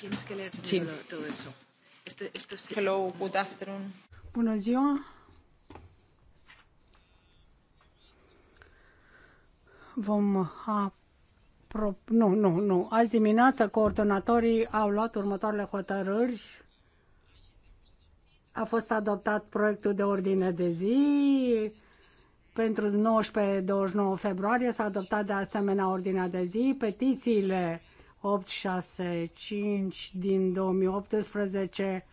Tienes que leer sí. todo eso. Esto, esto sí. Hello, good afternoon. Bună ziua. Vom apro... Nu, nu, nu. Azi dimineață coordonatorii au luat următoarele hotărâri. A fost adoptat proiectul de ordine de zi pentru 19-29 februarie. S-a adoptat de asemenea ordinea de zi. Petițiile 865 din 2018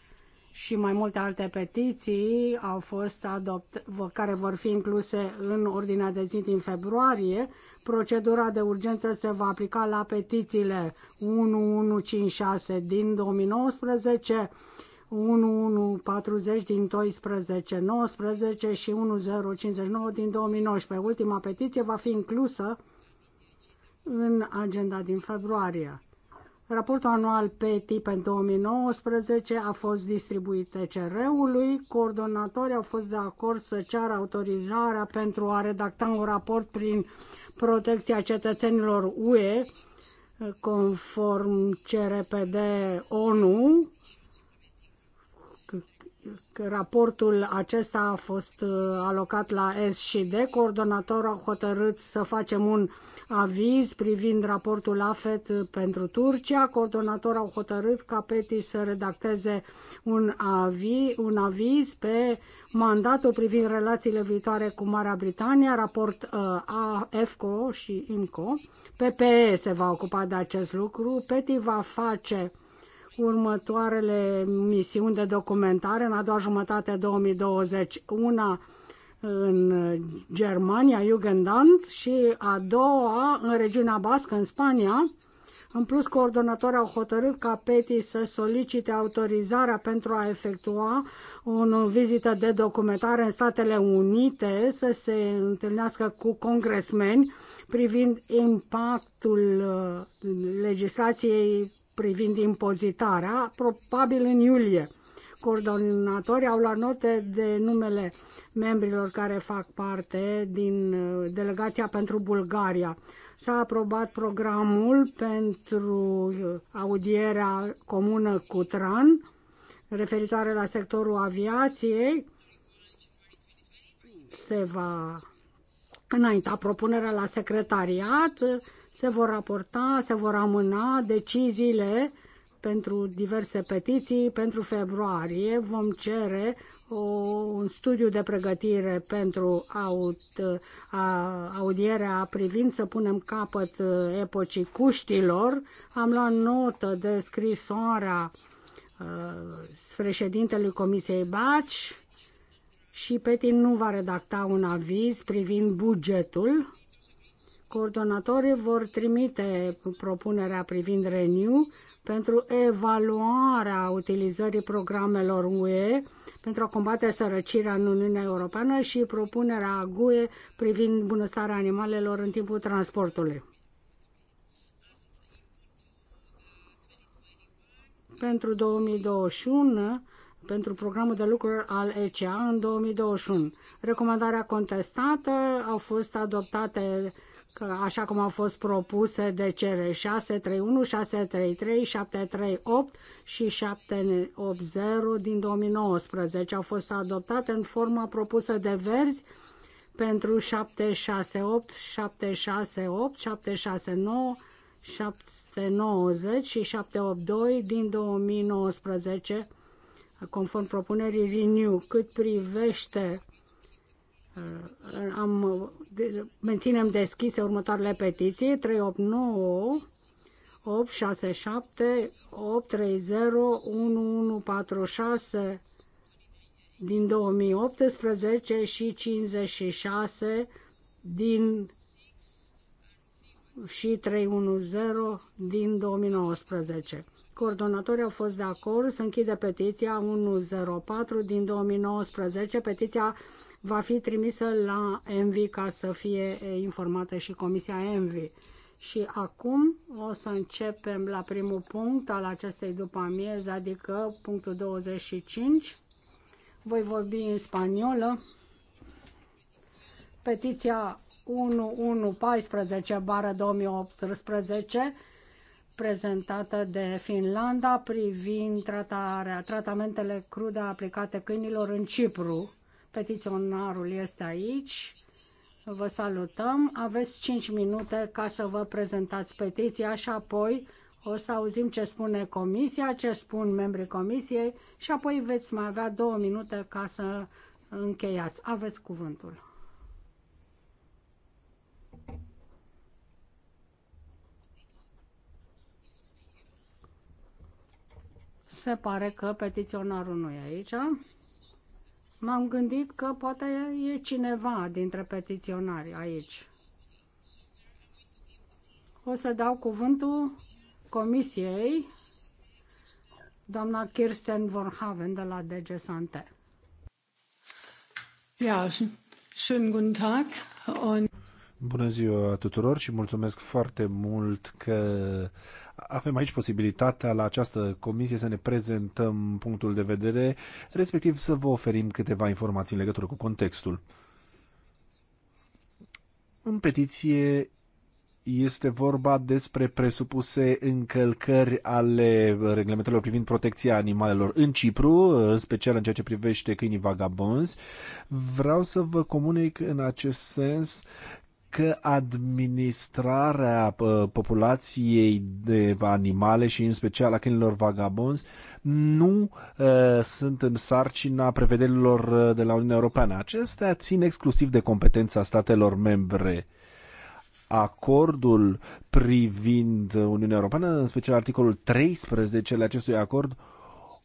și mai multe alte petiții au fost adopt, care vor fi incluse în ordinea de zi din februarie. Procedura de urgență se va aplica la petițiile 1156 din 2019, 1140 din 12 19 și 1059 din 2019. Ultima petiție va fi inclusă în agenda din februarie. Raportul anual tip pentru 2019 a fost distribuit TCR-ului. Coordonatorii au fost de acord să ceară autorizarea pentru a redacta un raport prin protecția cetățenilor UE conform CRPD ONU. Raportul acesta a fost uh, alocat la S și D. Coordonatorul a hotărât să facem un aviz privind raportul AFET pentru Turcia. Coordonatorii au hotărât ca PETI să redacteze un, avi, un aviz pe mandatul privind relațiile viitoare cu Marea Britanie, raport uh, AFCO și IMCO. PPE se va ocupa de acest lucru. PETI va face următoarele misiuni de documentare în a doua jumătate 2020, una în Germania, Jugendamt, și a doua în regiunea Bască, în Spania. În plus, coordonatorii au hotărât ca PETI să solicite autorizarea pentru a efectua o vizită de documentare în Statele Unite, să se întâlnească cu congresmeni privind impactul uh, legislației privind impozitarea, probabil în iulie. Coordonatorii au luat note de numele membrilor care fac parte din uh, delegația pentru Bulgaria. S-a aprobat programul pentru uh, audierea comună cu TRAN referitoare la sectorul aviației. Se va înainta propunerea la secretariat, se vor raporta, se vor amâna deciziile pentru diverse petiții pentru februarie. Vom cere un studiu de pregătire pentru aut, a, audierea privind să punem capăt uh, epocii cuștilor. Am luat notă de scrisoarea uh, președintelui Comisiei Baci și Petin nu va redacta un aviz privind bugetul. Coordonatorii vor trimite propunerea privind Renew pentru evaluarea utilizării programelor UE pentru a combate sărăcirea în Uniunea Europeană și propunerea GUE privind bunăstarea animalelor în timpul transportului. Pentru 2021, pentru programul de lucru al ECA în 2021. Recomandarea contestată au fost adoptate așa cum au fost propuse de CR 631, 633, 738 și 780 din 2019. Au fost adoptate în forma propusă de verzi pentru 768, 768, 769, 790 și 782 din 2019, conform propunerii Renew. Cât privește Uh, am, uh, menținem deschise următoarele petiții 389 867 830 1146 din 2018 și 56 din și 310 din 2019. Coordonatorii au fost de acord să închide petiția 104 din 2019, petiția va fi trimisă la Envi ca să fie informată și Comisia Envi. Și acum o să începem la primul punct al acestei după amiez, adică punctul 25. Voi vorbi în spaniolă. Petiția 1114 bară 2018 prezentată de Finlanda privind tratarea, tratamentele crude aplicate câinilor în Cipru. Petiționarul este aici. Vă salutăm. Aveți 5 minute ca să vă prezentați petiția și apoi o să auzim ce spune comisia, ce spun membrii comisiei și apoi veți mai avea două minute ca să încheiați. Aveți cuvântul. Se pare că petiționarul nu e aici m-am gândit că poate e cineva dintre petiționari aici. O să dau cuvântul comisiei, doamna Kirsten Vorhaven de la DG Sante. Ja, schönen guten Tag und Bună ziua tuturor și mulțumesc foarte mult că avem aici posibilitatea la această comisie să ne prezentăm punctul de vedere, respectiv să vă oferim câteva informații în legătură cu contextul. În petiție este vorba despre presupuse încălcări ale reglementelor privind protecția animalelor în Cipru, în special în ceea ce privește câinii vagabonzi. Vreau să vă comunic în acest sens că administrarea populației de animale și în special a câinilor vagabonzi nu uh, sunt în sarcina prevederilor ă, de la Uniunea Europeană. Acestea țin exclusiv de competența statelor membre. Acordul privind Uniunea Europeană, în special articolul 13 al acestui acord,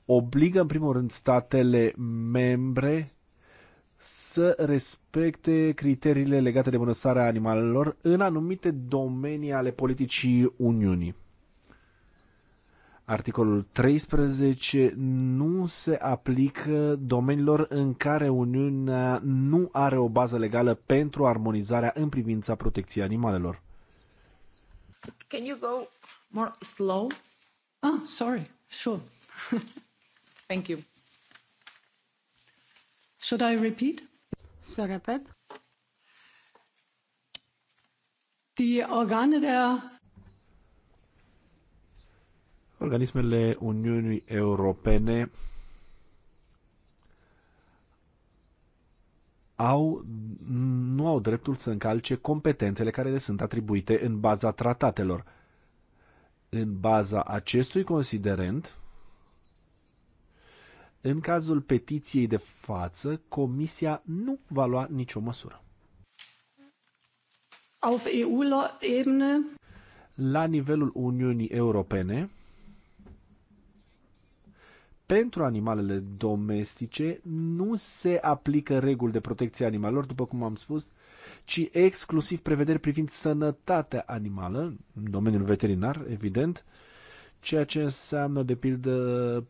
obligă în primul rând statele membre să respecte criteriile legate de bunăstarea animalelor în anumite domenii ale politicii Uniunii. Articolul 13 nu se aplică domeniilor în care Uniunea nu are o bază legală pentru armonizarea în privința protecției animalelor. Can you go more slow? Ah, sorry. Sure. Thank you. Should I repeat? Să repet. Die Organe der Organismele Uniunii Europene au, nu au dreptul să încalce competențele care le sunt atribuite în baza tratatelor. În baza acestui considerent, în cazul petiției de față, Comisia nu va lua nicio măsură. Auf EU-Ebene. La nivelul Uniunii Europene, pentru animalele domestice nu se aplică reguli de protecție animalelor, după cum am spus, ci exclusiv prevederi privind sănătatea animală, în domeniul veterinar, evident, uh, ceea ce înseamnă, de pildă,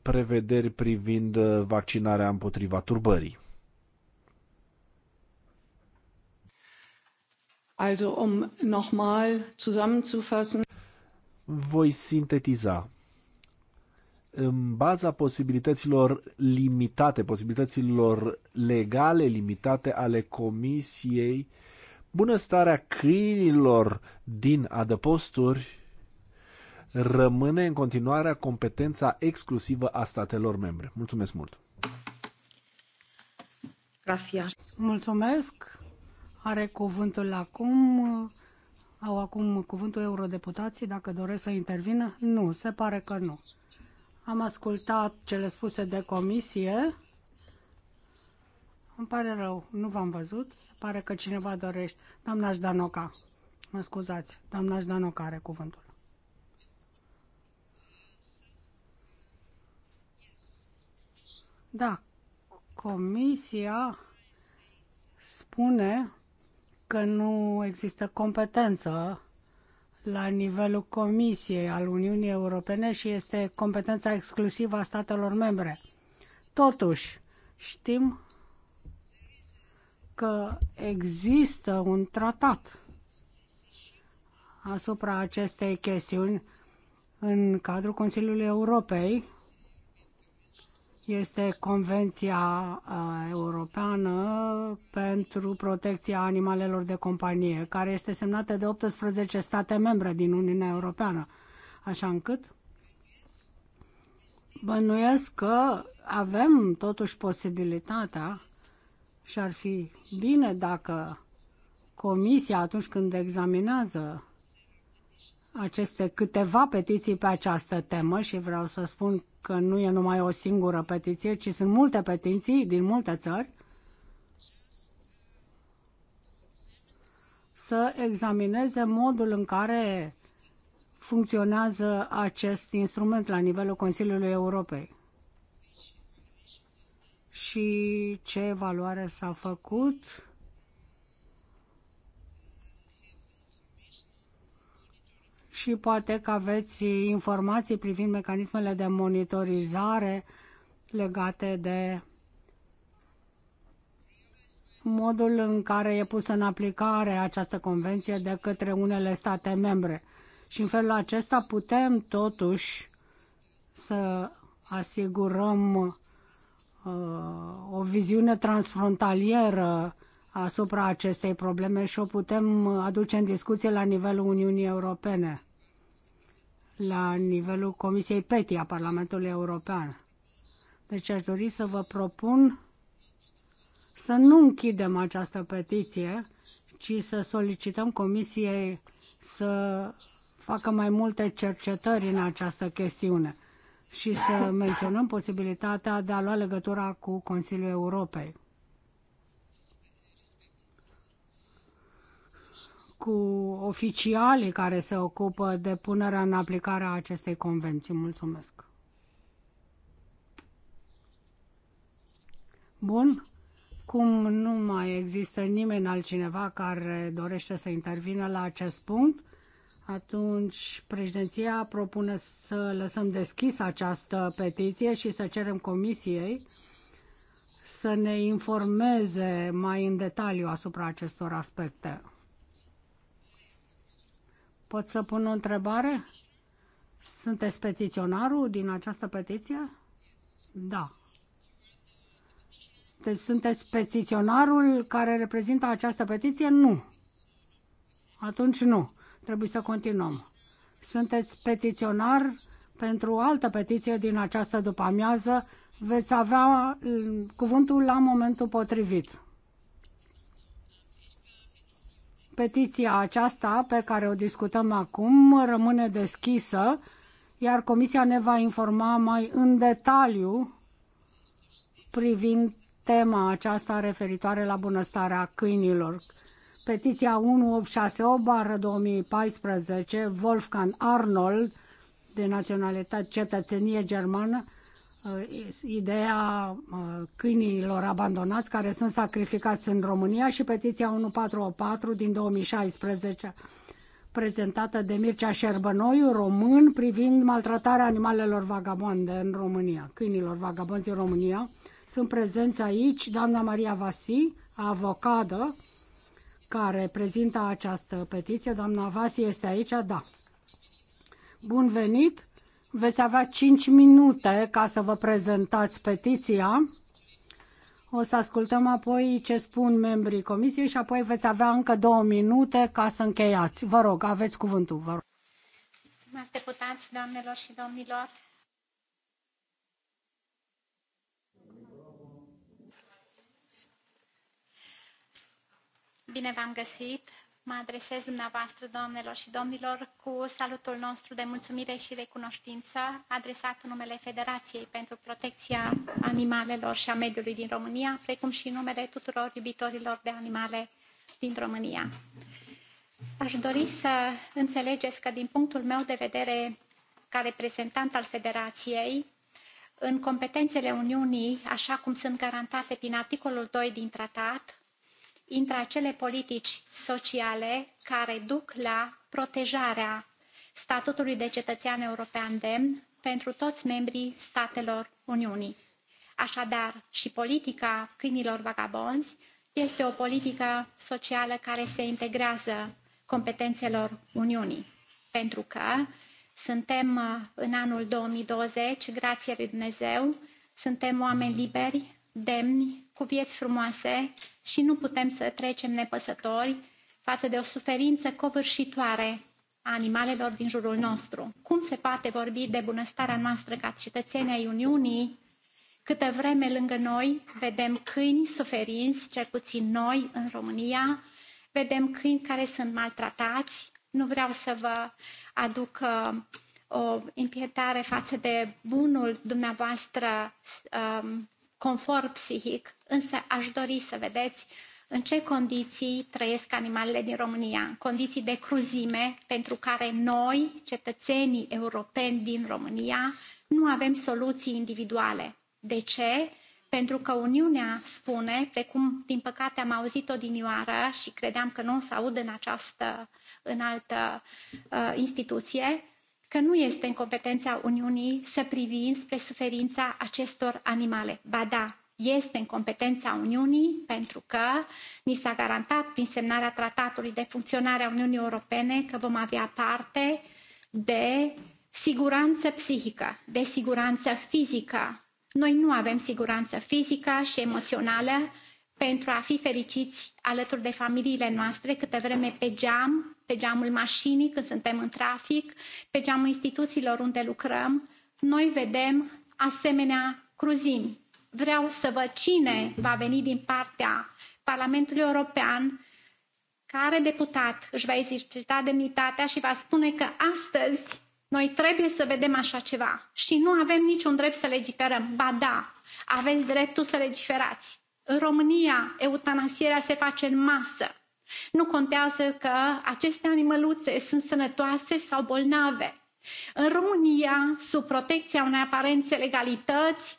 prevederi privind uh, vaccinarea împotriva turbării. Also, um nochmal zusammenzufassen. Voi sintetiza. În baza posibilităților limitate, posibilităților legale limitate ale Comisiei, bunăstarea câinilor din adăposturi rămâne în continuare competența exclusivă a statelor membre. Mulțumesc mult! Gracias. Mulțumesc! Are cuvântul acum, au acum cuvântul eurodeputații, dacă doresc să intervină? Nu, se pare că nu. Am ascultat cele spuse de comisie. Îmi pare rău, nu v-am văzut. Se pare că cineva dorește. Doamna Ștanoca, mă scuzați, doamna Ștanoca are cuvântul. Da, comisia spune că nu există competență la nivelul Comisiei al Uniunii Europene și este competența exclusivă a statelor membre. Totuși, știm că există un tratat asupra acestei chestiuni în cadrul Consiliului Europei este Convenția Europeană pentru protecția animalelor de companie, care este semnată de 18 state membre din Uniunea Europeană. Așa încât bănuiesc că avem totuși posibilitatea și ar fi bine dacă Comisia, atunci când examinează aceste câteva petiții pe această temă și vreau să spun că nu e numai o singură petiție, ci sunt multe petiții din multe țări. Să examineze modul în care funcționează acest instrument la nivelul Consiliului Europei și ce evaluare s-a făcut și poate că aveți informații privind mecanismele de monitorizare legate de modul în care e pusă în aplicare această convenție de către unele state membre. Și în felul acesta putem totuși să asigurăm uh, o viziune transfrontalieră asupra acestei probleme și o putem aduce în discuție la nivelul Uniunii Europene, la nivelul Comisiei PETI a Parlamentului European. Deci aș dori să vă propun să nu închidem această petiție, ci să solicităm Comisiei să facă mai multe cercetări în această chestiune și să menționăm posibilitatea de a lua legătura cu Consiliul Europei. cu oficialii care se ocupă de punerea în aplicare a acestei convenții. Mulțumesc. Bun. Cum nu mai există nimeni altcineva care dorește să intervină la acest punct, atunci președinția propune să lăsăm deschis această petiție și să cerem comisiei să ne informeze mai în detaliu asupra acestor aspecte. Pot să pun o întrebare? Sunteți petiționarul din această petiție? Da. Deci sunteți petiționarul care reprezintă această petiție? Nu. Atunci nu. Trebuie să continuăm. Sunteți petiționar pentru o altă petiție din această după-amiază. Veți avea mm, cuvântul la momentul potrivit. Petiția aceasta pe care o discutăm acum rămâne deschisă, iar Comisia ne va informa mai în detaliu privind tema aceasta referitoare la bunăstarea câinilor. Petiția 1868-2014, Wolfgang Arnold, de naționalitate cetățenie germană, Uh, ideea uh, câinilor abandonați care sunt sacrificați în România și petiția 1484 din 2016 prezentată de Mircea Șerbănoiu, român, privind maltratarea animalelor vagabonde în România, câinilor vagabonzi în România. Sunt prezenți aici doamna Maria Vasi, avocadă, care prezintă această petiție. Doamna Vasi este aici? Da. Bun venit! Veți avea 5 minute ca să vă prezentați petiția. O să ascultăm apoi ce spun membrii comisiei și apoi veți avea încă două minute ca să încheiați. Vă rog, aveți cuvântul. Vă rog. Stimați deputați, doamnelor și domnilor, Bine v-am găsit! Mă adresez dumneavoastră, doamnelor și domnilor, cu salutul nostru de mulțumire și recunoștință adresat în numele Federației pentru Protecția Animalelor și a Mediului din România, precum și în numele tuturor iubitorilor de animale din România. Aș dori să înțelegeți că, din punctul meu de vedere, ca reprezentant al Federației, în competențele Uniunii, așa cum sunt garantate prin articolul 2 din tratat, intră acele politici sociale care duc la protejarea statutului de cetățean european demn pentru toți membrii statelor Uniunii. Așadar, și politica câinilor vagabonzi este o politică socială care se integrează competențelor Uniunii, pentru că suntem uh, în anul 2020, grație lui Dumnezeu, suntem oameni liberi, demni, cu vieți frumoase și nu putem să trecem nepăsători față de o suferință covârșitoare a animalelor din jurul nostru. Cum se poate vorbi de bunăstarea noastră ca cetățenii ai Uniunii câtă vreme lângă noi vedem câini suferinți, cel puțin noi în România, vedem câini care sunt maltratați. Nu vreau să vă aduc uh, o impietare față de bunul dumneavoastră um, confort psihic, însă aș dori să vedeți în ce condiții trăiesc animalele din România, condiții de cruzime pentru care noi, cetățenii europeni din România, nu avem soluții individuale. De ce? Pentru că Uniunea spune, precum din păcate am auzit o odinioară și credeam că nu o să aud în această în altă uh, instituție, că nu este în competența Uniunii să privim spre suferința acestor animale. Ba da, este în competența Uniunii pentru că ni s-a garantat prin semnarea tratatului de funcționare a Uniunii Europene că vom avea parte de siguranță psihică, de siguranță fizică. Noi nu avem siguranță fizică și emoțională pentru a fi fericiți alături de familiile noastre câtă vreme pe geam pe geamul mașinii când suntem în trafic, pe geamul instituțiilor unde lucrăm, noi vedem asemenea cruzimi. Vreau să văd cine va veni din partea Parlamentului European, care deputat își va exercita demnitatea și va spune că astăzi noi trebuie să vedem așa ceva și nu avem niciun drept să legiferăm. Ba da, aveți dreptul să legiferați. În România, eutanasierea se face în masă nu contează că aceste animăluțe sunt sănătoase sau bolnave. În România, sub protecția unei aparențe legalități,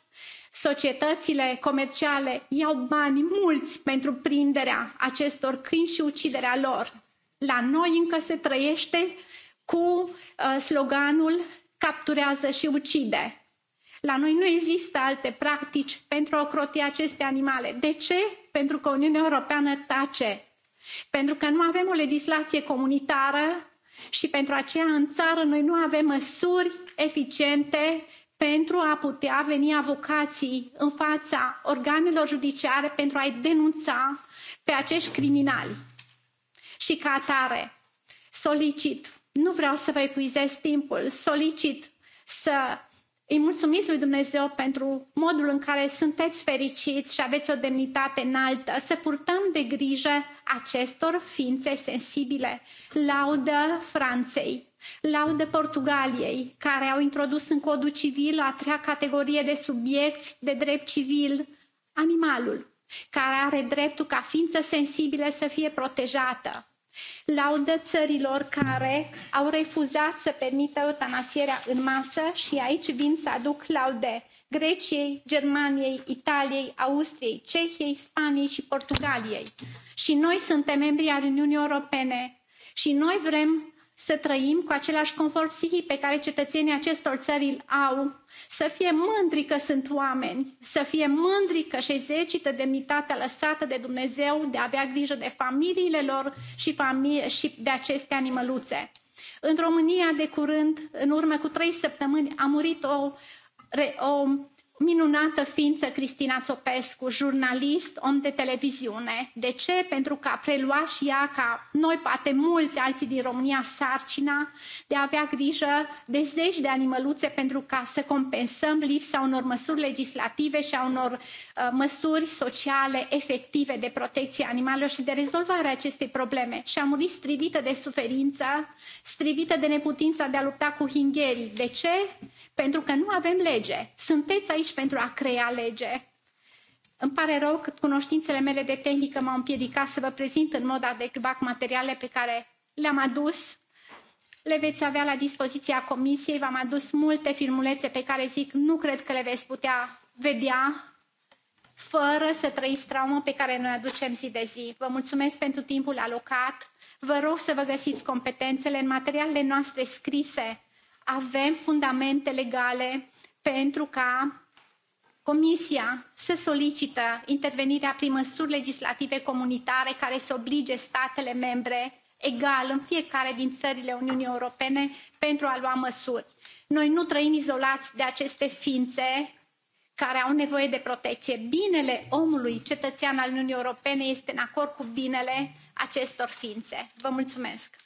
societățile comerciale iau bani mulți pentru prinderea acestor câini și uciderea lor. La noi încă se trăiește cu uh, sloganul capturează și ucide. La noi nu există alte practici pentru a ocroti aceste animale. De ce? Pentru că Uniunea Europeană tace pentru că nu avem o legislație comunitară și pentru aceea în țară noi nu avem măsuri eficiente pentru a putea veni avocații în fața organelor judiciare pentru a-i denunța pe acești criminali. Și ca atare solicit, nu vreau să vă epuizez timpul, solicit să îi mulțumiți lui Dumnezeu pentru modul în care sunteți fericiți și aveți o demnitate înaltă. Să purtăm de grijă acestor ființe sensibile. Laudă Franței, laudă Portugaliei, care au introdus în codul civil a treia categorie de subiecți de drept civil, animalul, care are dreptul ca ființă sensibilă să fie protejată laudă țărilor care au refuzat să permită eutanasierea în masă și aici vin să aduc laude Greciei, Germaniei, Italiei, Austriei, Cehiei, Spaniei și Portugaliei. Și noi suntem membri ai Uniunii Europene și noi vrem să trăim cu același confort psihic pe care cetățenii acestor țări îl au, să fie mândri că sunt oameni, să fie mândri că își exercită demnitatea lăsată de Dumnezeu de a avea grijă de familiile lor și, și de aceste animăluțe. În România, de curând, în urmă cu trei săptămâni, a murit o, o minunată ființă Cristina Țopescu, jurnalist, om de televiziune. De ce? Pentru că a preluat și ea, ca noi, poate mulți alții din România, sarcina de a avea grijă de zeci de animăluțe pentru ca să compensăm lipsa unor măsuri legislative și a unor uh, măsuri sociale efective de protecție animalelor și de rezolvarea acestei probleme. Și a murit strivită de suferință, strivită de neputința de a lupta cu hingherii. De ce? Pentru că nu avem lege. Sunteți aici pentru a crea lege. Îmi pare rău că cunoștințele mele de tehnică m-au împiedicat să vă prezint în mod adecvat materiale pe care le-am adus. Le veți avea la dispoziția comisiei, v-am adus multe filmulețe pe care zic nu cred că le veți putea vedea fără să trăiți traumă pe care noi aducem zi de zi. Vă mulțumesc pentru timpul alocat. Vă rog să vă găsiți competențele în materialele noastre scrise. Avem fundamente legale pentru ca Comisia să solicită intervenirea prin măsuri legislative comunitare care să oblige statele membre egal în fiecare din țările Uniunii Europene pentru a lua măsuri. Noi nu trăim izolați de aceste ființe care au nevoie de protecție. Binele omului cetățean al Uniunii Europene este în acord cu binele acestor ființe. Vă mulțumesc!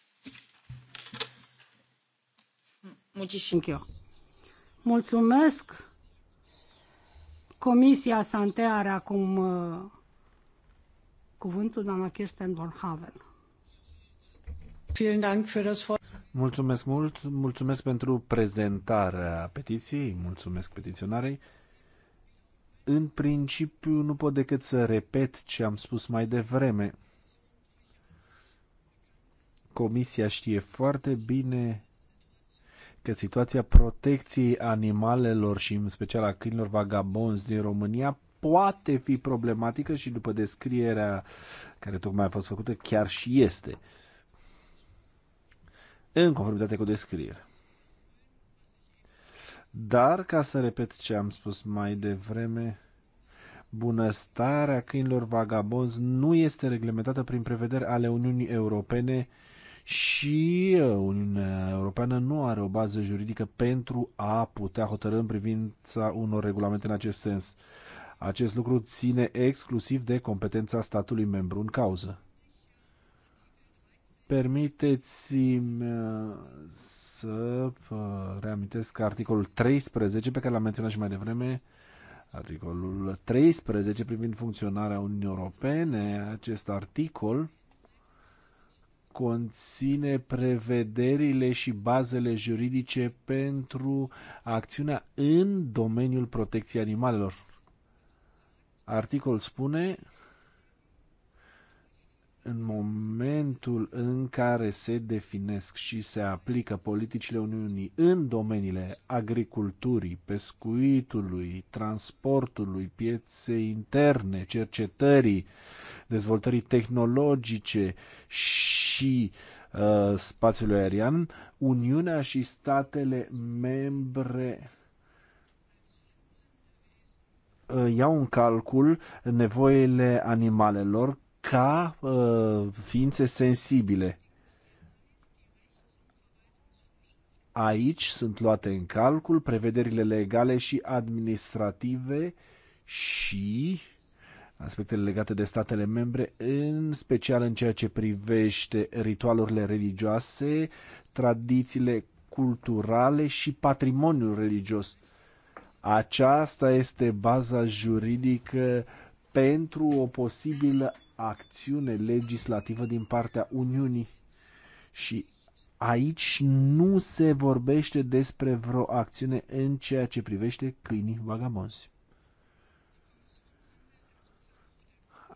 Mulțumesc! Comisia Sante are acum uh, cuvântul doamna Kirsten von Haven. Mulțumesc mult, mulțumesc pentru prezentarea petiției, mulțumesc petiționarei. În principiu nu pot decât să repet ce am spus mai devreme. Comisia știe foarte bine că situația protecției animalelor și în special a câinilor vagabonzi din România poate fi problematică și după descrierea care tocmai a fost făcută, chiar și este. În conformitate cu descriere. Dar, ca să repet ce am spus mai devreme, bunăstarea câinilor vagabonzi nu este reglementată prin prevederi ale Uniunii Europene și uh, Uniunea Europeană nu are o bază juridică pentru a putea hotărâ în privința unor regulamente în acest sens. Acest lucru ține exclusiv de competența statului membru în cauză. Permiteți-mi uh, să uh, reamintesc articolul 13 pe care l-am menționat și mai devreme, articolul 13 privind funcționarea Uniunii Europene, acest articol conține prevederile și bazele juridice pentru acțiunea în domeniul protecției animalelor. Articolul spune în momentul în care se definesc și se aplică politicile Uniunii în domeniile agriculturii, pescuitului, transportului, pieței interne, cercetării, dezvoltării tehnologice și uh, spațiului aerian, Uniunea și statele membre uh, iau în calcul nevoile animalelor ca uh, ființe sensibile Aici sunt luate în calcul prevederile legale și administrative și aspectele legate de statele membre, în special în ceea ce privește ritualurile religioase, tradițiile culturale și patrimoniul religios. Aceasta este baza juridică pentru o posibilă acțiune legislativă din partea Uniunii. Și aici nu se vorbește despre vreo acțiune în ceea ce privește câinii vagabonzi.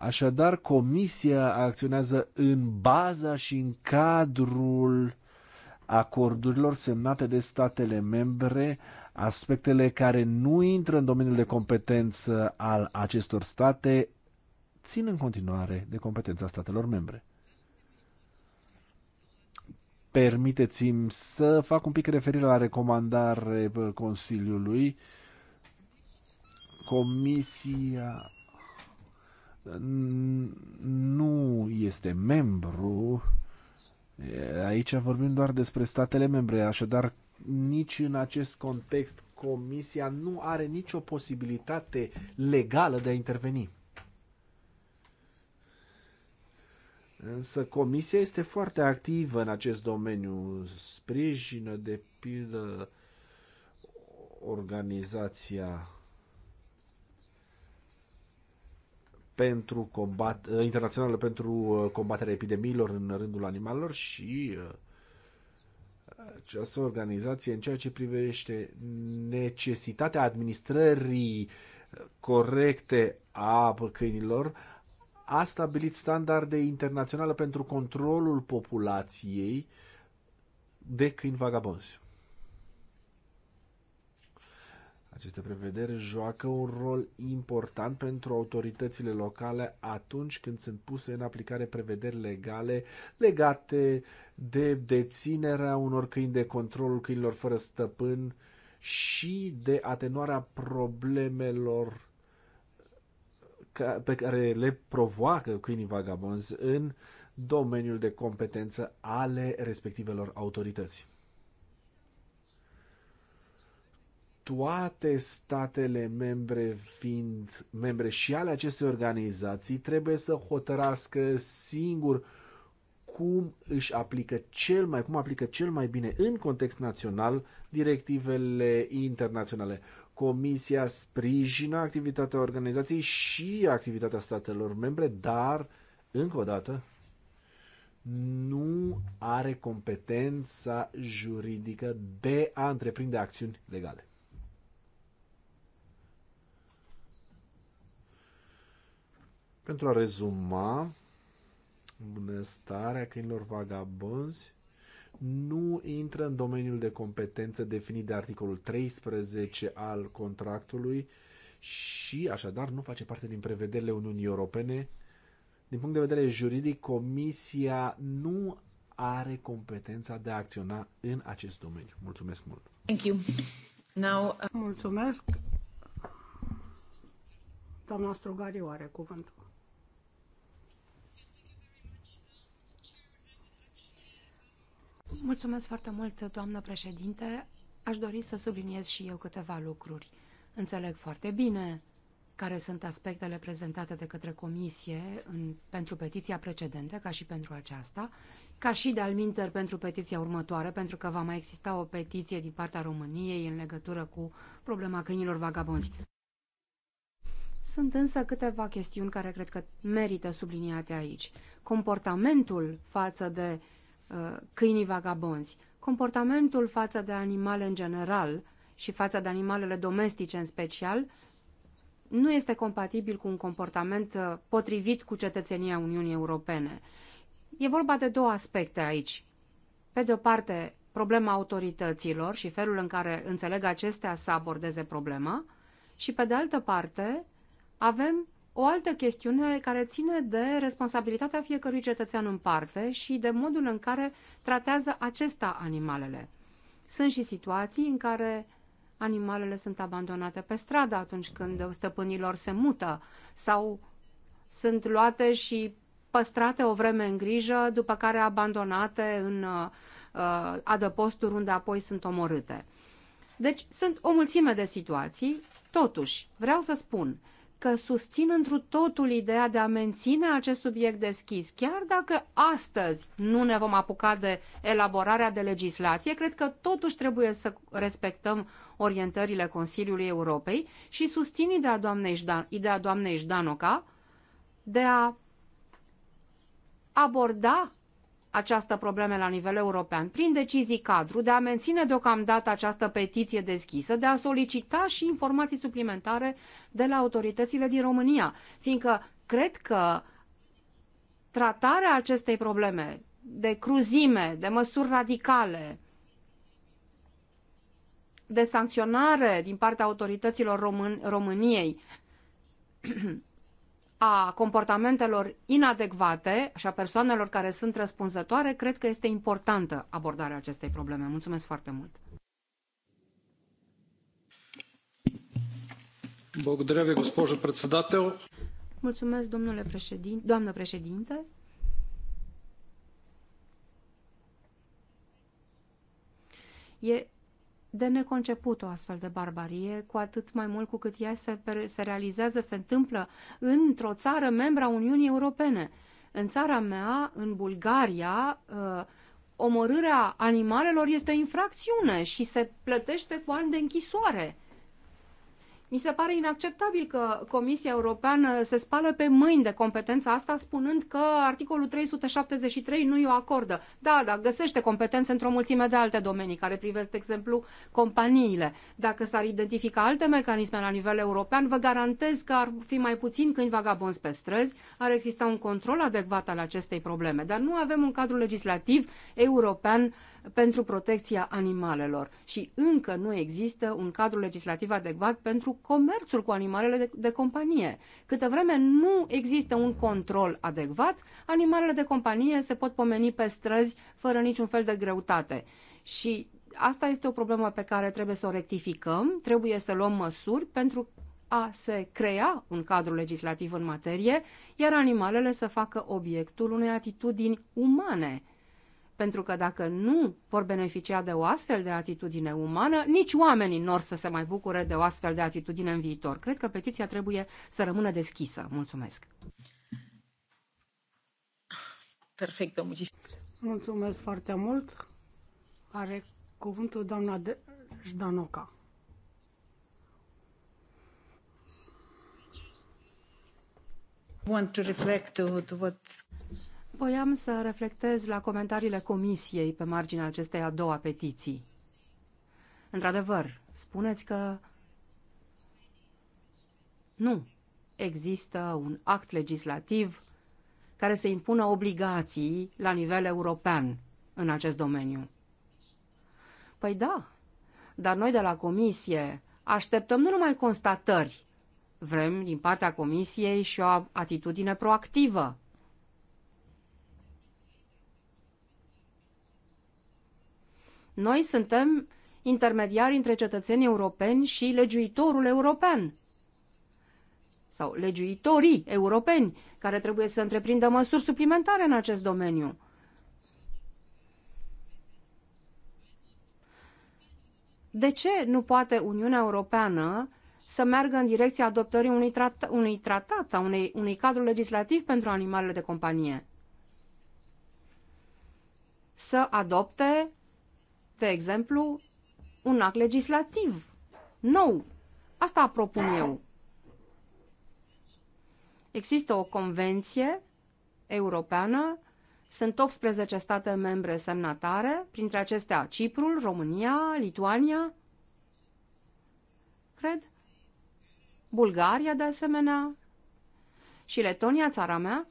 Așadar, Comisia acționează în baza și în cadrul acordurilor semnate de statele membre, aspectele care nu intră în domeniul de competență al acestor state țin în continuare de competența statelor membre. Permiteți-mi să fac un pic referire la recomandare Consiliului. Comisia nu este membru. Aici vorbim doar despre statele membre, așadar nici în acest context Comisia nu are nicio posibilitate legală de a interveni. Însă Comisia este foarte activă în acest domeniu, sprijină de pildă organizația pentru combat, uh, internațională pentru uh, combaterea epidemiilor în rândul animalelor și uh, această organizație în ceea ce privește necesitatea administrării corecte a câinilor a stabilit standarde internaționale pentru controlul populației de câini vagabonzi. Aceste prevederi joacă un rol important pentru autoritățile locale atunci când sunt puse în aplicare prevederi legale legate de deținerea unor câini de controlul câinilor fără stăpân și de atenuarea problemelor pe care le provoacă câinii vagabonzi în domeniul de competență ale respectivelor autorități. toate statele membre fiind membre și ale acestei organizații trebuie să hotărască singur cum își aplică cel mai, cum aplică cel mai bine în context național directivele internaționale. Comisia sprijină activitatea organizației și activitatea statelor membre, dar, încă o dată, nu are competența juridică de a întreprinde acțiuni legale. Pentru a rezuma, bunăstarea câinilor vagabonzi nu intră în domeniul de competență definit de articolul 13 al contractului și așadar nu face parte din prevederile Uniunii Europene. Din punct de vedere juridic, Comisia nu are competența de a acționa în acest domeniu. Mulțumesc mult! Thank you. Now, uh... Mulțumesc! Doamna Strugariu are cuvântul. Mulțumesc foarte mult, doamnă președinte. Aș dori să subliniez și eu câteva lucruri. Înțeleg foarte bine care sunt aspectele prezentate de către comisie în, pentru petiția precedentă, ca și pentru aceasta, ca și de-al minter pentru petiția următoare, pentru că va mai exista o petiție din partea României în legătură cu problema câinilor vagabonzi. Sunt însă câteva chestiuni care cred că merită subliniate aici. Comportamentul față de Uh, câinii vagabonzi. Comportamentul față de animale în general și față de animalele domestice în special nu este compatibil cu un comportament uh, potrivit cu cetățenia Uniunii Europene. E vorba de două aspecte aici. Pe de o parte, problema autorităților și felul în care înțeleg acestea să abordeze problema și, pe de altă parte, avem o altă chestiune care ține de responsabilitatea fiecărui cetățean în parte și de modul în care tratează acesta animalele. Sunt și situații în care animalele sunt abandonate pe stradă atunci când stăpânilor se mută sau sunt luate și păstrate o vreme în grijă, după care abandonate în uh, adăposturi unde apoi sunt omorâte. Deci sunt o mulțime de situații, totuși vreau să spun că susțin întru totul ideea de a menține acest subiect deschis. Chiar dacă astăzi nu ne vom apuca de elaborarea de legislație, cred că totuși trebuie să respectăm orientările Consiliului Europei și susțin ideea doamnei, Jdan, ideea doamnei Jdanoca de a aborda această problemă la nivel european prin decizii cadru de a menține deocamdată această petiție deschisă, de a solicita și informații suplimentare de la autoritățile din România, fiindcă cred că tratarea acestei probleme de cruzime, de măsuri radicale, de sancționare din partea autorităților Român României a comportamentelor inadecvate și a persoanelor care sunt răspunzătoare, cred că este importantă abordarea acestei probleme. Mulțumesc foarte mult! Mulțumesc, domnule președinte, doamnă președinte. E de neconceput o astfel de barbarie, cu atât mai mult cu cât ea se, se realizează, se întâmplă într-o țară membra Uniunii Europene. În țara mea, în Bulgaria, ă, omorârea animalelor este o infracțiune și se plătește cu ani de închisoare. Mi se pare inacceptabil că Comisia Europeană se spală pe mâini de competența asta spunând că articolul 373 nu i-o acordă. Da, da, găsește competențe într-o mulțime de alte domenii care privesc, de exemplu, companiile. Dacă s-ar identifica alte mecanisme la nivel european, vă garantez că ar fi mai puțin când vagabonzi pe străzi, ar exista un control adecvat al acestei probleme. Dar nu avem un cadru legislativ european pentru protecția animalelor și încă nu există un cadru legislativ adecvat pentru comerțul cu animalele de, de companie. Câte vreme nu există un control adecvat, animalele de companie se pot pomeni pe străzi fără niciun fel de greutate. Și asta este o problemă pe care trebuie să o rectificăm, trebuie să luăm măsuri pentru a se crea un cadru legislativ în materie, iar animalele să facă obiectul unei atitudini umane pentru că dacă nu vor beneficia de o astfel de atitudine umană, nici oamenii nor să se mai bucure de o astfel de atitudine în viitor. Cred că petiția trebuie să rămână deschisă. Mulțumesc! Perfect, mulțumesc foarte mult! Are cuvântul doamna de Jdanoca. Want to reflect to, to what Voiam să reflectez la comentariile comisiei pe marginea acestei a doua petiții. Într-adevăr, spuneți că nu există un act legislativ care să impună obligații la nivel european în acest domeniu. Păi da, dar noi de la Comisie așteptăm nu numai constatări, vrem din partea Comisiei și o atitudine proactivă. Noi suntem intermediari între cetățenii europeni și legiuitorul european sau legiuitorii europeni care trebuie să întreprindă măsuri suplimentare în acest domeniu. De ce nu poate Uniunea Europeană să meargă în direcția adoptării unui, trat, unui tratat sau unei, unui cadru legislativ pentru animalele de companie? Să adopte de exemplu, un act legislativ nou. Asta propun eu. Există o convenție europeană, sunt 18 state membre semnatare, printre acestea Ciprul, România, Lituania, cred, Bulgaria de asemenea și Letonia, țara mea.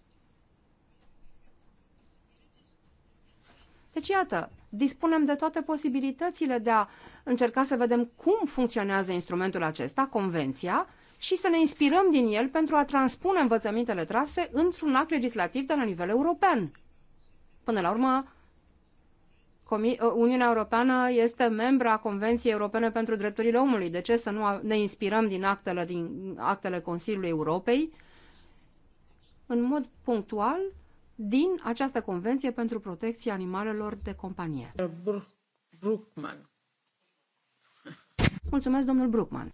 Deci, iată, dispunem de toate posibilitățile de a încerca să vedem cum funcționează instrumentul acesta, convenția, și să ne inspirăm din el pentru a transpune învățămintele trase într-un act legislativ de la nivel european. Până la urmă, uh, Uniunea Europeană este membra a Convenției Europene pentru Drepturile Omului. De ce să nu ne inspirăm din actele, din actele Consiliului Europei? În mod punctual, din această Convenție pentru protecția animalelor de companie. Brookman. Mulțumesc, domnul Brookman.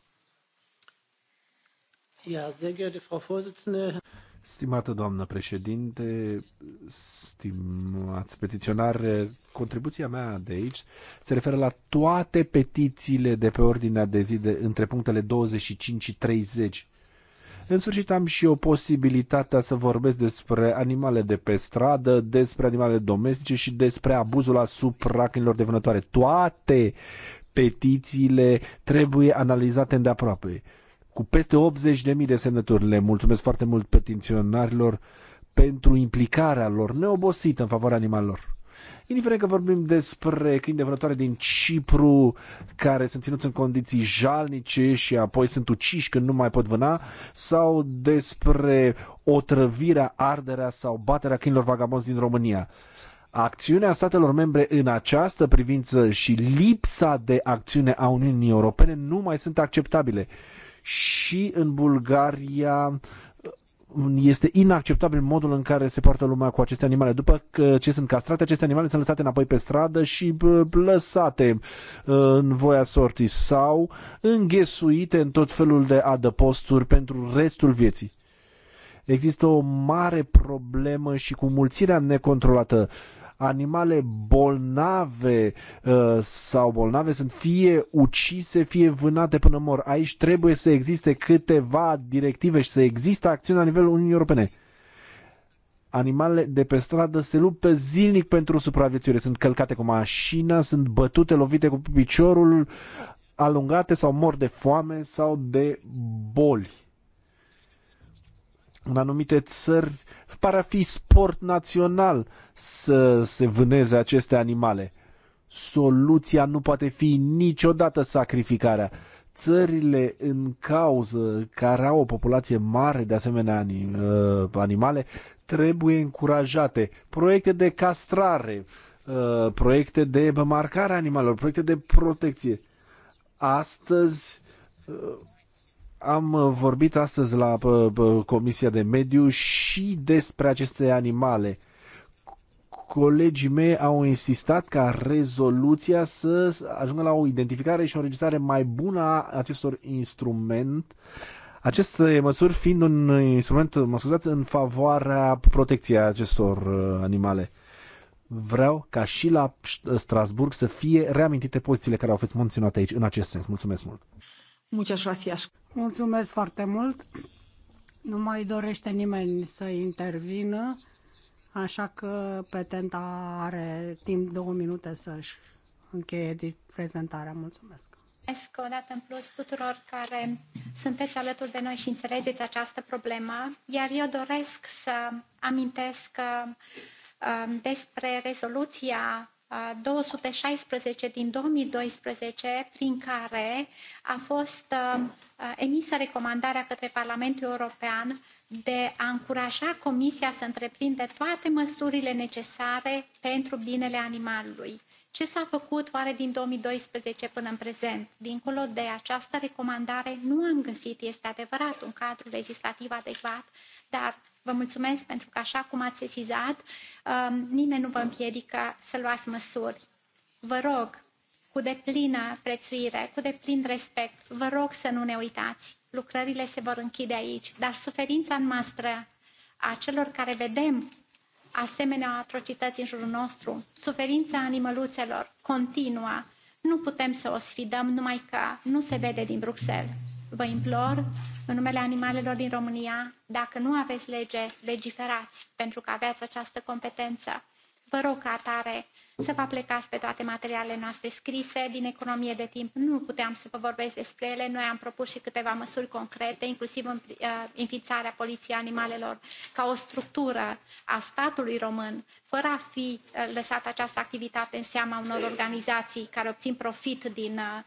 Ja, sehr geehrte Frau Vorsitzende. Stimată doamnă președinte, stimați petiționare, contribuția mea de aici se referă la toate petițiile de pe ordinea de zi de, între punctele 25 și 30 în sfârșit am și o posibilitate să vorbesc despre animale de pe stradă, despre animale domestice și despre abuzul asupra câinilor de vânătoare. Toate petițiile trebuie analizate îndeaproape. Cu peste 80.000 de semnături le mulțumesc foarte mult petiționarilor pentru implicarea lor neobosită în favoarea animalelor. Indiferent că vorbim despre câini de vânătoare din Cipru care sunt ținuți în condiții jalnice și apoi sunt uciși când nu mai pot vâna sau despre otrăvirea, arderea sau baterea câinilor vagabonzi din România acțiunea statelor membre în această privință și lipsa de acțiune a Uniunii Europene nu mai sunt acceptabile. Și în Bulgaria este inacceptabil modul în care se poartă lumea cu aceste animale. După ce sunt castrate, aceste animale sunt lăsate înapoi pe stradă și lăsate uh, în voia sorții sau înghesuite în tot felul de adăposturi pentru restul vieții. Există o mare problemă și cu mulțirea necontrolată animale bolnave uh, sau bolnave sunt fie ucise, fie vânate până mor. Aici trebuie să existe câteva directive și să existe acțiuni la nivelul Uniunii Europene animalele de pe stradă se luptă zilnic pentru supraviețuire. Sunt călcate cu mașina, sunt bătute, lovite cu piciorul, alungate sau mor de foame sau de boli în anumite țări pare a fi sport național să se vâneze aceste animale. Soluția nu poate fi niciodată sacrificarea. Țările în cauză, care au o populație mare de asemenea uh, animale, trebuie încurajate. Proiecte de castrare, uh, proiecte de marcare animalelor, proiecte de protecție. Astăzi uh, am uh, vorbit astăzi la uh, uh, Comisia de Mediu și despre aceste animale colegii mei au insistat ca rezoluția să ajungă la o identificare și o înregistrare mai bună a acestor instrument. Aceste măsuri fiind un instrument, mă scuzați, în favoarea protecției acestor animale. Vreau ca și la Strasburg să fie reamintite pozițiile care au fost menționate aici în acest sens. Mulțumesc mult! Muchas gracias. Mulțumesc foarte mult. Nu mai dorește nimeni să intervină, așa că petenta are timp două minute să-și încheie prezentarea. Mulțumesc. Mulțumesc o dată în plus tuturor care sunteți alături de noi și înțelegeți această problemă, iar eu doresc să amintesc uh, um, despre rezoluția 216 din 2012, prin care a fost emisă recomandarea către Parlamentul European de a încuraja Comisia să întreprinde toate măsurile necesare pentru binele animalului. Ce s-a făcut oare din 2012 până în prezent? Dincolo de această recomandare, nu am găsit, este adevărat, un cadru legislativ adecvat, dar Vă mulțumesc pentru că, așa cum ați sesizat, um, nimeni nu vă împiedică să luați măsuri. Vă rog, cu deplină prețuire, cu deplin respect, vă rog să nu ne uitați. Lucrările se vor închide aici, dar suferința noastră a celor care vedem asemenea atrocități în jurul nostru, suferința animăluțelor continuă, nu putem să o sfidăm numai că nu se vede din Bruxelles. Vă implor în numele animalelor din România, dacă nu aveți lege, legiferați, pentru că aveți această competență. Vă rog ca atare să vă plecați pe toate materialele noastre scrise. Din economie de timp nu puteam să vă vorbesc despre ele. Noi am propus și câteva măsuri concrete, inclusiv în, uh, înființarea Poliției Animalelor ca o structură a statului român, fără a fi uh, lăsat această activitate în seama unor organizații care obțin profit din uh,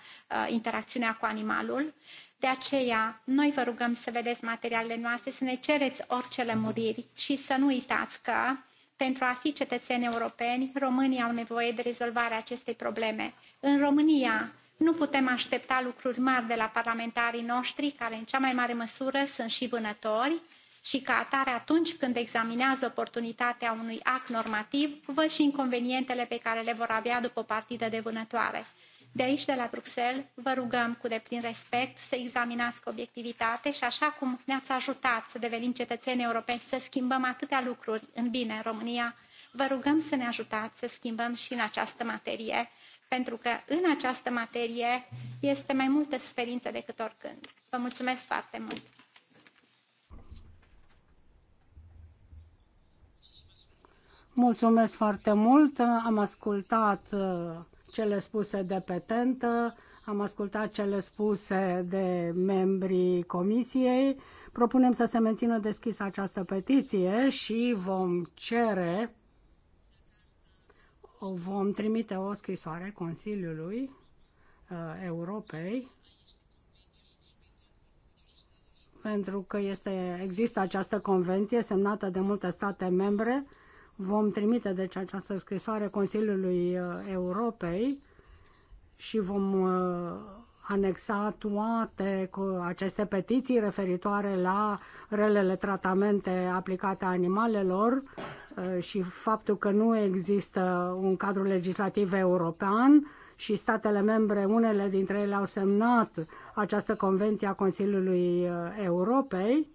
uh interacțiunea cu animalul. Uh, de aceea, noi vă rugăm să vedeți materialele noastre, să ne cereți orice lămuriri și să nu uitați că, pentru a fi cetățeni europeni, românii au nevoie de rezolvarea acestei probleme. În România nu putem aștepta lucruri mari de la parlamentarii noștri, care în cea mai mare măsură sunt și vânători, și ca atare atunci când examinează oportunitatea unui act normativ, văd și inconvenientele pe care le vor avea după partidă de vânătoare. De aici, de la Bruxelles, vă rugăm cu deplin respect să examinați cu obiectivitate și așa cum ne-ați ajutat să devenim cetățeni europeni să schimbăm atâtea lucruri în bine în România, vă rugăm să ne ajutați să schimbăm și în această materie, pentru că în această materie este mai multă suferință decât oricând. Vă mulțumesc foarte mult! Mulțumesc foarte mult! Am ascultat uh, cele spuse de petentă, am ascultat cele spuse de membrii comisiei. Propunem să se mențină deschisă această petiție și vom cere, vom trimite o scrisoare Consiliului uh, Europei pentru că este, există această convenție semnată de multe state membre Vom trimite deci această scrisoare Consiliului uh, Europei și vom uh, anexa toate cu aceste petiții referitoare la relele tratamente aplicate animalelor uh, și faptul că nu există un cadru legislativ european și statele membre, unele dintre ele au semnat această convenție a Consiliului Europei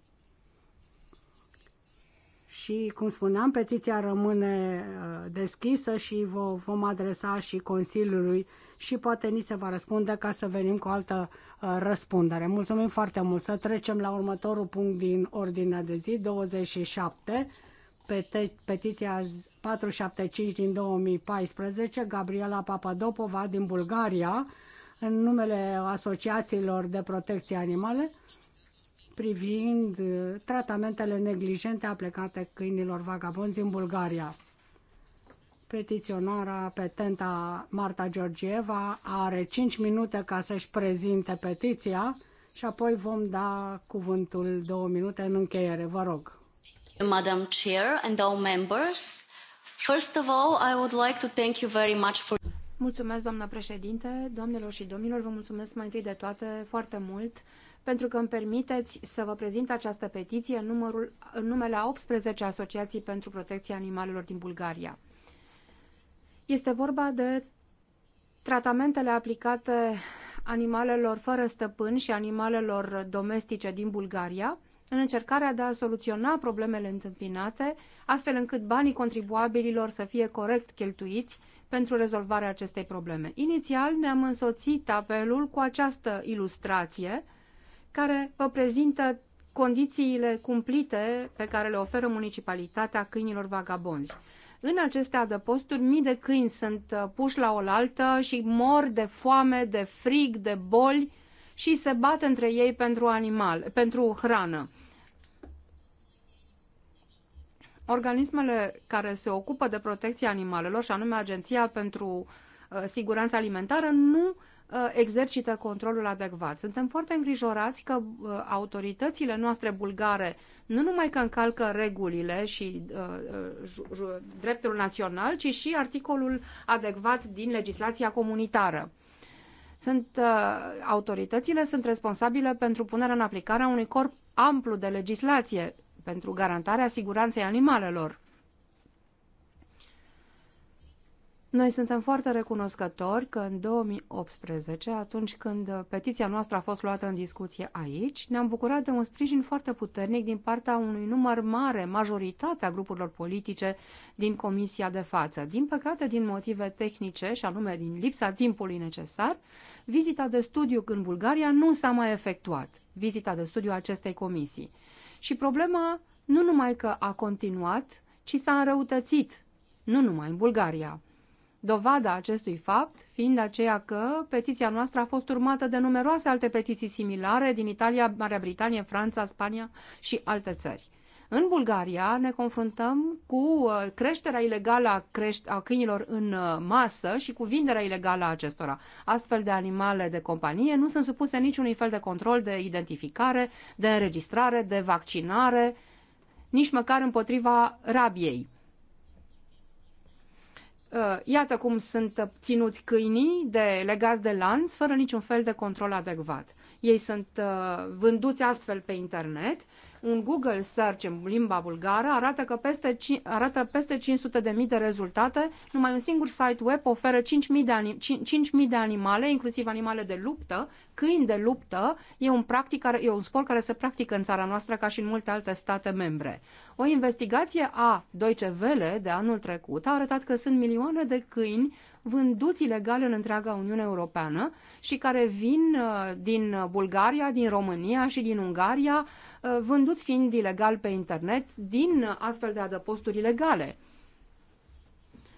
și, cum spuneam, petiția rămâne uh, deschisă și vom adresa și Consiliului și poate ni se va răspunde ca să venim cu o altă uh, răspundere. Mulțumim foarte mult. Să trecem la următorul punct din ordinea de zi, 27, petiția 475 din 2014, Gabriela Papadopova din Bulgaria, în numele asociațiilor de protecție animale, privind uh, tratamentele neglijente aplicate câinilor vagabonzi în Bulgaria. Petiționara petenta Marta Georgieva are 5 minute ca să-și prezinte petiția și apoi vom da cuvântul două minute în încheiere. Vă rog. Madam Chair and all members, first of all, I would like to thank you very much for Mulțumesc, doamna președinte, doamnelor și domnilor, vă mulțumesc mai întâi de toate foarte mult pentru că îmi permiteți să vă prezint această petiție în, numărul, în numele a 18 asociații pentru protecția animalelor din Bulgaria. Este vorba de tratamentele aplicate animalelor fără stăpân și animalelor domestice din Bulgaria, în încercarea de a soluționa problemele întâmpinate, astfel încât banii contribuabililor să fie corect cheltuiți pentru rezolvarea acestei probleme. Inițial ne-am însoțit apelul cu această ilustrație, care vă prezintă condițiile cumplite pe care le oferă municipalitatea câinilor vagabonzi. În aceste adăposturi, mii de câini sunt uh, puși la oaltă și mor de foame, de frig, de boli și se bat între ei pentru, animal, pentru hrană. Organismele care se ocupă de protecția animalelor, și anume Agenția pentru uh, Siguranță Alimentară, nu uh, Uh, exercită controlul adecvat. Suntem foarte îngrijorați că uh, autoritățile noastre bulgare nu numai că încalcă regulile și uh, uh dreptul național, ci și articolul adecvat din legislația comunitară. Sunt, uh, autoritățile sunt responsabile pentru punerea în aplicare a unui corp amplu de legislație pentru garantarea siguranței animalelor. Noi suntem foarte recunoscători că în 2018, atunci când petiția noastră a fost luată în discuție aici, ne-am bucurat de un sprijin foarte puternic din partea unui număr mare, majoritatea grupurilor politice din comisia de față. Din păcate, din motive tehnice, și anume din lipsa timpului necesar, vizita de studiu în Bulgaria nu s-a mai efectuat, vizita de studiu a acestei comisii. Și problema nu numai că a continuat, ci s-a înrăutățit, nu numai în Bulgaria dovada acestui fapt fiind aceea că petiția noastră a fost urmată de numeroase alte petiții similare din Italia, Marea Britanie, Franța, Spania și alte țări. În Bulgaria ne confruntăm cu uh, creșterea ilegală a, creș- a câinilor în uh, masă și cu vinderea ilegală a acestora. Astfel de animale de companie nu sunt supuse niciunui fel de control de identificare, de înregistrare, de vaccinare, nici măcar împotriva rabiei. Uh, iată cum sunt ținuți câinii de legați de lanț, fără niciun fel de control adecvat. Ei sunt uh, vânduți astfel pe internet un Google search în limba bulgară arată, că peste, arată peste 500 de mii de rezultate. Numai un singur site web oferă 5.000 de, anim, 5, 5.000 de animale, inclusiv animale de luptă, câini de luptă. E un, practic care, e un sport care se practică în țara noastră ca și în multe alte state membre. O investigație a Deutsche Welle de anul trecut a arătat că sunt milioane de câini vânduți ilegal în întreaga Uniune Europeană și care vin uh, din Bulgaria, din România și din Ungaria, uh, vânduți dispăruți fiind ilegal pe internet din astfel de adăposturi ilegale.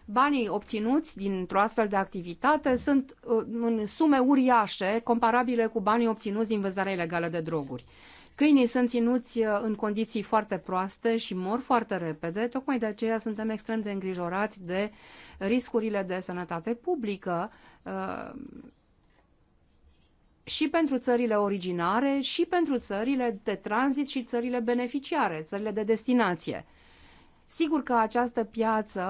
Banii obținuți dintr-o astfel de activitate sunt uh, în sume uriașe, comparabile cu banii obținuți din vânzarea ilegală de droguri. Câinii sunt ținuți uh, în condiții foarte proaste și mor foarte repede, tocmai de aceea suntem extrem de îngrijorați de riscurile de sănătate publică uh, și pentru țările originare, și pentru țările de tranzit și țările beneficiare, țările de destinație. Sigur că această piață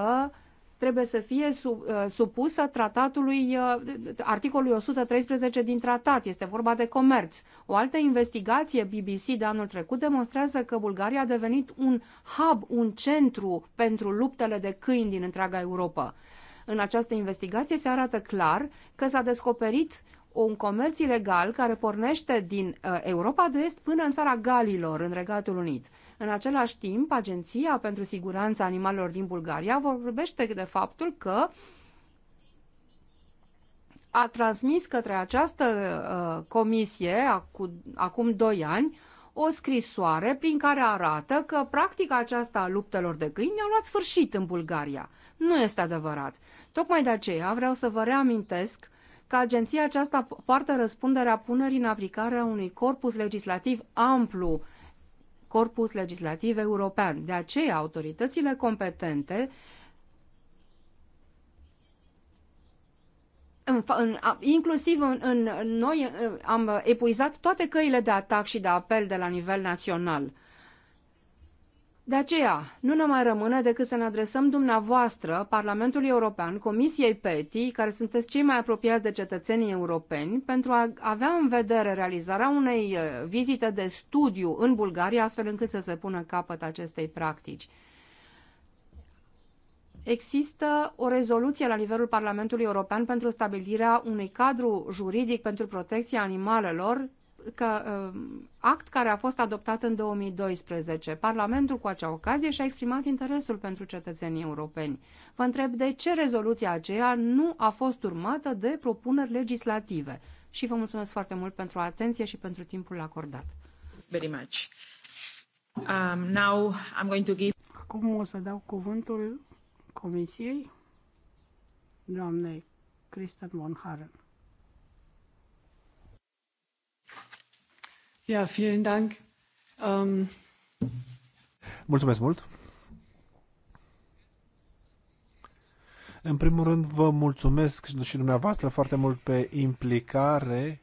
trebuie să fie uh, supusă tratatului, uh, articolului 113 din tratat, este vorba de comerț. O altă investigație BBC de anul trecut demonstrează că Bulgaria a devenit un hub, un centru pentru luptele de câini din întreaga Europa. În această investigație se arată clar că s-a descoperit un comerț ilegal care pornește din uh, Europa de Est până în țara Galilor, în Regatul Unit. În același timp, Agenția pentru Siguranța Animalelor din Bulgaria vorbește de faptul că a transmis către această uh, comisie acu, acum 2 ani o scrisoare prin care arată că practica aceasta a luptelor de câini a luat sfârșit în Bulgaria. Nu este adevărat. Tocmai de aceea vreau să vă reamintesc că agenția aceasta poartă răspunderea punerii în aplicare a unui corpus legislativ amplu, corpus legislativ european. De aceea, autoritățile competente În, în, inclusiv în, în noi am epuizat toate căile de atac și de apel de la nivel național. De aceea, nu ne mai rămâne decât să ne adresăm dumneavoastră, Parlamentului European, Comisiei PETI, care sunteți cei mai apropiați de cetățenii europeni, pentru a avea în vedere realizarea unei uh, vizite de studiu în Bulgaria, astfel încât să se pună capăt acestei practici. Există o rezoluție la nivelul Parlamentului European pentru stabilirea unui cadru juridic pentru protecția animalelor că um, act care a fost adoptat în 2012. Parlamentul cu acea ocazie și-a exprimat interesul pentru cetățenii europeni. Vă întreb de ce rezoluția aceea nu a fost urmată de propuneri legislative. Și vă mulțumesc foarte mult pentru atenție și pentru timpul acordat. Very much. Um, now I'm going to give... Acum o să dau cuvântul Comisiei doamnei Kristen von Haren. Ja, vielen Dank. Um... Mulțumesc mult. În primul rând, vă mulțumesc și dumneavoastră foarte mult pe implicare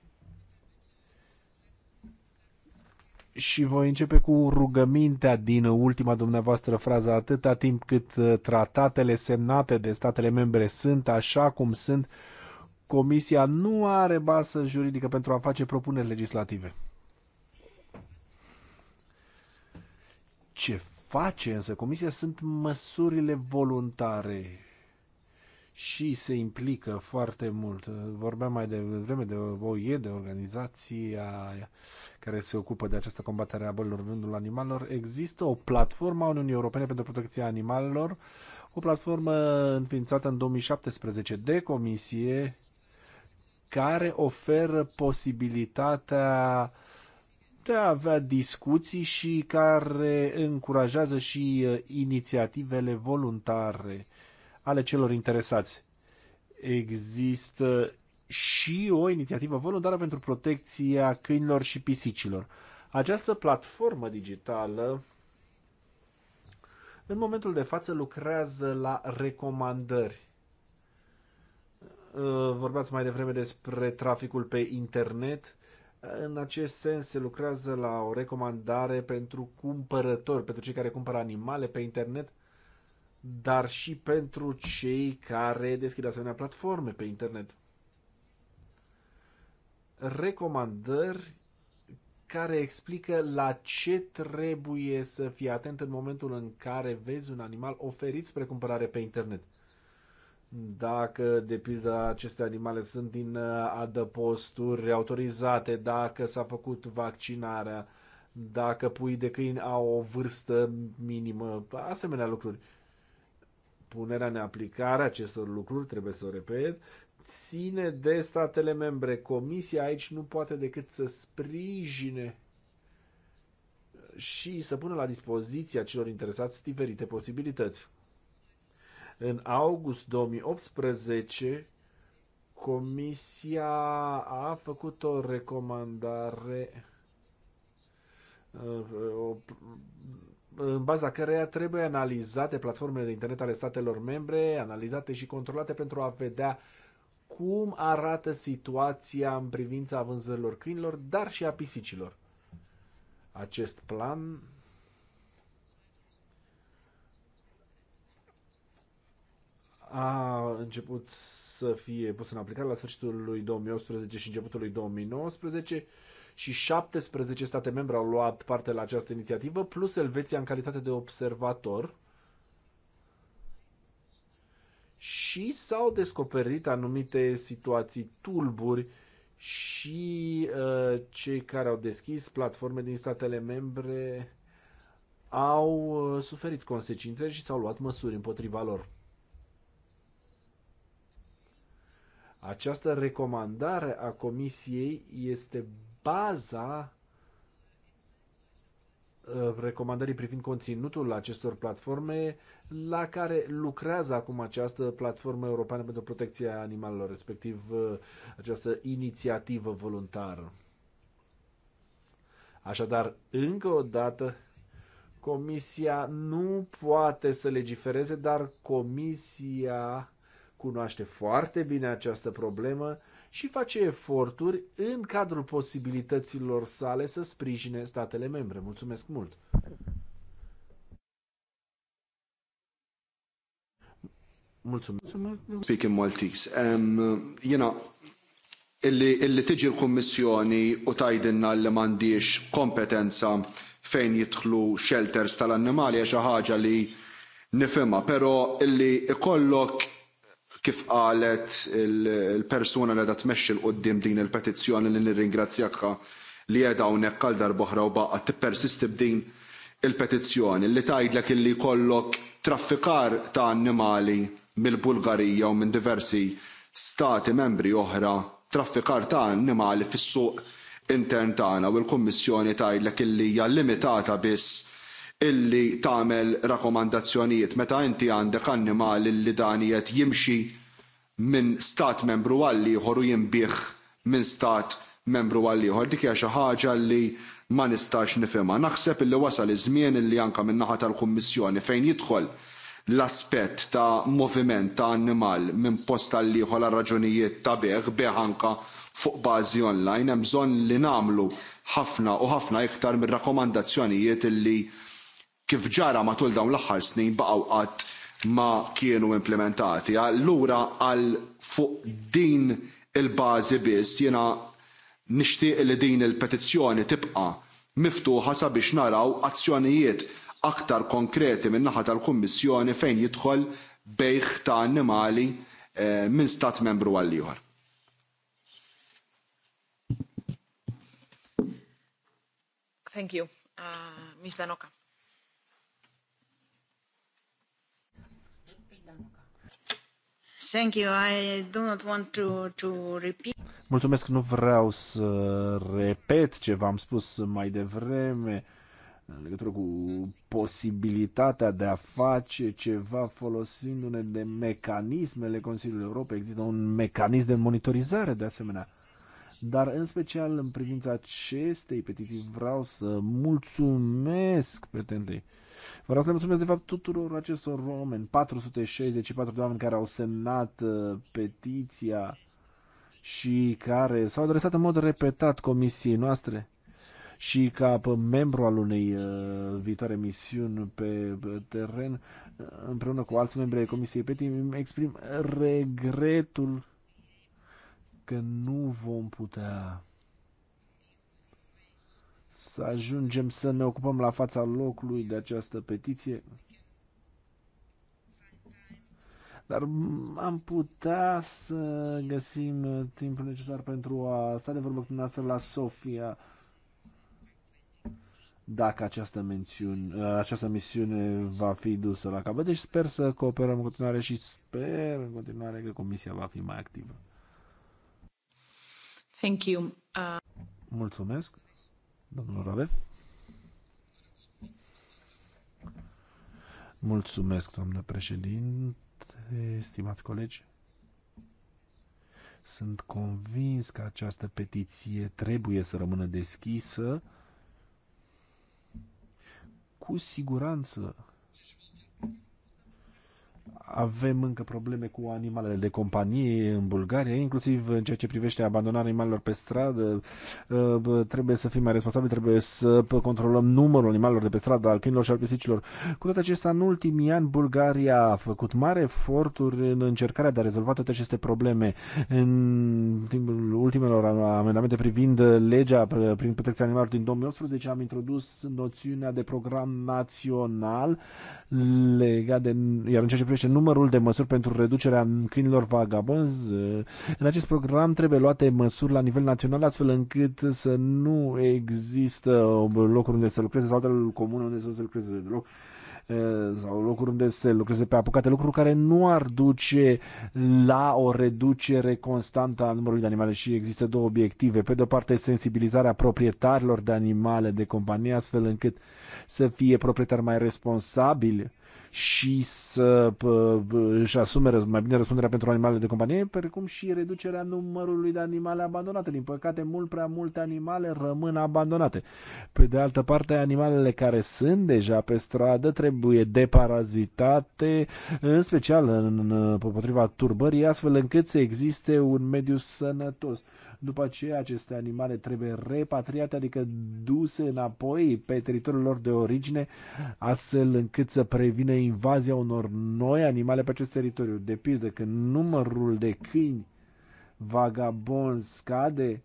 și voi începe cu rugămintea din ultima dumneavoastră frază, atâta timp cât uh, tratatele semnate de statele membre sunt așa cum sunt, Comisia nu are bază juridică pentru a face propuneri legislative. Ce face însă Comisia sunt măsurile voluntare și se implică foarte mult. Vorbeam mai devreme de OIE, de organizația care se ocupă de această combatere a bolilor în rândul animalelor. Există o platformă a Uniunii Europene pentru protecția animalelor, o platformă înființată în 2017 de comisie care oferă posibilitatea putea avea discuții și care încurajează și uh, inițiativele voluntare ale celor interesați. Există și o inițiativă voluntară pentru protecția câinilor și pisicilor. Această platformă digitală în momentul de față lucrează la recomandări. Uh, vorbeați mai devreme despre traficul pe internet în acest sens se lucrează la o recomandare pentru cumpărători, pentru cei care cumpără animale pe internet, dar și pentru cei care deschid asemenea platforme pe internet. Recomandări care explică la ce trebuie să fii atent în momentul în care vezi un animal oferit spre cumpărare pe internet dacă, de pildă, aceste animale sunt din uh, adăposturi autorizate, dacă s-a făcut vaccinarea, dacă pui de câini au o vârstă minimă, asemenea lucruri. Punerea în aplicare acestor lucruri, trebuie să o repet, ține de statele membre. Comisia aici nu poate decât să sprijine și să pună la dispoziția celor interesați diferite posibilități. În august 2018, Comisia a făcut o recomandare uh, în baza căreia trebuie analizate platformele de internet ale statelor membre, analizate și controlate pentru a vedea cum arată situația în privința vânzărilor câinilor, dar și a pisicilor. Acest plan a început să fie pus în aplicare la sfârșitul lui 2018 și începutul lui 2019 și 17 state membre au luat parte la această inițiativă, plus Elveția în calitate de observator. Și s-au descoperit anumite situații tulburi și uh, cei care au deschis platforme din statele membre au uh, suferit consecințe și s-au luat măsuri împotriva lor. Această recomandare a Comisiei este baza uh, recomandării privind conținutul acestor platforme la care lucrează acum această platformă europeană pentru protecția animalelor, respectiv uh, această inițiativă voluntară. Așadar, încă o dată, Comisia nu poate să legifereze, dar Comisia cunoaște foarte bine această problemă și face eforturi în cadrul posibilităților sale să sprijine statele membre. Mulțumesc mult! Mulțumesc. Speaking Maltese. Um, you know, illi, illi tiġi l-Kummissjoni u tajdinna li m'għandix kompetenza fejn jidħlu shelters tal-annimali għaxa ħaġa li nifhimha, però illi ikollok kif qalet il-persuna li qiegħda tmexxi l qudiem din il-petizzjoni li nirringrazzjahha li qiegħda hawnhekk għal darb'oħra u baqgħet tippersisti b'din il-petizzjoni li tgħidlek illi jkollok traffikar ta' annimali mill-Bulgarija u minn diversi stati membri oħra traffikar ta' annimali fis-suq intern tagħna u l-Kummissjoni tgħidlek illi hija limitata biss illi tagħmel rakkomandazzjonijiet meta inti għandek annimali li dan qed jimxi minn stat membru għal ieħor u minn stat membru għal ieħor dik hija xi ħaġa li ma nistax nifhimha. Naħseb illi wasal iż-żmien illi anke min-naħa tal-Kummissjoni fejn jidħol l-aspett ta' moviment ta' annimal minn post għal ieħor għal raġunijiet ta' beħ beħ anke fuq bażi online hemm bżonn li nagħmlu ħafna u ħafna iktar mir-rakkomandazzjonijiet illi kif ġara matul dawn l-aħħar snin baqgħu qatt ma kienu implementati. Allura għal fuq din il-bażi biss jiena nixtieq li din il-petizzjoni tibqa' miftuħa sabiex naraw azzjonijiet aktar konkreti min naħa tal-Kummissjoni fejn jidħol bejħ ta' annimali eh, minn stat membru għal ieħor. Thank you. Uh, ah, Ms. Danoka. Thank you. I do not want to, to repeat. Mulțumesc, nu vreau să repet ce v-am spus mai devreme în legătură cu posibilitatea de a face ceva folosindu-ne de mecanismele Consiliului Europei. Există un mecanism de monitorizare de asemenea. Dar în special în privința acestei petiții vreau să mulțumesc pretendei. Vreau să le mulțumesc de fapt tuturor acestor oameni, 464 de oameni care au semnat uh, petiția și care s-au adresat în mod repetat comisiei noastre și ca uh, membru al unei uh, viitoare misiuni pe uh, teren, împreună cu alți membri ai Comisiei PETI, îmi exprim regretul că nu vom putea să ajungem să ne ocupăm la fața locului de această petiție. Dar am putea să găsim timpul necesar pentru a sta de vorbă cu dumneavoastră la Sofia dacă această, mențiune, această misiune va fi dusă la capăt. Deci sper să cooperăm în continuare și sper în continuare că Comisia va fi mai activă. Thank you. Uh... Mulțumesc. Domnul Radev. Mulțumesc, doamnă președinte, stimați colegi. Sunt convins că această petiție trebuie să rămână deschisă. Cu siguranță avem încă probleme cu animalele de companie în Bulgaria, inclusiv în ceea ce privește abandonarea animalelor pe stradă. Ă, trebuie să fim mai responsabili, trebuie să controlăm numărul animalelor de pe stradă, al câinilor și al pisicilor. Cu toate acestea, în ultimii ani, Bulgaria a făcut mari eforturi în încercarea de a rezolva toate aceste probleme. În timpul ultimelor amendamente privind legea prin protecția animalelor din 2018, am introdus noțiunea de program național legat de, iar în ceea ce privește numărul numărul de măsuri pentru reducerea câinilor vagabonzi. În acest program trebuie luate măsuri la nivel național astfel încât să nu există locuri unde să lucreze sau altele comune unde să se lucreze deloc sau locuri unde se lucreze pe apucate, lucruri care nu ar duce la o reducere constantă a numărului de animale și există două obiective. Pe de-o parte, sensibilizarea proprietarilor de animale de companie, astfel încât să fie proprietari mai responsabili și să își asume mai bine răspunderea pentru animalele de companie, precum și reducerea numărului de animale abandonate. Din păcate, mult prea multe animale rămân abandonate. Pe de altă parte, animalele care sunt deja pe stradă trebuie deparazitate, în special în, potriva turbării, astfel încât să existe un mediu sănătos. După aceea, aceste animale trebuie repatriate, adică duse înapoi pe teritoriul lor de origine, astfel încât să prevină invazia unor noi animale pe acest teritoriu. De pildă, când numărul de câini vagabond scade,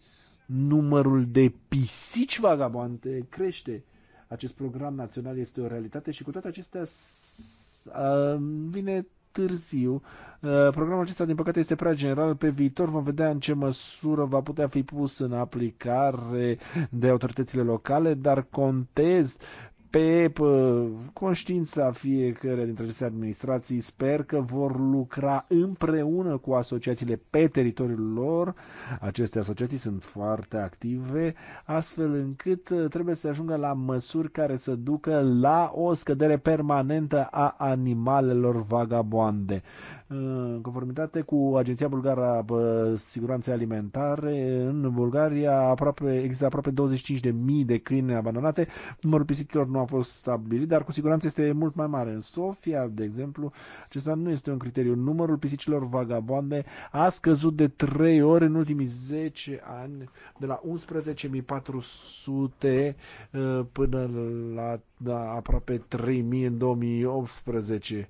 numărul de pisici vagabonde crește. Acest program național este o realitate și cu toate acestea uh, vine târziu. Uh, programul acesta, din păcate, este prea general. Pe viitor vom vedea în ce măsură va putea fi pus în aplicare de autoritățile locale, dar contez pe conștiința fiecare dintre aceste administrații. Sper că vor lucra împreună cu asociațiile pe teritoriul lor. Aceste asociații sunt foarte active, astfel încât uh, trebuie să ajungă la măsuri care să ducă la o scădere permanentă a animalelor vagabonde. În conformitate cu Agenția Bulgară a Siguranței Alimentare, în Bulgaria aproape, există aproape 25.000 de câini abandonate, numărul pisicilor nu a fost stabilit, dar cu siguranță este mult mai mare. În Sofia, de exemplu, acesta nu este un criteriu. Numărul pisicilor vagabonde a scăzut de 3 ori în ultimii 10 ani, de la 11.400 uh, până la da, aproape 3.000 în 2018.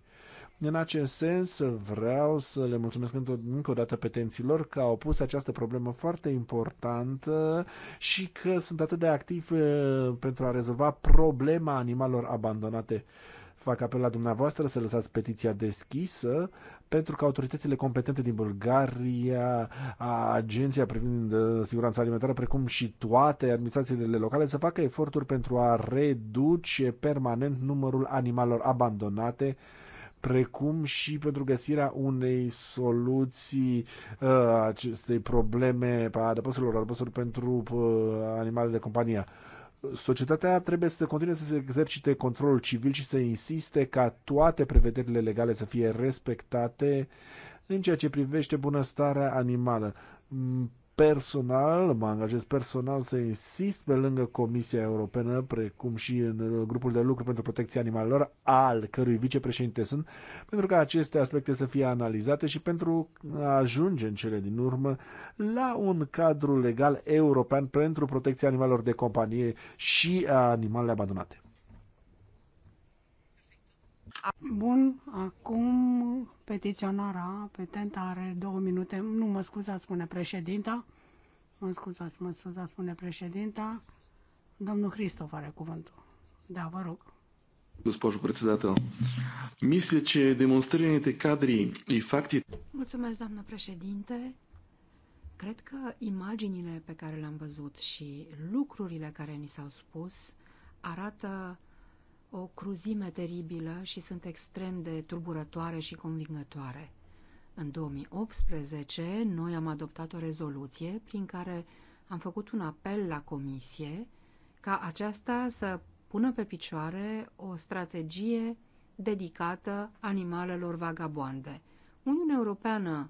În acest sens, vreau să le mulțumesc încă o dată petenților că au pus această problemă foarte importantă și că sunt atât de activi uh, pentru a rezolva problema animalelor abandonate. Fac apel la dumneavoastră să lăsați petiția deschisă pentru că autoritățile competente din Bulgaria, agenția privind uh, siguranța alimentară, precum și toate administrațiile locale să facă eforturi pentru a reduce permanent numărul animalelor abandonate precum și pentru găsirea unei soluții uh, acestei probleme a adăposturilor, adăposturi pentru uh, animale de companie. Societatea trebuie să continue să se exercite controlul civil și să insiste ca toate prevederile legale să fie respectate în ceea ce privește bunăstarea animală personal, mă angajez personal să insist pe lângă Comisia Europeană, precum și în grupul de lucru pentru protecția animalelor, al cărui vicepreședinte sunt, pentru ca aceste aspecte să fie analizate și pentru a ajunge în cele din urmă la un cadru legal european pentru protecția animalelor de companie și a animalele abandonate. Bun, acum petiționara, petenta are două minute. Nu, mă scuzați, spune președinta. Mă scuzați, mă scuzați, spune președinta. Domnul Cristof are cuvântul. Da, vă rog. prețedată, председател, ce demonstrăne de cadri e факти... Mulțumesc, doamnă președinte. Cred că imaginile pe care le-am văzut și lucrurile care ni s-au spus arată o cruzime teribilă și sunt extrem de turburătoare și convingătoare. În 2018, noi am adoptat o rezoluție prin care am făcut un apel la Comisie ca aceasta să pună pe picioare o strategie dedicată animalelor vagabonde. Uniunea Europeană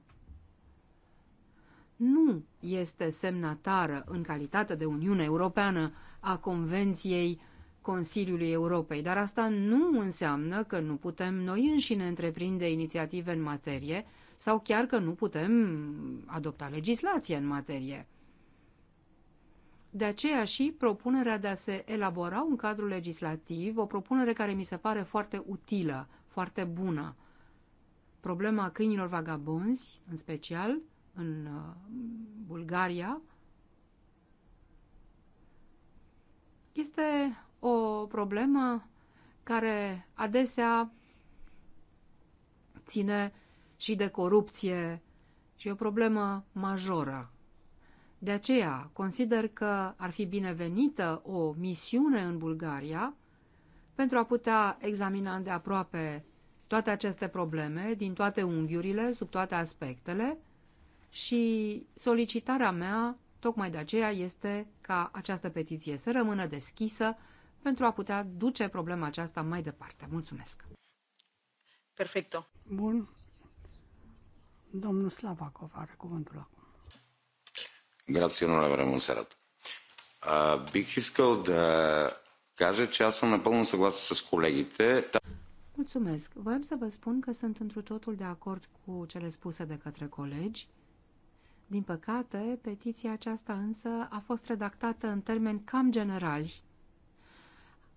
nu este semnatară în calitate de Uniune Europeană a Convenției Consiliului Europei, dar asta nu înseamnă că nu putem noi înșine întreprinde inițiative în materie sau chiar că nu putem adopta legislație în materie. De aceea și propunerea de a se elabora un cadru legislativ, o propunere care mi se pare foarte utilă, foarte bună. Problema câinilor vagabonzi, în special în uh, Bulgaria, este o problemă care adesea ține și de corupție și o problemă majoră. De aceea, consider că ar fi binevenită o misiune în Bulgaria pentru a putea examina aproape toate aceste probleme, din toate unghiurile, sub toate aspectele și solicitarea mea, tocmai de aceea, este ca această petiție să rămână deschisă pentru a putea duce problema aceasta mai departe. Mulțumesc! Perfecto. Bun. Domnul Slavakov are cuvântul acum. Grație, domnule Vremunserat. Бих искал да кажа, че аз съм напълно съгласен с колегите. Mulțumesc. Voiam să vă spun că sunt întru totul de acord cu cele spuse de către colegi. Din păcate, petiția aceasta însă a fost redactată în termeni cam generali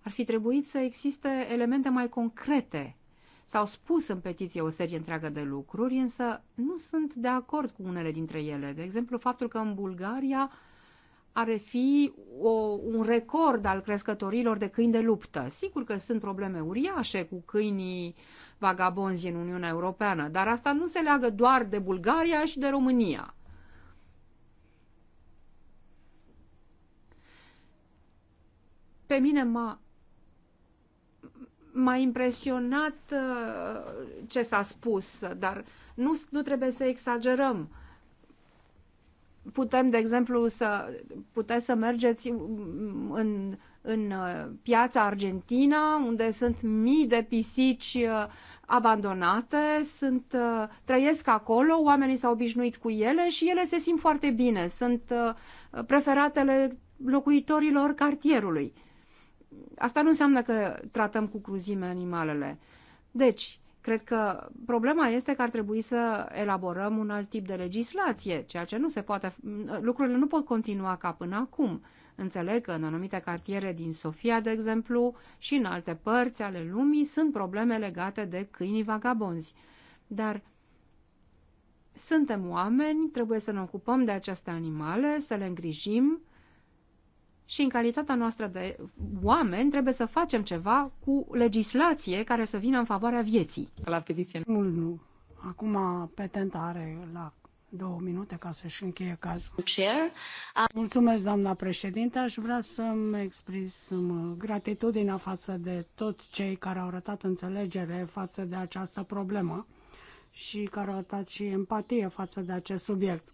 ar fi trebuit să existe elemente mai concrete. S-au spus în petiție o serie întreagă de lucruri, însă nu sunt de acord cu unele dintre ele. De exemplu, faptul că în Bulgaria ar fi o, un record al crescătorilor de câini de luptă. Sigur că sunt probleme uriașe cu câinii vagabonzi în Uniunea Europeană, dar asta nu se leagă doar de Bulgaria și de România. Pe mine m-a m-a impresionat uh, ce s-a spus, dar nu, nu trebuie să exagerăm. Putem, de exemplu, să puteți să mergeți în, în uh, piața Argentina, unde sunt mii de pisici uh, abandonate, sunt, trăiesc acolo, oamenii s-au obișnuit cu ele și ele se simt foarte bine, sunt preferatele locuitorilor cartierului asta nu înseamnă că tratăm cu cruzime animalele. Deci, cred că problema este că ar trebui să elaborăm un alt tip de legislație, ceea ce nu se poate, lucrurile nu pot continua ca până acum. Înțeleg că în anumite cartiere din Sofia, de exemplu, și în alte părți ale lumii sunt probleme legate de câinii vagabonzi. Dar suntem oameni, trebuie să ne ocupăm de aceste animale, să le îngrijim, și în calitatea noastră de oameni trebuie să facem ceva cu legislație care să vină în favoarea vieții. La petiție. Nu, nu. Acum petent are la două minute ca să-și încheie cazul. Chair. Mulțumesc, doamna președinte. Aș vrea să-mi exprim gratitudinea față de toți cei care au arătat înțelegere față de această problemă și care au arătat și empatie față de acest subiect.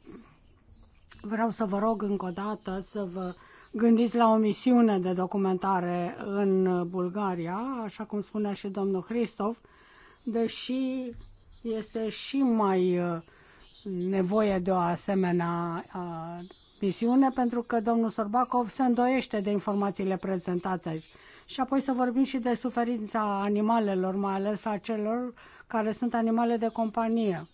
Vreau să vă rog încă o dată să vă gândiți la o misiune de documentare în Bulgaria, așa cum spunea și domnul Christoph, deși este și mai uh, nevoie de o asemenea uh, misiune, pentru că domnul Sorbacov se îndoiește de informațiile prezentate aici. Și apoi să vorbim și de suferința animalelor, mai ales a celor care sunt animale de companie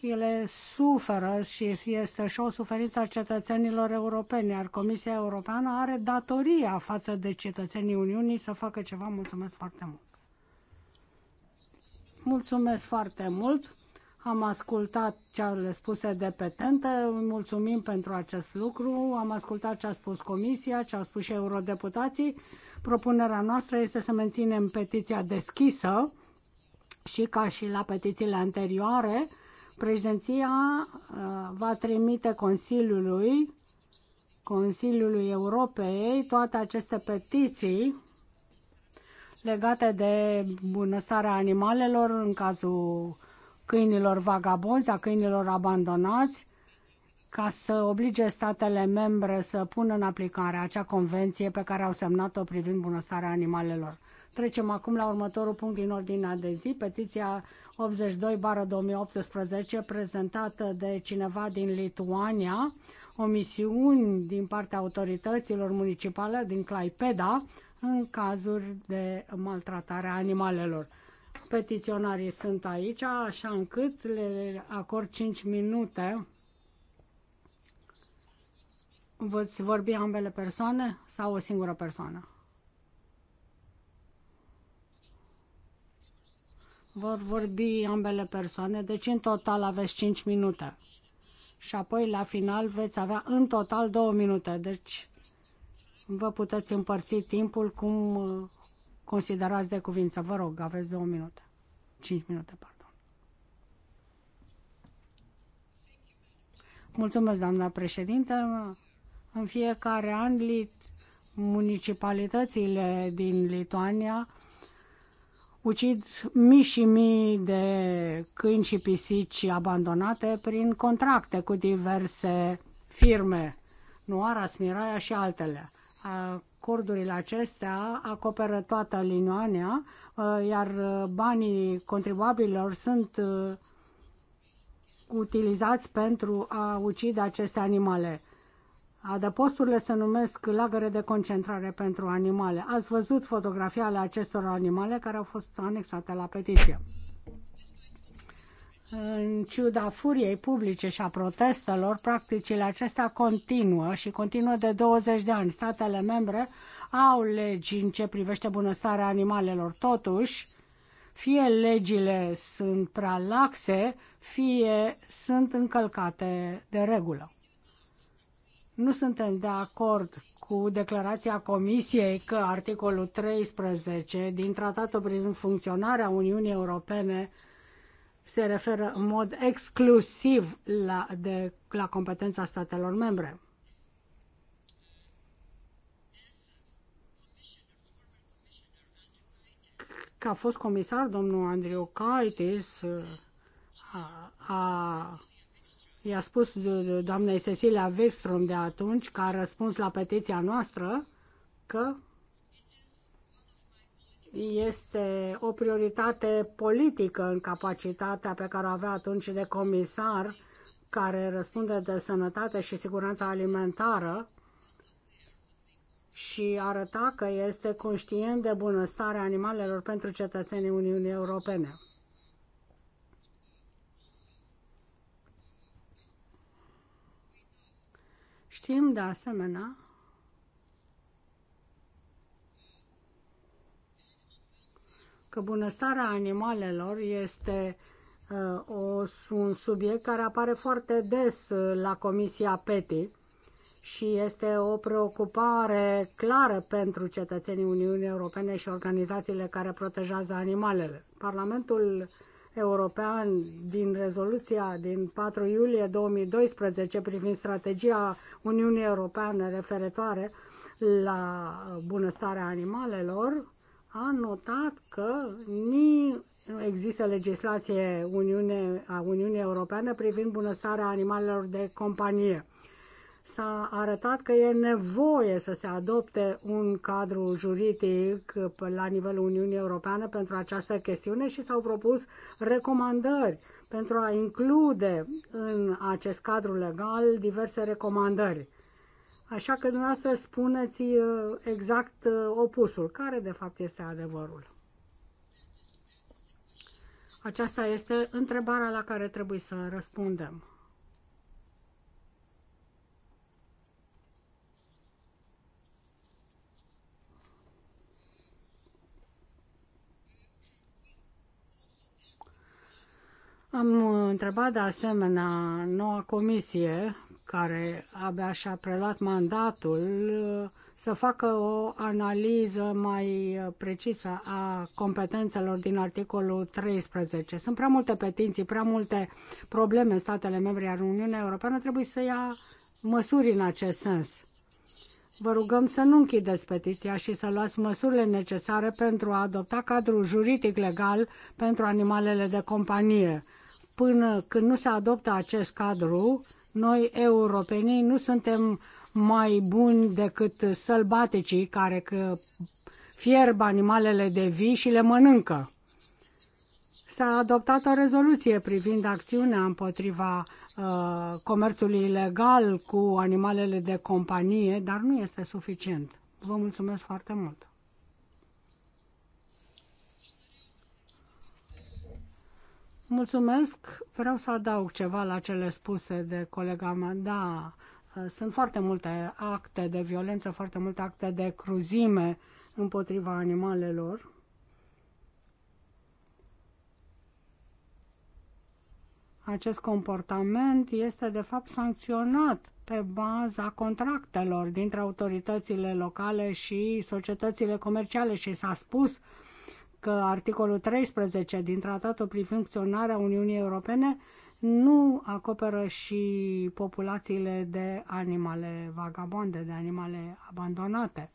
ele suferă și este și o suferință a cetățenilor europeni, iar Comisia Europeană are datoria față de cetățenii Uniunii să facă ceva. Mulțumesc foarte mult! Mulțumesc foarte mult! Am ascultat ce le spuse de petente, mulțumim pentru acest lucru, am ascultat ce a spus Comisia, ce au spus și eurodeputații. Propunerea noastră este să menținem petiția deschisă și ca și la petițiile anterioare, Președinția uh, va trimite Consiliului, Consiliului Europei toate aceste petiții legate de bunăstarea animalelor în cazul câinilor vagabonzi, a câinilor abandonați, ca să oblige statele membre să pună în aplicare acea convenție pe care au semnat-o privind bunăstarea animalelor. Trecem acum la următorul punct din ordinea de zi, petiția 82-2018 prezentată de cineva din Lituania, o misiune din partea autorităților municipale din Claipeda în cazuri de maltratare a animalelor. Petiționarii sunt aici, așa încât le acord 5 minute. Vă vorbi ambele persoane sau o singură persoană? Vor vorbi ambele persoane, deci în total aveți 5 minute. Și apoi la final veți avea în total 2 minute, deci vă puteți împărți timpul cum uh, considerați de cuvință. Vă rog, aveți 2 minute. 5 minute, pardon. Mulțumesc, doamna președintă. În fiecare an, municipalitățile din Lituania ucid mii și mii de câini și pisici abandonate prin contracte cu diverse firme, Nuara, Smiraia și altele. Acordurile acestea acoperă toată Linoania, uh, iar uh, banii contribuabililor sunt uh, utilizați pentru a ucide aceste animale. Adăposturile se numesc lagăre de concentrare pentru animale. Ați văzut fotografia ale acestor animale care au fost anexate la petiție. În ciuda furiei publice și a protestelor, practicile acestea continuă și continuă de 20 de ani. Statele membre au legi în ce privește bunăstarea animalelor. Totuși, fie legile sunt prea laxe, fie sunt încălcate de regulă. Nu suntem de acord cu declarația Comisiei că articolul 13 din Tratatul privind funcționarea Uniunii Europene se referă în mod exclusiv la, de, la competența statelor membre. Ca fost comisar, domnul Andriu Caitis a, a i-a spus uh, doamnei Cecilia Wexstrom de atunci, că a răspuns la petiția noastră, că este o prioritate politică în capacitatea pe care o avea atunci de comisar care răspunde de sănătate și siguranța alimentară și arăta că este conștient de bunăstarea animalelor pentru cetățenii Uniunii Europene. Știm de asemenea că bunăstarea animalelor este uh, o, un subiect care apare foarte des uh, la Comisia PETI și este o preocupare clară pentru cetățenii Uniunii Europene și organizațiile care protejează animalele. Parlamentul uh, european din rezoluția din 4 iulie 2012 privind strategia Uniunii Europeane referitoare la bunăstarea animalelor, a notat că nu există legislație Uniune, a Uniunii Europeane privind bunăstarea animalelor de companie s-a arătat că e nevoie să se adopte un cadru juridic la nivelul Uniunii Europeană pentru această chestiune și s-au propus recomandări pentru a include în acest cadru legal diverse recomandări. Așa că dumneavoastră spuneți uh, exact uh, opusul, care de fapt este adevărul. Aceasta este întrebarea la care trebuie să răspundem. Am uh, întrebat de asemenea noua comisie, care abia și-a preluat mandatul, uh, să facă o analiză mai uh, precisă a competențelor din articolul 13. Sunt prea multe petiții, prea multe probleme în statele membre, iar Uniunea Europeană trebuie să ia măsuri în acest sens. Vă rugăm să nu închideți petiția și să luați măsurile necesare pentru a adopta cadrul juridic legal pentru animalele de companie până când nu se adoptă acest cadru, noi europenii nu suntem mai buni decât sălbaticii care că fierb animalele de vii și le mănâncă. S-a adoptat o rezoluție privind acțiunea împotriva uh, comerțului ilegal cu animalele de companie, dar nu este suficient. Vă mulțumesc foarte mult! Mulțumesc. Vreau să adaug ceva la cele spuse de colega mea. Da, sunt foarte multe acte de violență, foarte multe acte de cruzime împotriva animalelor. Acest comportament este de fapt sancționat pe baza contractelor dintre autoritățile locale și societățile comerciale și s-a spus uh, că articolul 13 din Tratatul privind funcționarea Uniunii Europene nu acoperă și populațiile de animale vagabonde, de animale abandonate.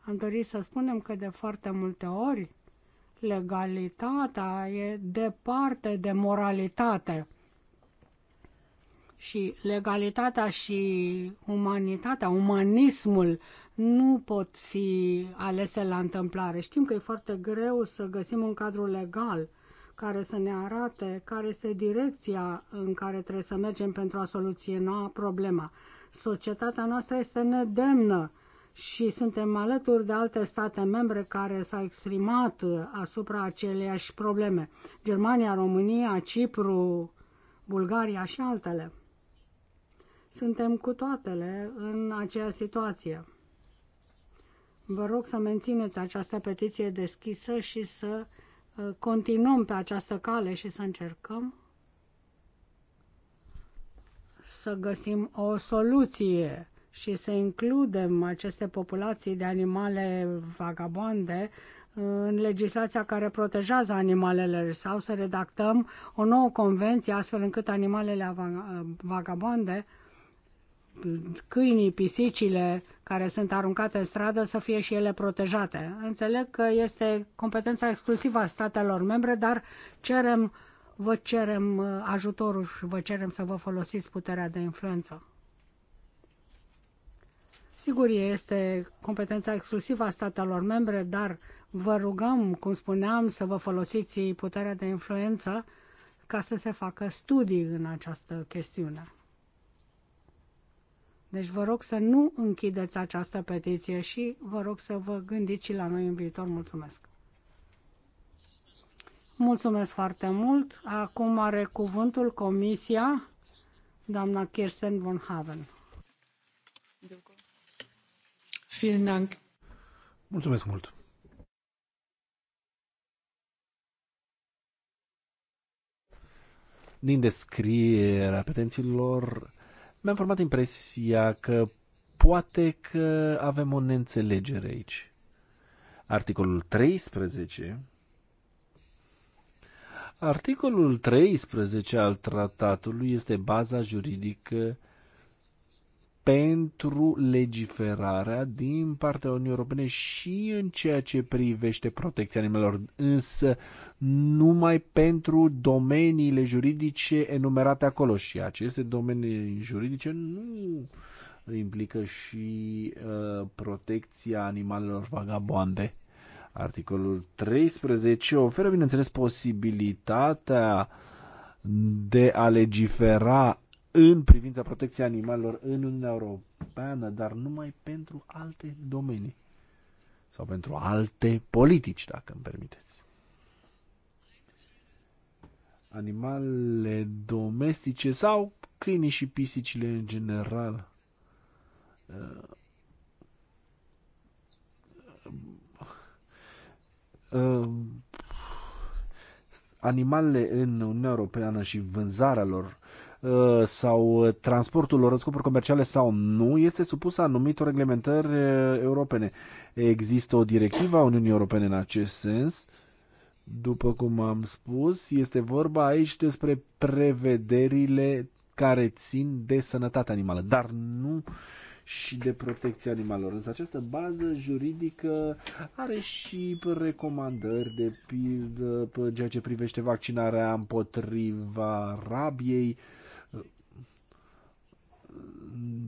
Am dorit să spunem că de foarte multe ori legalitatea e departe de moralitate. Și legalitatea și umanitatea, umanismul nu pot fi alese la întâmplare. Știm că e foarte greu să găsim un cadru legal care să ne arate care este direcția în care trebuie să mergem pentru a soluționa problema. Societatea noastră este nedemnă și suntem alături de alte state membre care s-au exprimat asupra aceleiași probleme. Germania, România, Cipru, Bulgaria și altele. Suntem cu toatele în aceeași situație. Vă rog să mențineți această petiție deschisă și să uh, continuăm pe această cale și să încercăm să găsim o soluție și să includem aceste populații de animale vagabonde uh, în legislația care protejează animalele sau să redactăm o nouă convenție astfel încât animalele uh, vagabonde câinii, pisicile care sunt aruncate în stradă să fie și ele protejate. Înțeleg că este competența exclusivă a statelor membre, dar cerem, vă cerem uh, ajutorul și vă cerem să vă folosiți puterea de influență. Sigur, este competența exclusivă a statelor membre, dar vă rugăm, cum spuneam, să vă folosiți puterea de influență ca să se facă studii în această chestiune. Deci vă rog să nu închideți această petiție și vă rog să vă gândiți și la noi în viitor. Mulțumesc! Mulțumesc foarte mult! Acum are cuvântul Comisia, doamna Kirsten von Haven. Mulțumesc mult! Din descrierea petenților, mi-am format impresia că poate că avem o neînțelegere aici. Articolul 13 Articolul 13 al tratatului este baza juridică pentru legiferarea din partea Uniunii Europene și în ceea ce privește protecția animalelor, însă numai pentru domeniile juridice enumerate acolo și aceste domenii juridice nu implică și uh, protecția animalelor vagabonde. Articolul 13 oferă, bineînțeles, posibilitatea de a legifera în privința protecției animalelor în Uniunea Europeană, dar numai pentru alte domenii sau pentru alte politici, dacă îmi permiteți. Animalele domestice sau câinii și pisicile în general uh, uh, uh, animalele în Uniunea Europeană și vânzarea lor Uh, sau transportul lor în scopuri comerciale sau nu este supus anumitor reglementări uh, europene. Există o directivă a Uniunii Europene în acest sens. După cum am spus, este vorba aici despre prevederile care țin de sănătatea animală, dar nu și de protecția animalelor. Însă această bază juridică are și recomandări de pildă pe ceea ce privește vaccinarea împotriva rabiei, uh,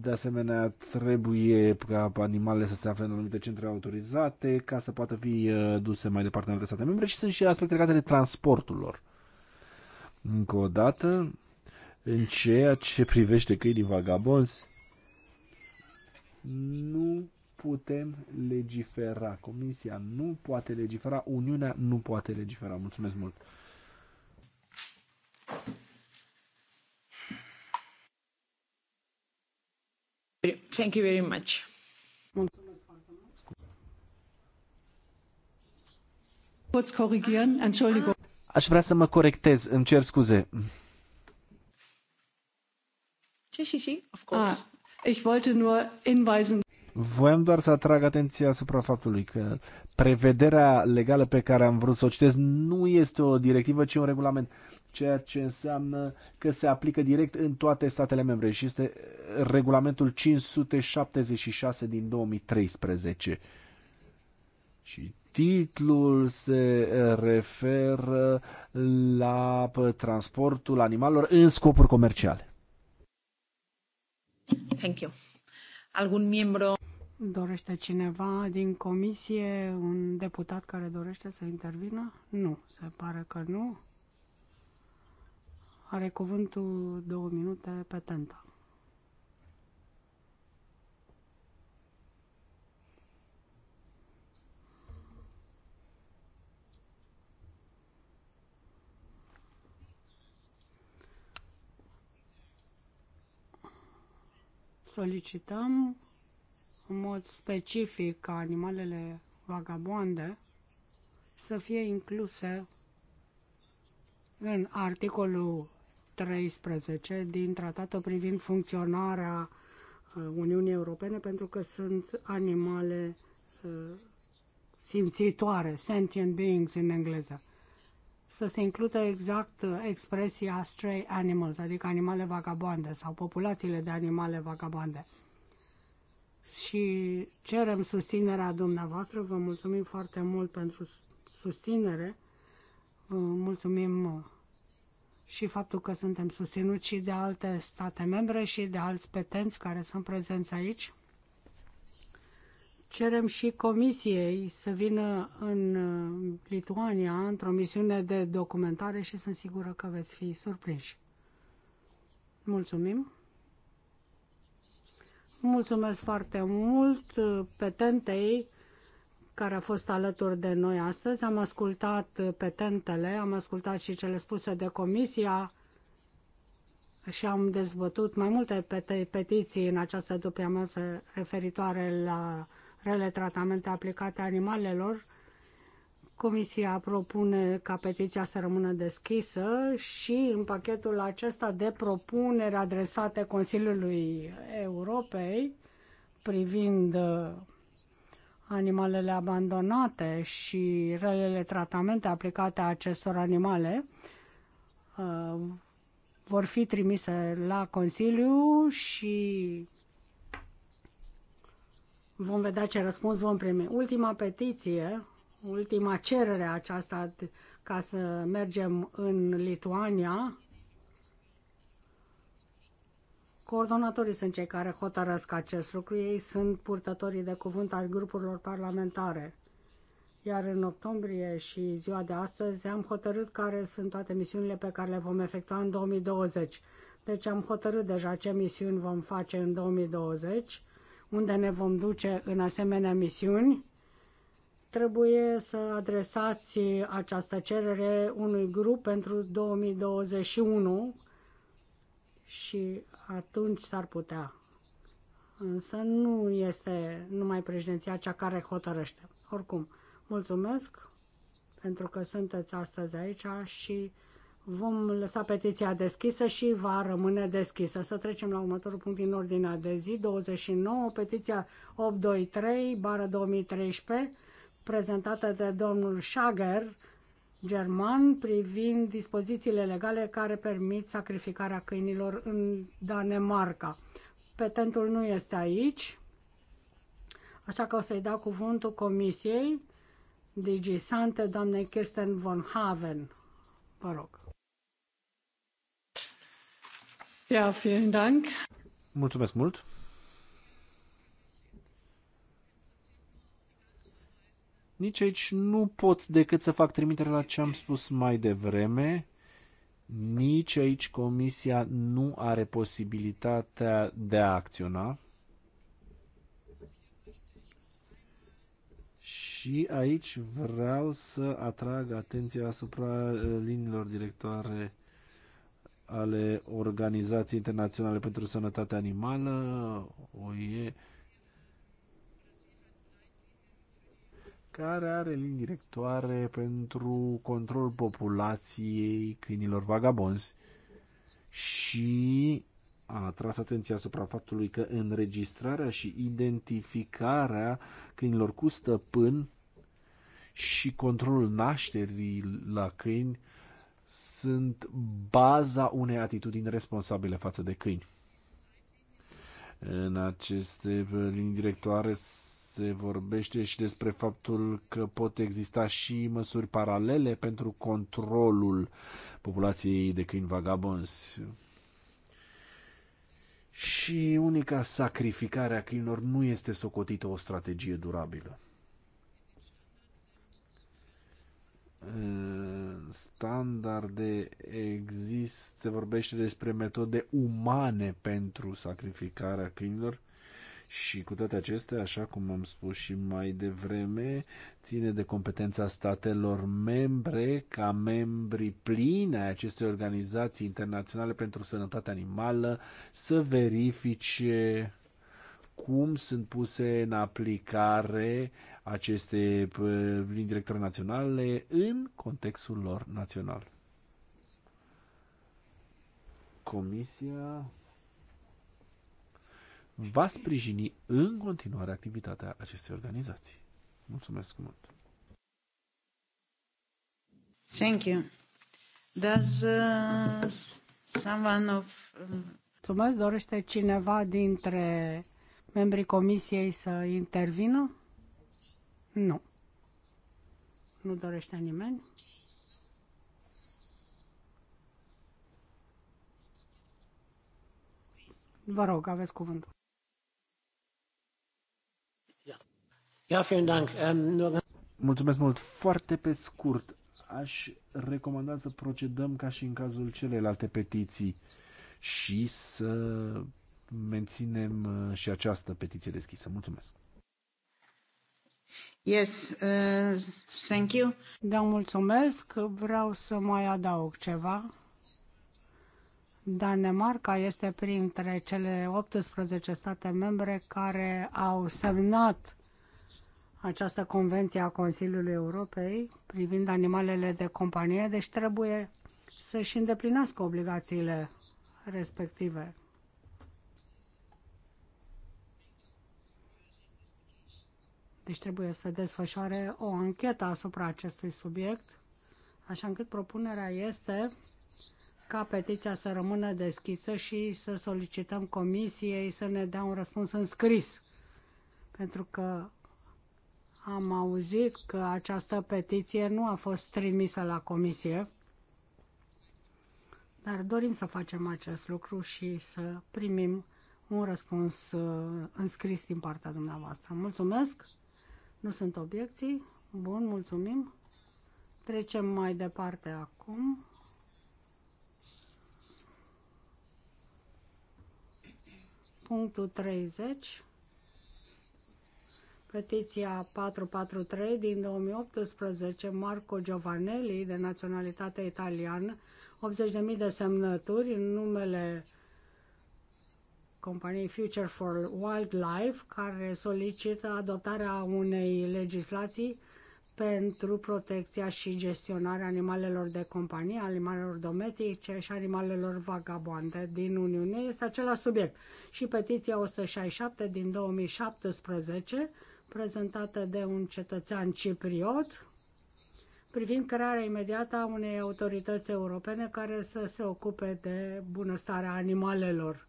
de asemenea, trebuie ca animalele să se afle în anumite centre autorizate ca să poată fi uh, duse mai departe în alte state membre și sunt și aspecte legate de transportul lor. Încă o dată, în ceea ce privește câinii vagabonzi, nu putem legifera. Comisia nu poate legifera, Uniunea nu poate legifera. Mulțumesc mult! Thank you very much. Poți Entschuldigung. Aș vrea să mă corectez, îmi cer scuze. și, și, of ah, course. Ah, ich wollte nur Voiam doar să atrag atenția asupra faptului că prevederea legală pe care am vrut să o citesc nu este o directivă, ci un regulament ceea ce înseamnă că se aplică direct în toate statele membre și este uh, regulamentul 576 din 2013. Și titlul se uh, referă la uh, transportul animalelor în scopuri comerciale. Thank you. Algun membru Dorește cineva din comisie, un deputat care dorește să intervină? Nu, se pare că nu. Are cuvântul două minute tenta. solicităm în mod specific ca animalele vagabonde să fie incluse în articolul 13 din tratatul privind funcționarea uh, Uniunii Europene pentru că sunt animale uh, simțitoare, sentient beings în engleză. Să se includă exact uh, expresia stray animals, adică animale vagabonde sau populațiile de animale vagabonde. Și cerem susținerea dumneavoastră, vă mulțumim foarte mult pentru susținere, vă mulțumim și faptul că suntem susținuți și de alte state membre și de alți petenți care sunt prezenți aici. Cerem și Comisiei să vină în Lituania într-o misiune de documentare și sunt sigură că veți fi surprinși. Mulțumim! Mulțumesc foarte mult petentei care a fost alături de noi astăzi. Am ascultat petentele, am ascultat și cele spuse de comisia și am dezbătut mai multe petiții în această după-amiază referitoare la rele tratamente aplicate animalelor. Comisia propune ca petiția să rămână deschisă și în pachetul acesta de propuneri adresate Consiliului Europei privind uh, animalele abandonate și relele tratamente aplicate acestor animale uh, vor fi trimise la Consiliu și vom vedea ce răspuns vom primi. Ultima petiție, ultima cerere aceasta ca să mergem în Lituania Coordonatorii sunt cei care hotărăsc acest lucru, ei sunt purtătorii de cuvânt al grupurilor parlamentare. Iar în octombrie și ziua de astăzi am hotărât care sunt toate misiunile pe care le vom efectua în 2020. Deci am hotărât deja ce misiuni vom face în 2020, unde ne vom duce în asemenea misiuni. Trebuie să adresați această cerere unui grup pentru 2021 și atunci s-ar putea. Însă nu este numai președinția cea care hotărăște. Oricum, mulțumesc pentru că sunteți astăzi aici și vom lăsa petiția deschisă și va rămâne deschisă. Să trecem la următorul punct din ordinea de zi, 29, petiția 823, bară 2013, prezentată de domnul Șager, german privind dispozițiile legale care permit sacrificarea câinilor în Danemarca. Petentul nu este aici, așa că o să-i dau cuvântul comisiei digisante doamnei Kirsten von Haven. Vă rog. Ja, vielen Dank. Mulțumesc mult. Nici aici nu pot decât să fac trimitere la ce am spus mai devreme. Nici aici Comisia nu are posibilitatea de a acționa. Și aici vreau să atrag atenția asupra uh, liniilor directoare ale Organizației Internaționale pentru Sănătatea Animală, OIE, care are linii directoare pentru control populației câinilor vagabonzi și a atras atenția asupra faptului că înregistrarea și identificarea câinilor cu stăpân și controlul nașterii la câini sunt baza unei atitudini responsabile față de câini. În aceste linii directoare se vorbește și despre faptul că pot exista și măsuri paralele pentru controlul populației de câini vagabonzi. Și unica sacrificare a câinilor nu este socotită o strategie durabilă. standarde există, se vorbește despre metode umane pentru sacrificarea câinilor și cu toate acestea, așa cum am spus și mai devreme, ține de competența statelor membre ca membri plini ai acestei organizații internaționale pentru sănătate animală să verifice cum sunt puse în aplicare aceste linii directori naționale în contextul lor național. Comisia va sprijini în continuare activitatea acestei organizații. Mulțumesc mult! Thank you. Does uh, someone of... Um, Mulțumesc. Dorește cineva dintre membrii comisiei să intervină? Nu. Nu dorește nimeni? Vă rog, aveți cuvântul. Ja, vielen Dank. Um, Mulțumesc mult. Foarte pe scurt, aș recomanda să procedăm ca și în cazul celelalte petiții și să menținem uh, și această petiție deschisă. Mulțumesc. Yes, uh, thank you. Da, mulțumesc. Vreau să mai adaug ceva. Danemarca este printre cele 18 state membre care au semnat această convenție a Consiliului Europei privind animalele de companie, deci trebuie să-și îndeplinească obligațiile respective. Deci trebuie să desfășoare o anchetă asupra acestui subiect, așa încât propunerea este ca petiția să rămână deschisă și să solicităm comisiei să ne dea un răspuns în scris. Pentru că am auzit că această petiție nu a fost trimisă la comisie, dar dorim să facem acest lucru și să primim un răspuns uh, înscris din partea dumneavoastră. Mulțumesc! Nu sunt obiecții. Bun, mulțumim. Trecem mai departe acum. Punctul 30. Petiția 443 din 2018, Marco Giovanelli, de naționalitate italiană, 80.000 de semnături în numele companiei Future for Wildlife, care solicită adoptarea unei legislații pentru protecția și gestionarea animalelor de companie, animalelor domestice și animalelor vagabonde din Uniune. Este același subiect. Și petiția 167 din 2017 prezentată de un cetățean cipriot privind crearea imediată a unei autorități europene care să se ocupe de bunăstarea animalelor.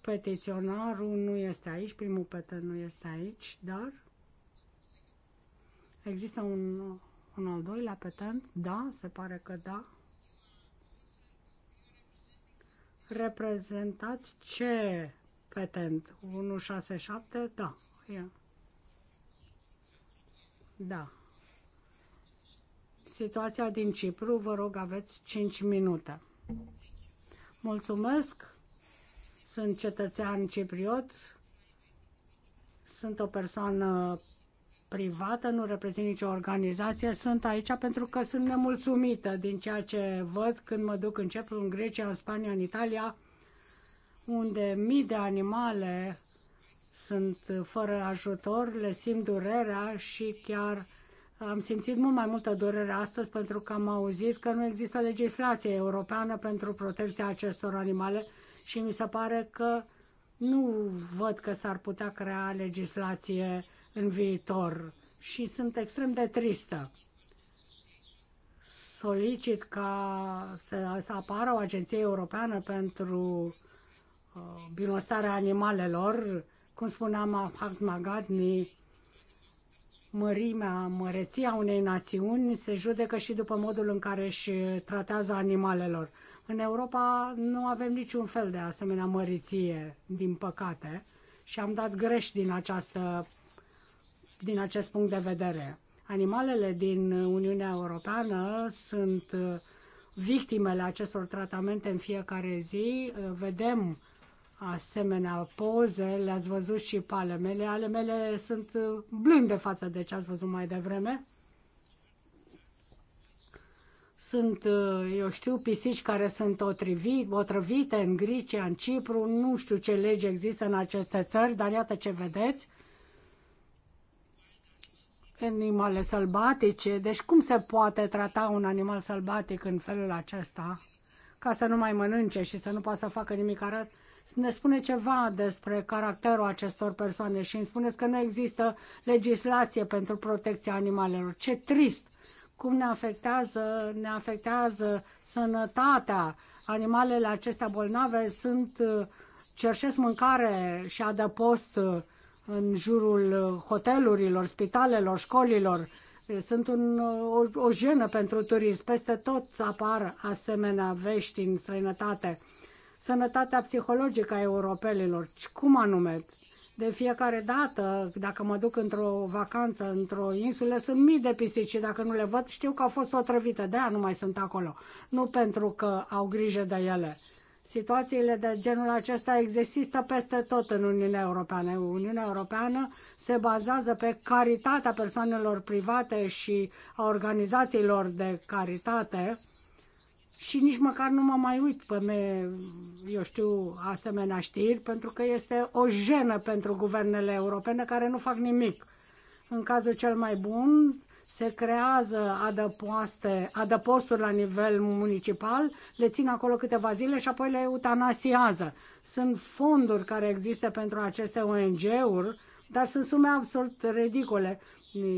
Petiționarul nu este aici, primul peten nu este aici, dar există un, un al doilea petent? Da, se pare că da. Reprezentați ce competent. 167, da. E. Da. Situația din Cipru, vă rog, aveți 5 minute. Mulțumesc. Sunt cetățean cipriot. Sunt o persoană privată, nu reprezint nicio organizație, sunt aici pentru că sunt nemulțumită din ceea ce văd când mă duc în Cipru, în Grecia, în Spania, în Italia, unde mii de animale sunt fără ajutor, le simt durerea și chiar am simțit mult mai multă durere astăzi pentru că am auzit că nu există legislație europeană pentru protecția acestor animale și mi se pare că nu văd că s-ar putea crea legislație în viitor și sunt extrem de tristă. Solicit ca să, să apară o agenție europeană pentru Uh, bunăstarea animalelor, cum spuneam, Mahatma Gandhi, mărimea, măreția unei națiuni se judecă și după modul în care își tratează animalelor. În Europa nu avem niciun fel de asemenea măriție, din păcate, și am dat greș din, această, din acest punct de vedere. Animalele din Uniunea Europeană sunt uh, victimele acestor tratamente în fiecare zi. Uh, vedem asemenea poze, le-ați văzut și pe ale mele. Ale mele sunt uh, blânde față de ce ați văzut mai devreme. Sunt, uh, eu știu, pisici care sunt otrăvite în Grecia, în Cipru, nu știu ce lege există în aceste țări, dar iată ce vedeți. Animale sălbatice, deci cum se poate trata un animal sălbatic în felul acesta? Ca să nu mai mănânce și să nu poată să facă nimic arăt ne spune ceva despre caracterul acestor persoane și îmi spuneți că nu există legislație pentru protecția animalelor. Ce trist! Cum ne afectează, ne afectează sănătatea. Animalele acestea bolnave sunt, uh, cerșesc mâncare și adăpost uh, în jurul uh, hotelurilor, spitalelor, școlilor. Sunt un, o, o jenă pentru turism. Peste tot apar asemenea vești în străinătate sănătatea psihologică a europenilor. Cum anume? De fiecare dată, dacă mă duc într-o vacanță, într-o insulă, sunt mii de pisici și dacă nu le văd, știu că au fost otrăvite, de-aia nu mai sunt acolo. Nu pentru că au grijă de ele. Situațiile de genul acesta există peste tot în Uniunea Europeană. Uniunea Europeană se bazează pe caritatea persoanelor private și a organizațiilor de caritate și nici măcar nu mă mai uit pe, me, eu știu, asemenea știri, pentru că este o jenă pentru guvernele europene care nu fac nimic. În cazul cel mai bun, se creează adăpoaste, adăposturi la nivel municipal, le țin acolo câteva zile și apoi le eutanasiază. Sunt fonduri care există pentru aceste ONG-uri, dar sunt sume absurd ridicole.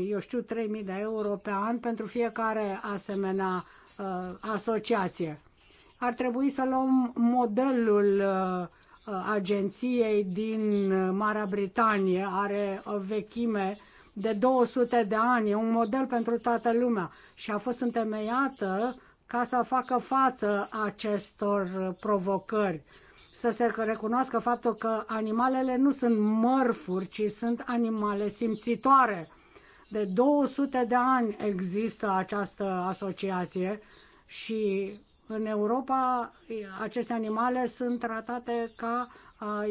Eu știu, 3.000 de euro pe an pentru fiecare asemenea Uh, asociație. Ar trebui să luăm modelul uh, uh, agenției din Marea Britanie, are o vechime de 200 de ani, e un model pentru toată lumea și a fost întemeiată ca să facă față acestor provocări. Să se recunoască faptul că animalele nu sunt mărfuri, ci sunt animale simțitoare de 200 de ani există această asociație și în Europa aceste animale sunt tratate ca,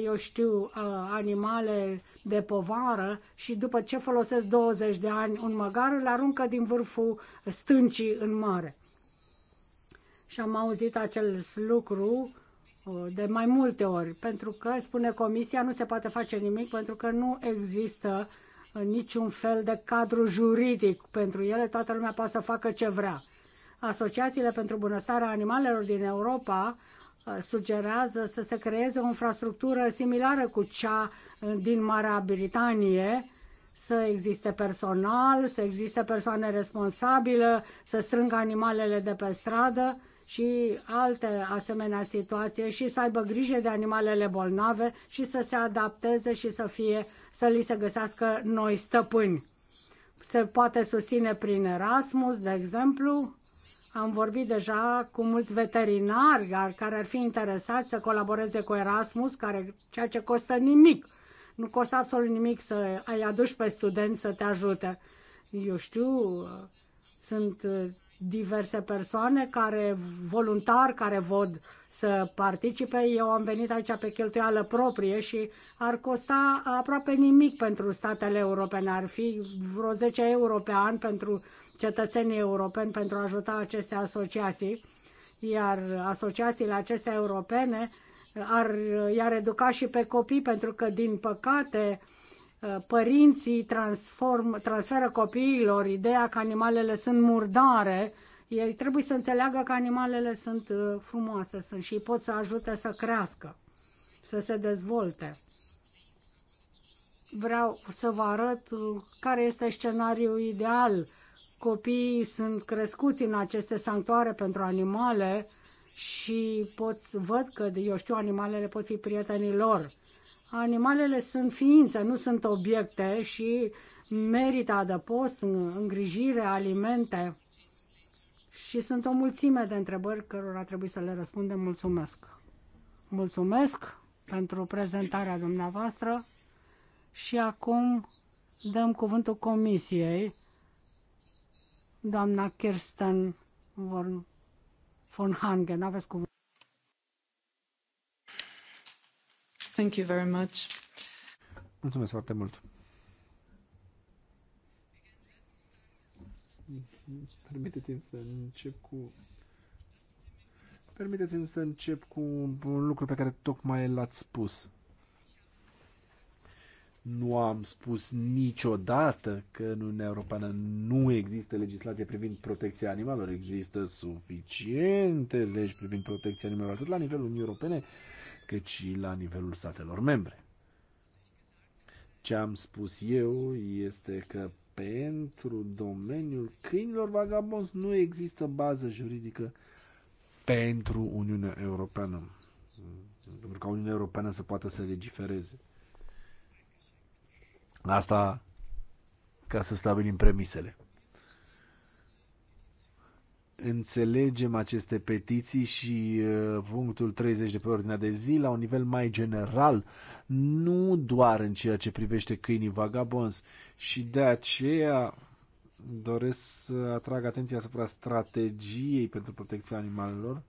eu știu, animale de povară și după ce folosesc 20 de ani un măgar, îl aruncă din vârful stâncii în mare. Și am auzit acel lucru de mai multe ori, pentru că, spune Comisia, nu se poate face nimic pentru că nu există uh, niciun fel de cadru juridic pentru ele, toată lumea poate să facă ce vrea. Asociațiile pentru bunăstarea animalelor din Europa uh, sugerează să se creeze o infrastructură similară cu cea uh, din Marea Britanie, să existe personal, să existe persoane responsabile, să strângă animalele de pe stradă și alte asemenea situații și să aibă grijă de animalele bolnave și să se adapteze și să, fie, să li se găsească noi stăpâni. Se poate susține prin Erasmus, de exemplu, am vorbit deja cu mulți veterinari care ar fi interesați să colaboreze cu Erasmus, care, ceea ce costă nimic. Nu costă absolut nimic să ai aduci pe studenți să te ajute. Eu știu, sunt diverse persoane care voluntar care vor să participe. Eu am venit aici pe cheltuială proprie și ar costa aproape nimic pentru statele europene. Ar fi vreo 10 euro pe an pentru cetățenii europeni pentru a ajuta aceste asociații. Iar asociațiile acestea europene ar, i-ar educa și pe copii, pentru că, din păcate, uh, Uh, părinții transform, transferă copiilor ideea că animalele sunt murdare, ei trebuie să înțeleagă că animalele sunt uh, frumoase sunt și pot să ajute să crească, să se dezvolte. Vreau să vă arăt uh, care este scenariul ideal. Copiii sunt crescuți în aceste sanctuare pentru animale și pot, văd că, eu știu, animalele pot fi prietenii lor Animalele sunt ființe, nu sunt obiecte și merită adăpost, îngrijire, alimente. Și sunt o mulțime de întrebări cărora trebuie să le răspundem. Mulțumesc! Mulțumesc pentru prezentarea dumneavoastră și acum dăm cuvântul comisiei. Doamna Kirsten von Hangen, aveți cuvântul. Thank you very much. Mulțumesc foarte mult. Permiteți-mi să încep cu Permiteți-mi să încep cu un lucru pe care tocmai l-ați spus. Nu am spus niciodată că în Uniunea Europeană nu există legislație privind protecția animalelor. Există suficiente legi privind protecția animalelor, atât la nivelul Uniunii Europene, cât și la nivelul statelor membre. Ce am spus eu este că pentru domeniul câinilor vagabonzi nu există bază juridică pentru Uniunea Europeană. Pentru ca Uniunea Europeană să poată să legifereze. Asta ca să stabilim premisele înțelegem aceste petiții și uh, punctul 30 de pe ordinea de zi la un nivel mai general, nu doar în ceea ce privește câinii vagabonzi. Și de aceea doresc să atrag atenția asupra strategiei pentru protecția animalelor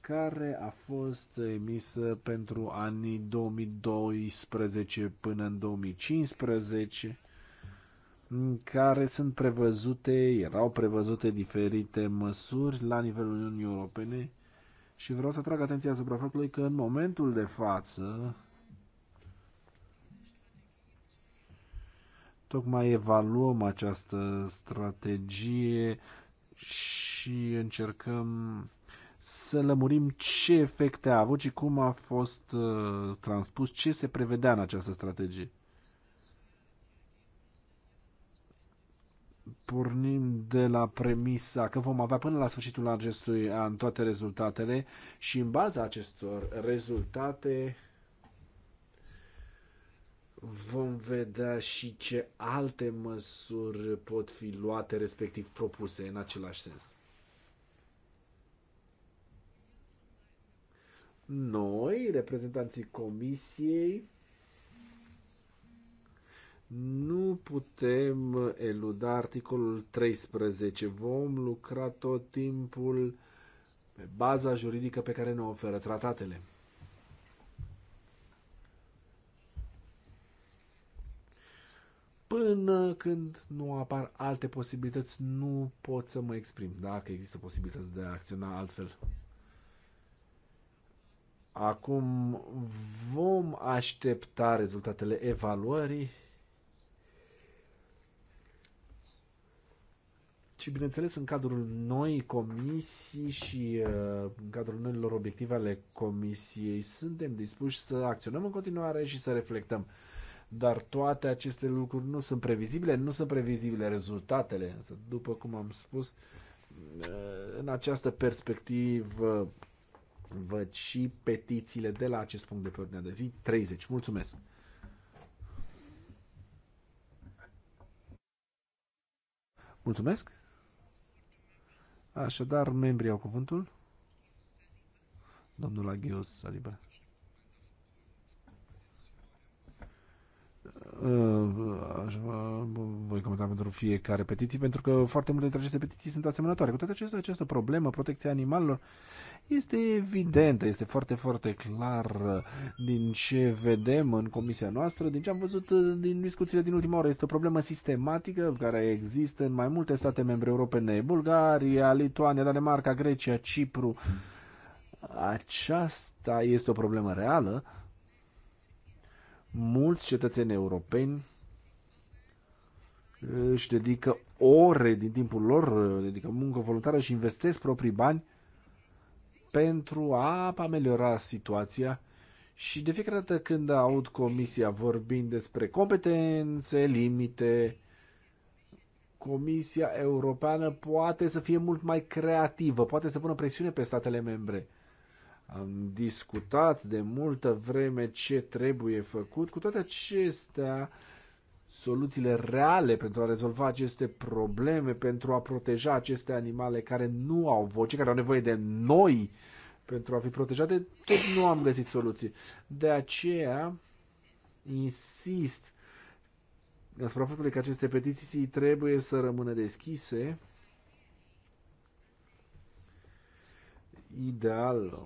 care a fost emisă pentru anii 2012 până în 2015 care sunt prevăzute, erau prevăzute diferite măsuri la nivelul Uniunii Europene și vreau să atrag atenția asupra faptului că în momentul de față tocmai evaluăm această strategie și încercăm să lămurim ce efecte a avut și cum a fost uh, transpus, ce se prevedea în această strategie. pornim de la premisa că vom avea până la sfârșitul acestui an toate rezultatele și în baza acestor rezultate vom vedea și ce alte măsuri pot fi luate, respectiv propuse în același sens. Noi, reprezentanții Comisiei, nu putem eluda articolul 13. Vom lucra tot timpul pe baza juridică pe care ne oferă tratatele. Până când nu apar alte posibilități, nu pot să mă exprim dacă există posibilități de a acționa altfel. Acum vom aștepta rezultatele evaluării ci bineînțeles în cadrul noi comisii și uh, în cadrul noilor obiective ale comisiei suntem dispuși să acționăm în continuare și să reflectăm. Dar toate aceste lucruri nu sunt previzibile, nu sunt previzibile rezultatele, însă după cum am spus, uh, în această perspectivă văd și petițiile de la acest punct de pe ordinea de zi 30. Mulțumesc! Mulțumesc! Așadar, membrii au cuvântul. Domnul Aghios Saliba. Uh, voi comenta pentru fiecare petiție, pentru că foarte multe dintre aceste petiții sunt asemănătoare. Cu toate acestea, această problemă, protecția animalelor, este evidentă, este foarte, foarte clar uh, din ce vedem în comisia noastră, din ce am văzut uh, din discuțiile din ultima oră. Este o problemă sistematică care există în mai multe state membre europene, Bulgaria, Lituania, Danemarca, Grecia, Cipru. Aceasta este o problemă reală mulți cetățeni europeni își dedică ore din timpul lor, dedică muncă voluntară și investesc proprii bani pentru a ameliora situația și de fiecare dată când aud comisia vorbind despre competențe, limite, Comisia Europeană poate să fie mult mai creativă, poate să pună presiune pe statele membre am discutat de multă vreme ce trebuie făcut. Cu toate acestea, soluțiile reale pentru a rezolva aceste probleme, pentru a proteja aceste animale care nu au voce, care au nevoie de noi pentru a fi protejate, tot nu am găsit soluții. De aceea, insist asupra faptului că aceste petiții trebuie să rămână deschise. Ideal,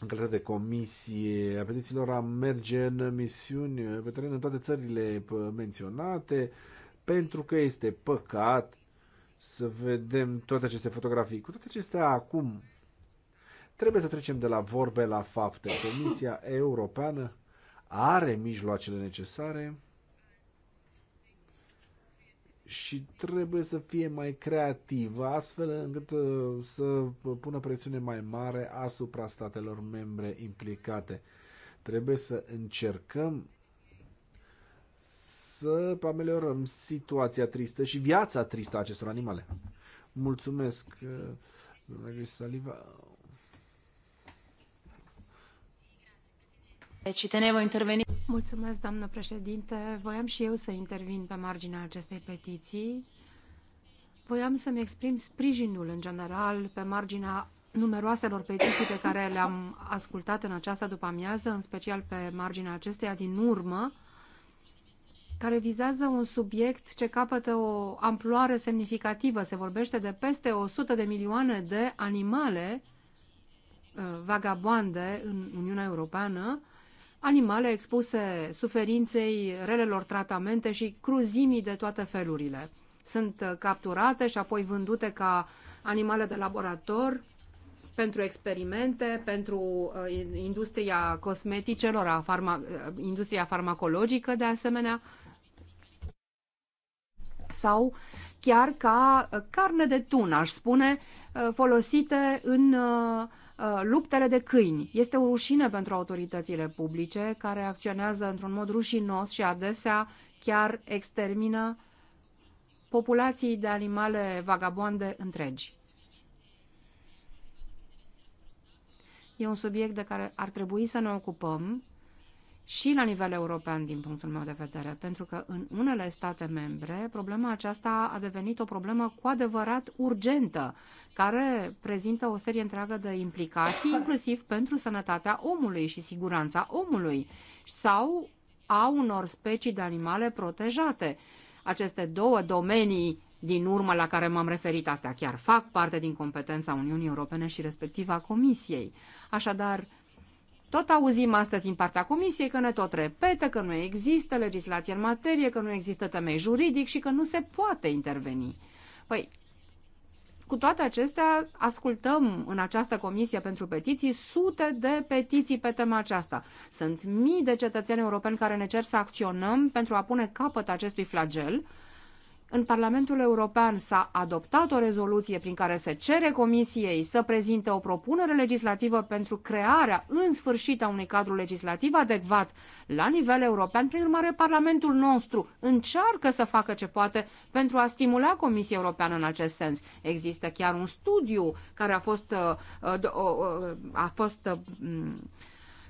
în calitate de comisie a petițiilor a merge în misiuni pe teren în toate țările menționate, pentru că este păcat să vedem toate aceste fotografii. Cu toate acestea, acum trebuie să trecem de la vorbe la fapte. Comisia Europeană are mijloacele necesare și trebuie să fie mai creativă, astfel încât uh, să pună presiune mai mare asupra statelor membre implicate. Trebuie să încercăm să ameliorăm situația tristă și viața tristă a acestor animale. Mulțumesc, uh, domnule Saliva. Ci deci, tenevo interveni. Mulțumesc, doamnă președinte. Voiam și eu să intervin pe marginea acestei petiții. Voiam să-mi exprim sprijinul în general pe marginea numeroaselor petiții pe care le-am ascultat în această după-amiază, în special pe marginea acesteia din urmă, care vizează un subiect ce capătă o amploare semnificativă. Se vorbește de peste 100 de milioane de animale uh, vagabonde în Uniunea Europeană, animale expuse suferinței, relelor tratamente și cruzimii de toate felurile. Sunt uh, capturate și apoi vândute ca animale de laborator pentru experimente, pentru uh, industria cosmeticelor, a farma- uh, industria farmacologică de asemenea, sau chiar ca carne de tun, aș spune, folosite în uh, Uh, luptele de câini. Este o rușine pentru autoritățile publice care acționează într-un mod rușinos și adesea chiar extermină populații de animale vagabonde întregi. E un subiect de care ar trebui să ne ocupăm și la nivel european, din punctul meu de vedere, pentru că în unele state membre problema aceasta a devenit o problemă cu adevărat urgentă, care prezintă o serie întreagă de implicații, inclusiv pentru sănătatea omului și siguranța omului, sau a unor specii de animale protejate. Aceste două domenii din urmă la care m-am referit, astea chiar fac parte din competența Uniunii Europene și respectiva Comisiei. Așadar, tot auzim astăzi din partea Comisiei că ne tot repetă că nu există legislație în materie, că nu există temei juridic și că nu se poate interveni. Păi, cu toate acestea, ascultăm în această comisie pentru petiții sute de petiții pe tema aceasta. Sunt mii de cetățeni europeni care ne cer să acționăm pentru a pune capăt acestui flagel în Parlamentul European s-a adoptat o rezoluție prin care se cere Comisiei să prezinte o propunere legislativă pentru crearea, în sfârșit, a unui cadru legislativ adecvat la nivel european. Prin urmare, Parlamentul nostru încearcă să facă ce poate pentru a stimula Comisia Europeană în acest sens. Există chiar un studiu care a fost. Uh, uh, uh, a fost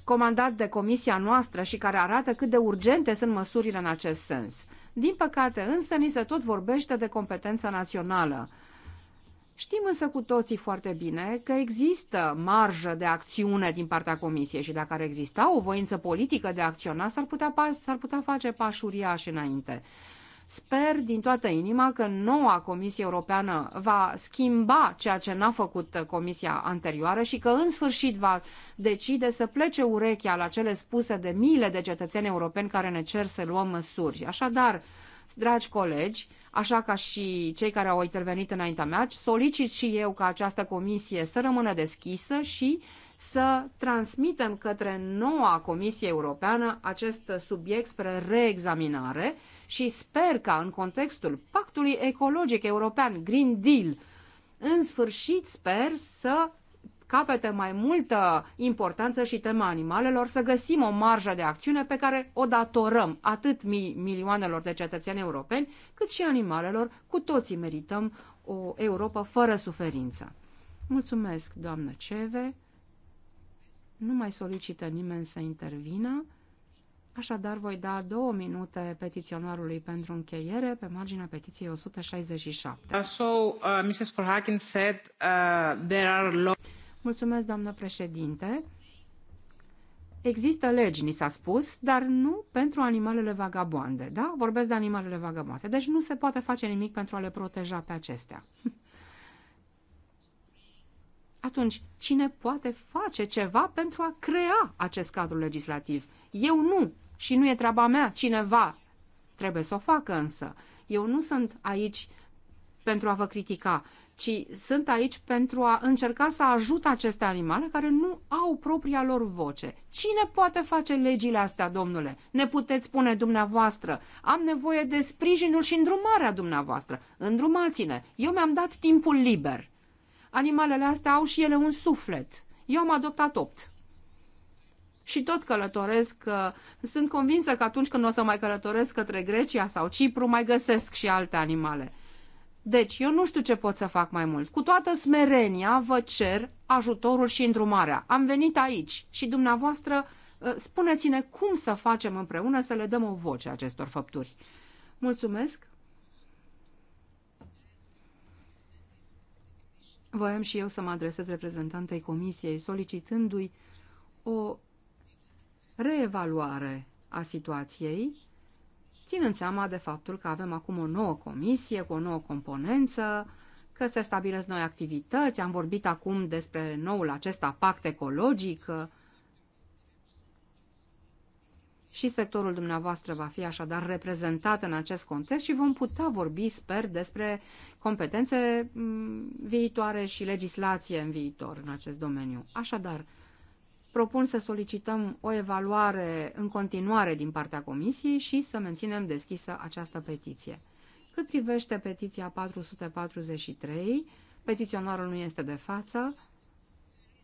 comandat de comisia noastră și care arată cât de urgente sunt măsurile în acest sens. Din păcate, însă, ni se tot vorbește de competența națională. Știm însă cu toții foarte bine că există marjă de acțiune din partea Comisiei și dacă ar exista o voință politică de a acționa, s-ar putea, s-ar putea face pași uriași înainte. Sper din toată inima că noua Comisie Europeană va schimba ceea ce n-a făcut Comisia anterioară și că în sfârșit va decide să plece urechea la cele spuse de miile de cetățeni europeni care ne cer să luăm măsuri. Așadar, dragi colegi, așa ca și cei care au intervenit înaintea mea, solicit și eu ca această comisie să rămână deschisă și să transmitem către noua Comisie Europeană acest subiect spre reexaminare și sper ca în contextul pactului ecologic european Green Deal, în sfârșit sper să capete mai multă importanță și tema animalelor, să găsim o marjă de acțiune pe care o datorăm atât milioanelor de cetățeni europeni, cât și animalelor. Cu toții merităm o Europa fără suferință. Mulțumesc, doamnă Ceve. Nu mai solicită nimeni să intervină. Așadar, voi da două minute petiționarului pentru încheiere pe marginea petiției 167. Uh, so, uh, Mrs. Uh, Mulțumesc, doamnă președinte. Există legi, ni s-a spus, dar nu pentru animalele vagabonde, da? Vorbesc de animalele vagabonde. Deci nu se poate face nimic pentru a le proteja pe acestea. Atunci, cine poate face ceva pentru a crea acest cadru legislativ? Eu nu. Și nu e treaba mea, cineva trebuie să o facă însă. Eu nu sunt aici pentru a vă critica, ci sunt aici pentru a încerca să ajut aceste animale care nu au propria lor voce. Cine poate face legile astea, domnule? Ne puteți spune dumneavoastră. Am nevoie de sprijinul și îndrumarea dumneavoastră. Îndrumați-ne. Eu mi-am dat timpul liber. Animalele astea au și ele un suflet. Eu am adoptat opt și tot călătoresc. Sunt convinsă că atunci când o să mai călătoresc către Grecia sau Cipru, mai găsesc și alte animale. Deci, eu nu știu ce pot să fac mai mult. Cu toată smerenia vă cer ajutorul și îndrumarea. Am venit aici și dumneavoastră ă, spuneți-ne cum să facem împreună să le dăm o voce acestor făpturi. Mulțumesc! Voiam și eu să mă adresez reprezentantei comisiei solicitându-i o reevaluare a situației, ținând seama de faptul că avem acum o nouă comisie cu o nouă componență, că se stabilesc noi activități, am vorbit acum despre noul acesta pact ecologic și sectorul dumneavoastră va fi așadar reprezentat în acest context și vom putea vorbi, sper, despre competențe mm, viitoare și legislație în viitor în acest domeniu. Așadar, propun să solicităm o evaluare în continuare din partea Comisiei și să menținem deschisă această petiție. Cât privește petiția 443, petiționarul nu este de față,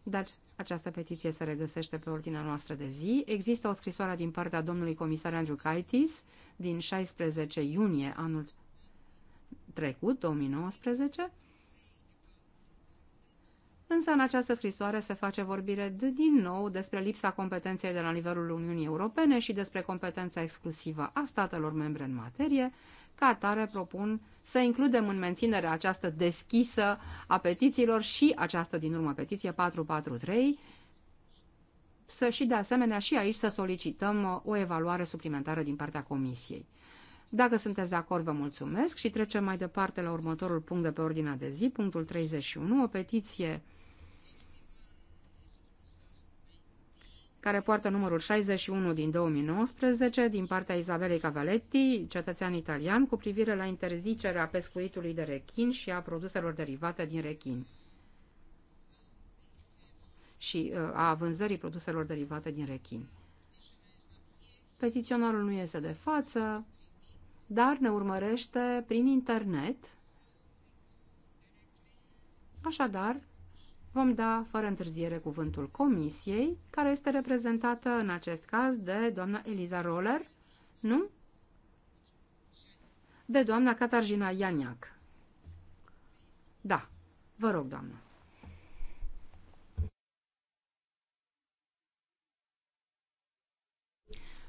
dar această petiție se regăsește pe ordinea noastră de zi. Există o scrisoare din partea domnului comisar Andrew Kaitis din 16 iunie anul trecut, 2019, însă în această scrisoare se face vorbire de, din nou despre lipsa competenței de la nivelul Uniunii Europene și despre competența exclusivă a statelor membre în materie, ca atare propun să includem în menținere această deschisă a petițiilor și această din urmă petiție 443, să și de asemenea și aici să solicităm uh, o evaluare suplimentară din partea Comisiei. Dacă sunteți de acord, vă mulțumesc și trecem mai departe la următorul punct de pe ordinea de zi, punctul 31, o petiție care poartă numărul 61 din 2019 din partea Isabelei Cavaletti, cetățean italian, cu privire la interzicerea pescuitului de rechin și a produselor derivate din rechin și uh, a vânzării produselor derivate din rechin. Petiționarul nu este de față, dar ne urmărește prin internet. Așadar, vom da fără întârziere cuvântul comisiei, care este reprezentată în acest caz de doamna Eliza Roller, nu? De doamna Catarjina Ianiac. Da, vă rog, doamnă.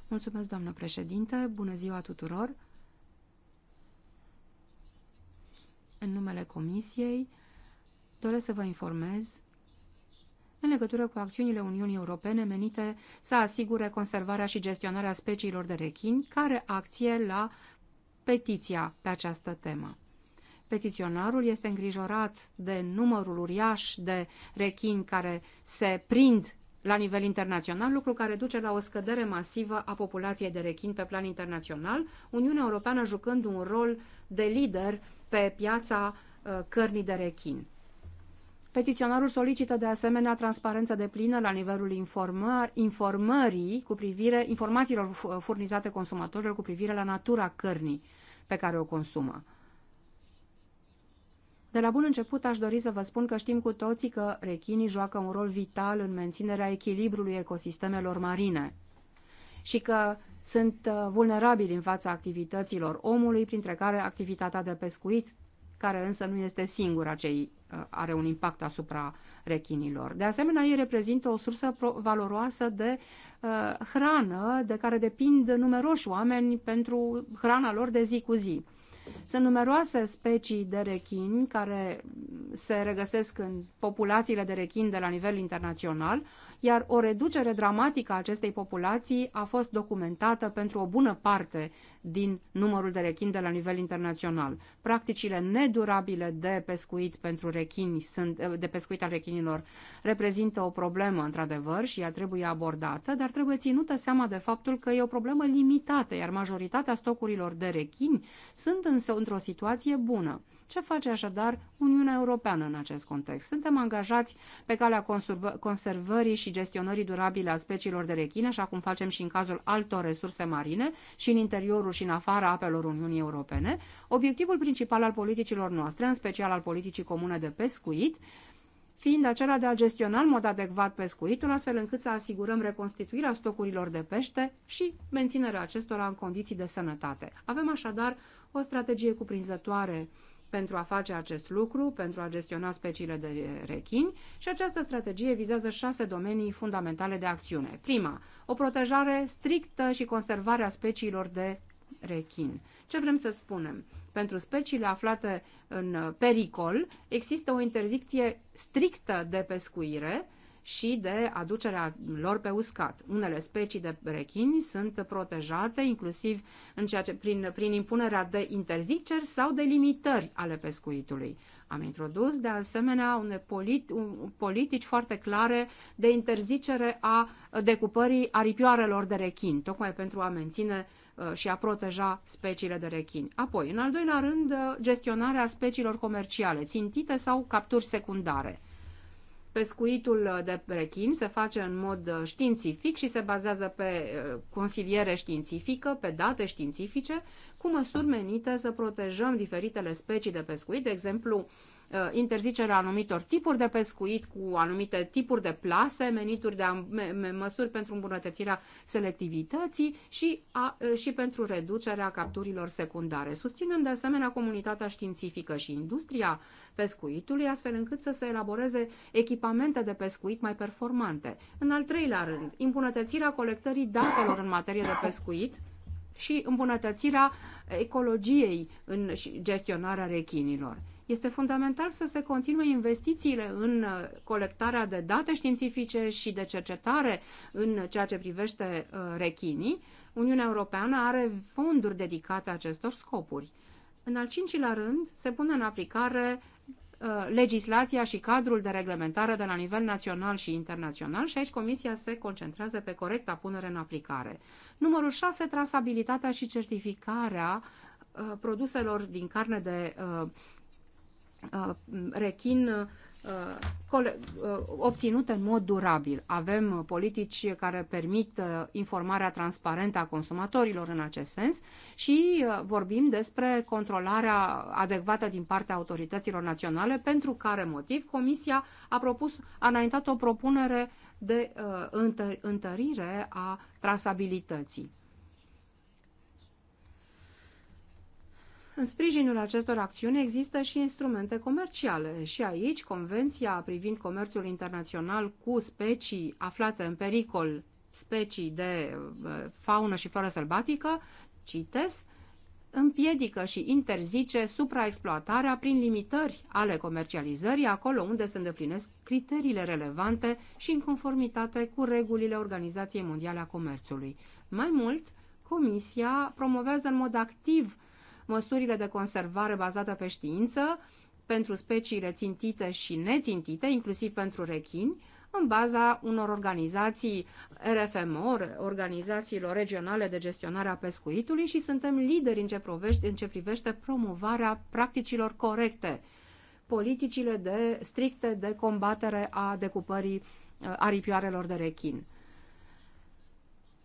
Mulțumesc, doamnă președinte, bună ziua tuturor. În numele comisiei, doresc să vă informez în legătură cu acțiunile Uniunii Europene menite să asigure conservarea și gestionarea speciilor de rechini, care acție la petiția pe această temă. Petiționarul este îngrijorat de numărul uriaș de rechini care se prind la nivel internațional, lucru care duce la o scădere masivă a populației de rechini pe plan internațional, Uniunea Europeană jucând un rol de lider pe piața uh, cărnii de rechini. Petiționarul solicită de asemenea transparență de plină la nivelul informă, informării cu privire, informațiilor furnizate consumatorilor cu privire la natura cărnii pe care o consumă. De la bun început aș dori să vă spun că știm cu toții că rechinii joacă un rol vital în menținerea echilibrului ecosistemelor marine și că sunt uh, vulnerabili în fața activităților omului, printre care activitatea de pescuit, care însă nu este singura ce îi are un impact asupra rechinilor. De asemenea, ei reprezintă o sursă valoroasă de uh, hrană de care depind numeroși oameni pentru hrana lor de zi cu zi. Sunt numeroase specii de rechini care se regăsesc în populațiile de rechini de la nivel internațional, iar o reducere dramatică a acestei populații a fost documentată pentru o bună parte din numărul de rechini de la nivel internațional. Practicile nedurabile de pescuit pentru rechini sunt, de pescuit al rechinilor reprezintă o problemă, într-adevăr, și ea trebuie abordată, dar trebuie ținută seama de faptul că e o problemă limitată, iar majoritatea stocurilor de rechini sunt în însă într-o situație bună. Ce face așadar Uniunea Europeană în acest context? Suntem angajați pe calea conservării și gestionării durabile a speciilor de rechine, așa cum facem și în cazul altor resurse marine și în interiorul și în afara apelor Uniunii Europene. Obiectivul principal al politicilor noastre, în special al politicii comune de pescuit, fiind acela de a gestiona în mod adecvat pescuitul, astfel încât să asigurăm reconstituirea stocurilor de pește și menținerea acestora în condiții de sănătate. Avem așadar o strategie cuprinzătoare pentru a face acest lucru, pentru a gestiona speciile de rechini și această strategie vizează șase domenii fundamentale de acțiune. Prima, o protejare strictă și conservarea speciilor de rechin. Ce vrem să spunem? Pentru speciile aflate în pericol, există o interzicție strictă de pescuire, și de aducerea lor pe uscat. Unele specii de rechini sunt protejate inclusiv în ceea ce, prin, prin impunerea de interziceri sau de limitări ale pescuitului. Am introdus de asemenea une polit, un, politici foarte clare de interzicere a decupării aripioarelor de rechin, tocmai pentru a menține uh, și a proteja speciile de rechin. Apoi, în al doilea rând, uh, gestionarea speciilor comerciale, țintite sau capturi secundare. Pescuitul uh, de prechin se face în mod uh, științific și se bazează pe uh, consiliere științifică, pe date științifice, cu măsuri menite să protejăm diferitele specii de pescuit, de exemplu Uh, interzicerea anumitor tipuri de pescuit cu anumite tipuri de plase, menituri de măsuri pentru îmbunătățirea selectivității și, a, uh, și pentru reducerea capturilor secundare. Susținem de asemenea comunitatea științifică și industria pescuitului, astfel încât să se elaboreze echipamente de pescuit mai performante. În al treilea rând, îmbunătățirea colectării datelor în materie de pescuit, și îmbunătățirea ecologiei în gestionarea rechinilor. Este fundamental să se continue investițiile în uh, colectarea de date științifice și de cercetare în ceea ce privește uh, rechinii. Uniunea Europeană are fonduri dedicate acestor scopuri. În al cincilea rând, se pune în aplicare uh, legislația și cadrul de reglementare de la nivel național și internațional și aici Comisia se concentrează pe corecta punere în aplicare. Numărul 6, trasabilitatea și certificarea produselor din carne de Uh, rechin uh, uh, obținut în mod durabil. Avem politici care permit informarea transparentă a consumatorilor în acest sens și vorbim despre controlarea adecvată din partea autorităților naționale, pentru care motiv Comisia a propus, a înaintat o propunere de întărire a trasabilității. În sprijinul acestor acțiuni există și instrumente comerciale și aici Convenția privind comerțul internațional cu specii aflate în pericol, specii de faună și flora sălbatică, CITES, împiedică și interzice supraexploatarea prin limitări ale comercializării acolo unde se îndeplinesc criteriile relevante și în conformitate cu regulile Organizației Mondiale a Comerțului. Mai mult, Comisia promovează în mod activ măsurile de conservare bazate pe știință pentru speciile țintite și nețintite, inclusiv pentru rechini, în baza unor organizații RFMO, organizațiilor regionale de gestionare a pescuitului și suntem lideri în ce, provește, în ce privește promovarea practicilor corecte, politicile de stricte de combatere a decupării uh, aripioarelor de rechin.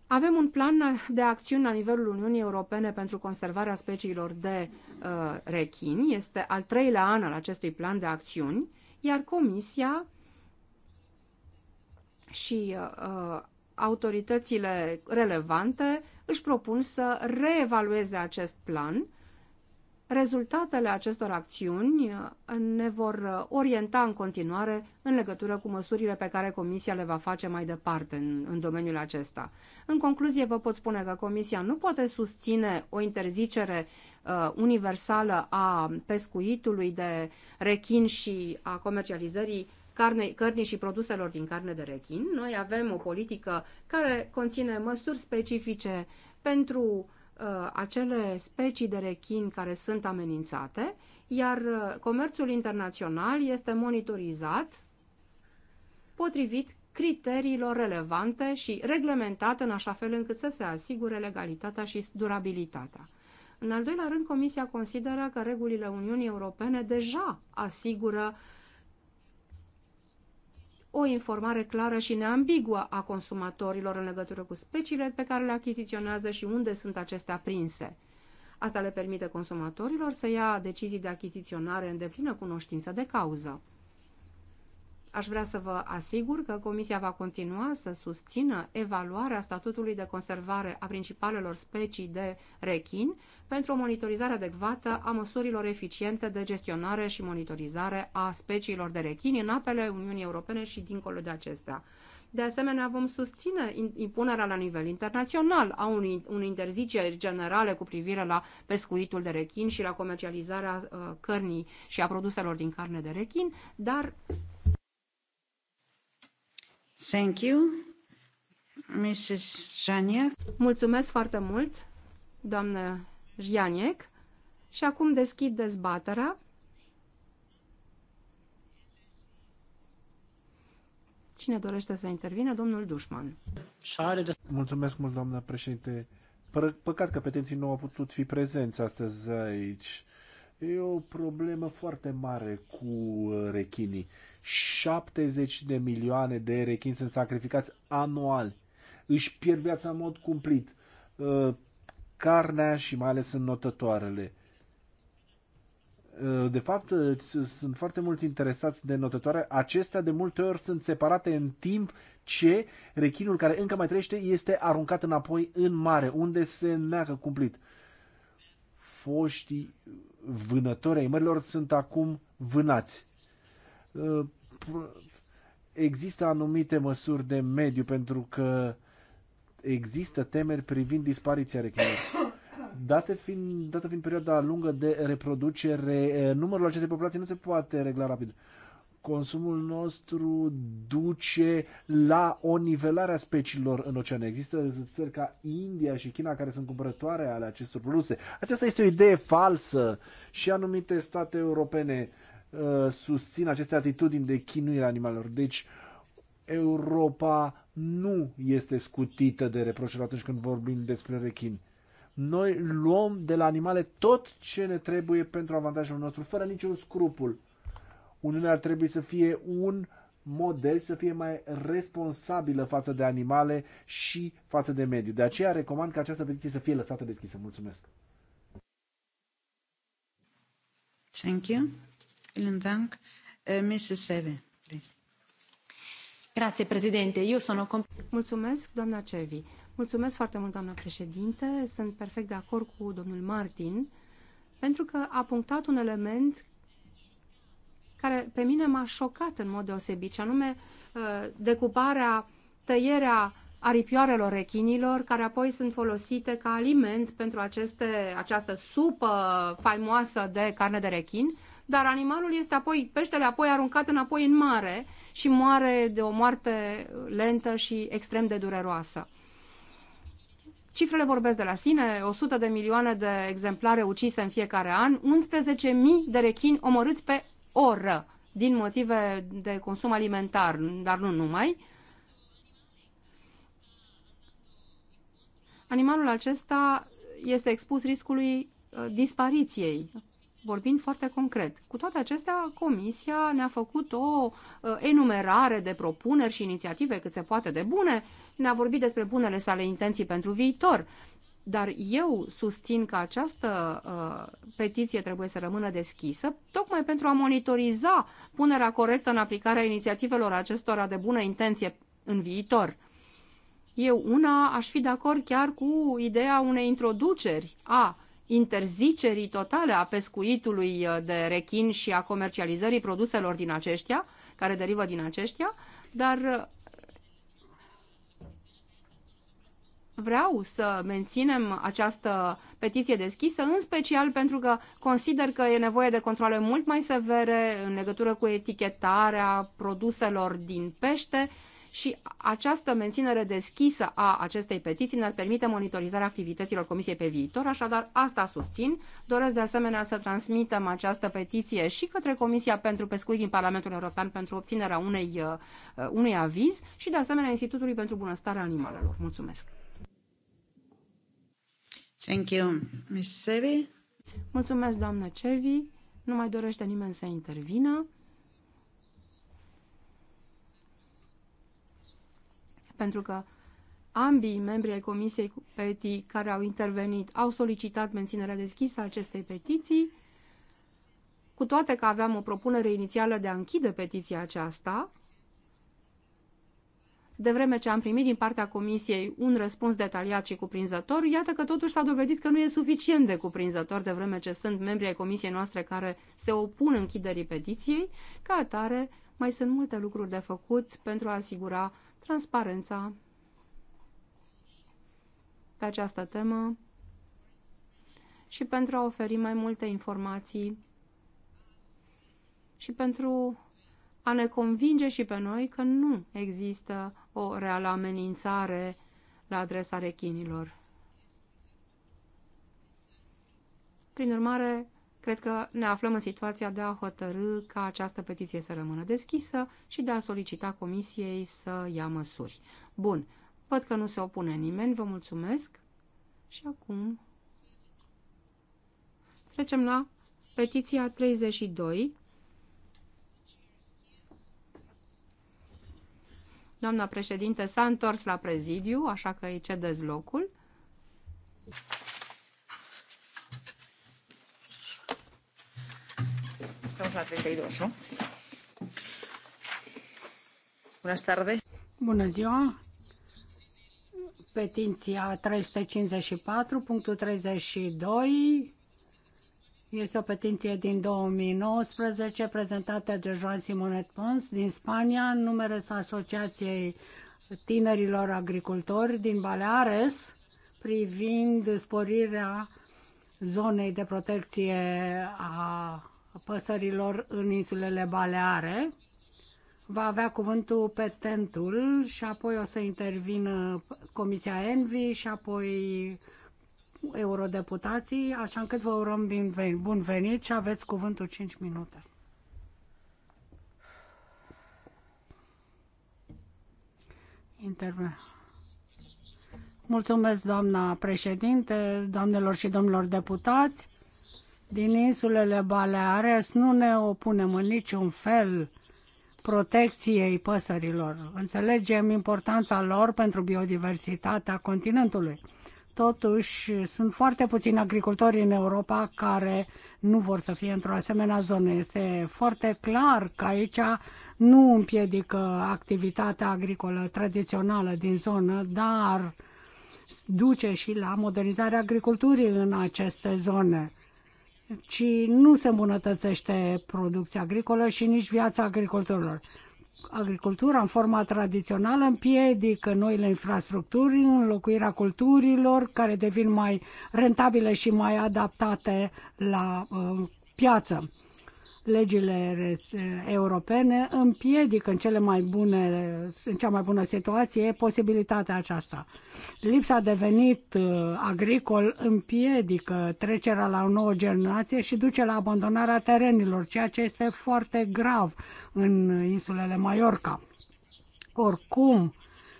Avem un plan de acțiune la nivelul Uniunii Europene pentru conservarea speciilor de uh, rechini. Este al treilea an al acestui plan de acțiuni, iar Comisia și uh, uh autoritățile relevante își propun să reevalueze acest plan Rezultatele acestor acțiuni uh, ne vor uh, orienta în continuare în legătură cu măsurile pe care Comisia le va face mai departe în, în domeniul acesta. În concluzie, vă pot spune că Comisia nu poate susține o interzicere uh, universală a pescuitului de rechin și a comercializării carne, cărnii și produselor din carne de rechin. Noi avem o politică care conține măsuri specifice pentru Uh, acele specii de rechin care sunt amenințate, iar uh, comerțul internațional este monitorizat potrivit criteriilor relevante și reglementat în așa fel încât să se asigure legalitatea și durabilitatea. În al doilea rând, Comisia consideră că regulile Uniunii Europene deja asigură uh, o informare clară și neambiguă a consumatorilor în legătură cu speciile pe care le achiziționează și unde sunt acestea prinse. Asta le permite consumatorilor să ia decizii de achiziționare în deplină cunoștință de cauză. Aș vrea să vă asigur că Comisia va continua să susțină evaluarea statutului de conservare a principalelor specii de rechin pentru o monitorizare adecvată a măsurilor eficiente de gestionare și monitorizare a speciilor de rechin în apele Uniunii Europene și dincolo de acestea. De asemenea, vom susține impunerea la nivel internațional a unui unei interziceri generale cu privire la pescuitul de rechin și la comercializarea uh, cărnii și a produselor din carne de rechin, dar Mulțumesc foarte mult, doamnă Janiec. Și acum deschid dezbaterea. Cine dorește să intervine, Domnul Dușman. Mulțumesc mult, doamnă președinte. Păcat că petenții nu au putut fi prezenți astăzi aici. E o problemă foarte mare cu uh, rechinii. 70 de milioane de rechini sunt sacrificați anual. Își pierd viața în mod cumplit. Uh, carnea și mai ales în notătoarele. Uh, de fapt, sunt foarte mulți interesați de notătoare. Acestea de multe ori sunt separate în timp ce rechinul care încă mai trăiește este aruncat înapoi în mare, unde se neacă cumplit. Foștii vânători ai mărilor sunt acum vânați. Uh, există anumite măsuri de mediu pentru că există temeri privind dispariția rechinilor. Date fiind, dată fiind perioada lungă de reproducere, uh, numărul acestei populații nu se poate regla rapid. Uh, consumul nostru duce la o nivelare a speciilor în ocean. Există țări ca India și China care sunt cumpărătoare ale acestor produse. Aceasta este o idee falsă și anumite state europene uh, susțin aceste atitudini de chinuire animalelor. Deci Europa nu este scutită de reproșuri atunci când vorbim despre rechin. Noi luăm de la animale tot ce ne trebuie pentru avantajul nostru, fără niciun scrupul Uniunea ar trebui să fie un model, să fie mai responsabilă față de animale și față de mediu. De aceea recomand ca această petiție să fie lăsată deschisă. Mulțumesc! Thank you. Vielen Dank. Uh, Mrs. Seve, please. Grazie, Presidente. Eu sono... Mulțumesc, doamna Cevi. Mulțumesc foarte mult, doamna președinte. Sunt perfect de acord cu domnul Martin, pentru că a punctat un element care pe mine m-a șocat în mod deosebit, și anume uh, decuparea, tăierea aripioarelor rechinilor, care apoi sunt folosite ca aliment pentru aceste, această supă faimoasă de carne de rechin, dar animalul este apoi, peștele apoi aruncat înapoi în mare și moare de o moarte lentă și extrem de dureroasă. Cifrele vorbesc de la sine, 100 de milioane de exemplare ucise în fiecare an, 11.000 de rechini omorâți pe oră din motive de consum alimentar, dar nu numai, animalul acesta este expus riscului uh, dispariției, vorbind foarte concret. Cu toate acestea, Comisia ne-a făcut o uh, enumerare de propuneri și inițiative cât se poate de bune, ne-a vorbit despre bunele sale intenții pentru viitor, dar eu susțin că această uh, petiție trebuie să rămână deschisă, tocmai pentru a monitoriza punerea corectă în aplicarea inițiativelor acestora de bună intenție în viitor. Eu una aș fi de acord chiar cu ideea unei introduceri a interzicerii totale a pescuitului uh, de rechin și a comercializării produselor din aceștia, care derivă din aceștia, dar uh, vreau să menținem această petiție deschisă, în special pentru că consider că e nevoie de controle mult mai severe în legătură cu etichetarea produselor din pește și această menținere deschisă a acestei petiții ne-ar permite monitorizarea activităților Comisiei pe viitor, așadar asta susțin. Doresc de asemenea să transmitem această petiție și către Comisia pentru Pescuit din Parlamentul European pentru obținerea unei, uh, unui aviz și de asemenea Institutului pentru Bunăstarea Animalelor. Mulțumesc! Thank you, Ms. Sevi. Mulțumesc, doamnă Cevi. Nu mai dorește nimeni să intervină. Pentru că ambii membri ai Comisiei PETI care au intervenit au solicitat menținerea deschisă a acestei petiții, cu toate că aveam o propunere inițială de a închide petiția aceasta, de vreme ce am primit din partea Comisiei un răspuns detaliat și cuprinzător, iată că totuși s-a dovedit că nu e suficient de cuprinzător de vreme ce sunt membrii ai Comisiei noastre care se opun închiderii petiției, ca atare mai sunt multe lucruri de făcut pentru a asigura transparența pe această temă și pentru a oferi mai multe informații și pentru a ne convinge și pe noi că nu există o reală amenințare la adresa rechinilor. Prin urmare, cred că ne aflăm în situația de a hotărâ ca această petiție să rămână deschisă și de a solicita comisiei să ia măsuri. Bun, văd că nu se opune nimeni, vă mulțumesc. Și acum trecem la petiția 32 Doamna președinte s-a întors la prezidiu, așa că îi cedez locul. Bună la 32, nu? Buenas Bună ziua! Petiția 354.32 este o petiție din 2019 prezentată de Joan Simonet Pons din Spania în numele Asociației Tinerilor Agricultori din Baleares privind sporirea zonei de protecție a păsărilor în insulele Baleare. Va avea cuvântul petentul și apoi o să intervină Comisia Envi și apoi eurodeputații, așa încât vă urăm bun venit și aveți cuvântul 5 minute. Interven. Mulțumesc, doamna președinte, doamnelor și domnilor deputați. Din insulele Baleares nu ne opunem în niciun fel protecției păsărilor. Înțelegem importanța lor pentru biodiversitatea continentului Totuși, sunt foarte puțini agricultori în Europa care nu vor să fie într-o asemenea zonă. Este foarte clar că aici nu împiedică activitatea agricolă tradițională din zonă, dar duce și la modernizarea agriculturii în aceste zone ci nu se îmbunătățește producția agricolă și nici viața agricultorilor agricultura în forma tradițională împiedică noile infrastructuri, înlocuirea culturilor care devin mai rentabile și mai adaptate la uh, piață legile europene împiedică în, cele mai bune, în cea mai bună situație posibilitatea aceasta. Lipsa de venit uh, agricol împiedică trecerea la o nouă generație și duce la abandonarea terenilor, ceea ce este foarte grav în insulele Mallorca. Oricum,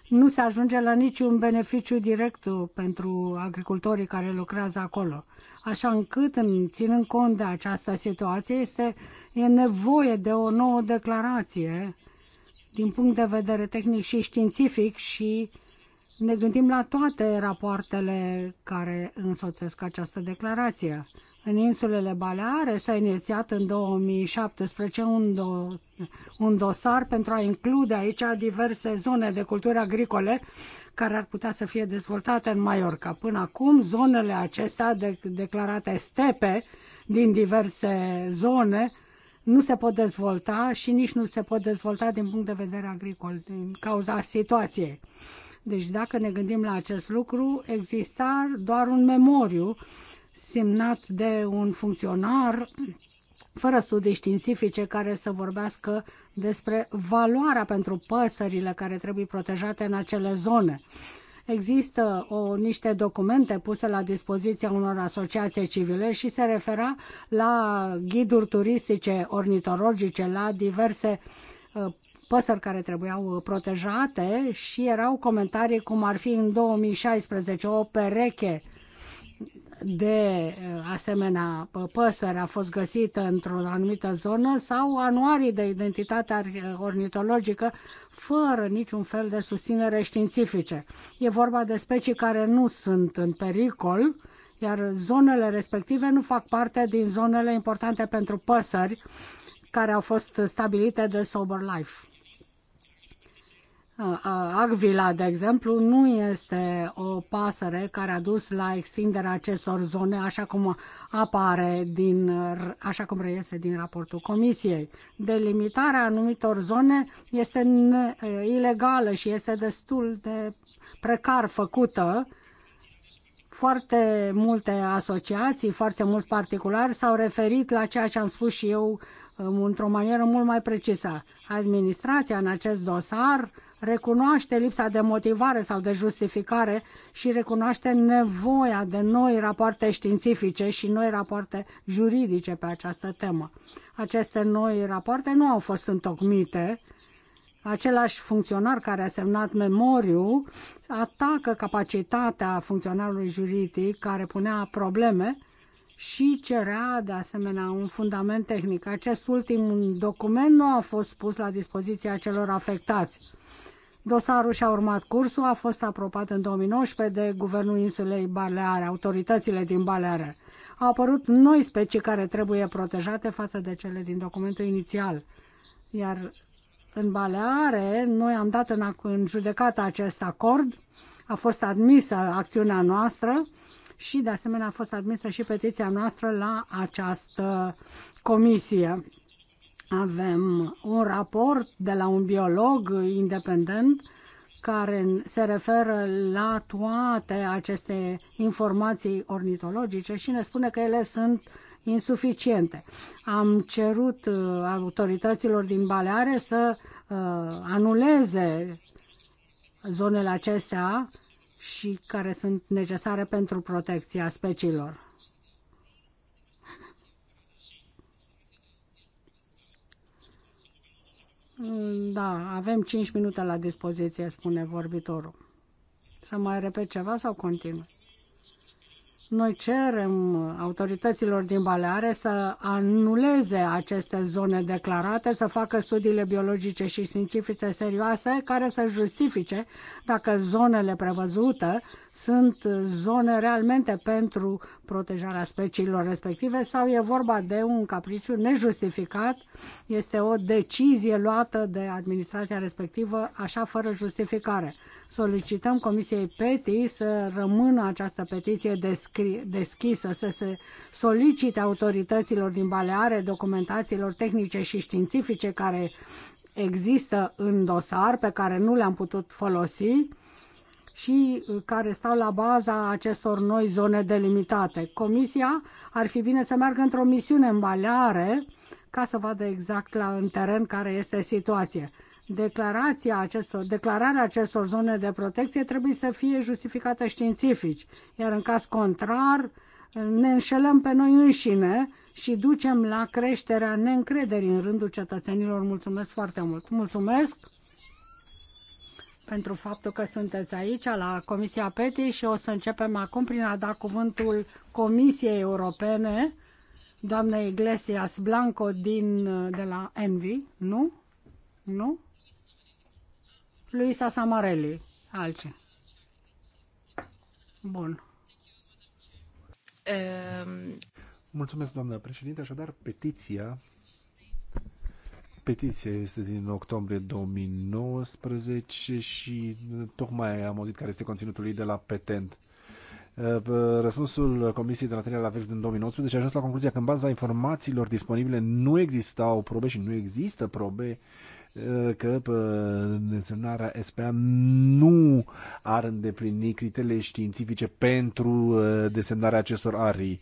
nu se ajunge la niciun beneficiu direct pentru agricultorii care lucrează acolo. Așa încât, în, ținând cont de această situație, este, e nevoie de o nouă declarație din punct de vedere tehnic și științific și uh, ne gândim la toate rapoartele care însoțesc această declarație. În insulele Baleare s-a inițiat în 2017 un, do- un dosar pentru a include aici diverse zone de culturi agricole care ar putea să fie dezvoltate în Mallorca. Până acum, zonele acestea de- declarate stepe din diverse zone nu se pot dezvolta și nici nu se pot dezvolta din punct de vedere agricol, din cauza situației. Deci dacă ne gândim la acest lucru, exista doar un memoriu semnat de un funcționar fără studii științifice care să vorbească despre valoarea pentru păsările care trebuie protejate în acele zone. Există o, niște documente puse la dispoziția unor asociații civile și se refera la ghiduri turistice ornitologice, la diverse uh, păsări care trebuiau uh, protejate și erau comentarii cum ar fi în 2016 o pereche de uh, asemenea păsări a fost găsită într-o anumită zonă sau anuarii de identitate uh, ornitologică fără niciun fel de susținere științifice. E vorba de specii care nu sunt în pericol, iar zonele respective nu fac parte din zonele importante pentru păsări care au fost stabilite de Sober Life. Agvila, de exemplu, nu este o pasăre care a dus la extinderea acestor zone, așa cum apare din, așa cum reiese din raportul Comisiei. Delimitarea anumitor zone este ilegală și este destul de precar făcută. Foarte multe asociații, foarte mulți particulari s-au referit la ceea ce am spus și eu um, într-o manieră mult mai precisă. Administrația în acest dosar recunoaște lipsa de motivare sau de justificare și recunoaște nevoia de noi rapoarte științifice și noi rapoarte juridice pe această temă. Aceste noi rapoarte nu au fost întocmite. Același funcționar care a semnat memoriu atacă capacitatea funcționarului juridic care punea probleme și cerea de asemenea un fundament tehnic. Acest ultim document nu a fost pus la dispoziția celor afectați. Dosarul și-a urmat cursul, a fost aprobat în 2019 de Guvernul Insulei Baleare, autoritățile din Baleare. Au apărut noi specii care trebuie protejate față de cele din documentul inițial. Iar în Baleare, noi am dat în, în judecată acest acord, a fost admisă acțiunea noastră și de asemenea a fost admisă și petiția noastră la această comisie. Avem un raport de la un biolog independent care se referă la toate aceste informații ornitologice și ne spune că ele sunt insuficiente. Am cerut uh, autorităților din Baleare să uh, anuleze zonele acestea și care sunt necesare pentru protecția speciilor. Mm, da, avem 5 minute la dispoziție, spune vorbitorul. Să mai repet ceva sau continui? Noi cerem autorităților din Baleare să anuleze aceste zone declarate, să facă studiile biologice și științifice serioase care să justifice dacă zonele prevăzute sunt zone realmente pentru protejarea speciilor respective sau e vorba de un capriciu nejustificat, este o decizie luată de administrația respectivă așa fără justificare solicităm Comisiei PETI să rămână această petiție deschisă, să se solicite autorităților din Baleare documentațiilor tehnice și științifice care există în dosar, pe care nu le-am putut folosi și care stau la baza acestor noi zone delimitate. Comisia ar fi bine să meargă într-o misiune în Baleare ca să vadă exact la, în teren care este situația declarația acestor, declararea acestor zone de protecție trebuie să fie justificată științific, iar în caz contrar ne înșelăm pe noi înșine și ducem la creșterea neîncrederii în rândul cetățenilor. Mulțumesc foarte mult! Mulțumesc pentru faptul că sunteți aici la Comisia PETI și o să începem acum prin a da cuvântul Comisiei Europene, doamnei Iglesias Blanco din, de la Envi, nu? Nu? Luisa Samarelli, alții. Bun. Um... Mulțumesc, doamna președinte. Așadar, petiția petiția este din octombrie 2019 și tocmai am auzit care este conținutul ei de la petent. Ehm, răspunsul Comisiei de la Tăiere la Veci din 2019 a ajuns la concluzia că în baza informațiilor disponibile nu existau probe și nu există probe Eh, că desemnarea SPA nu ar îndeplini criteriile științifice pentru eh, desemnarea acestor arii.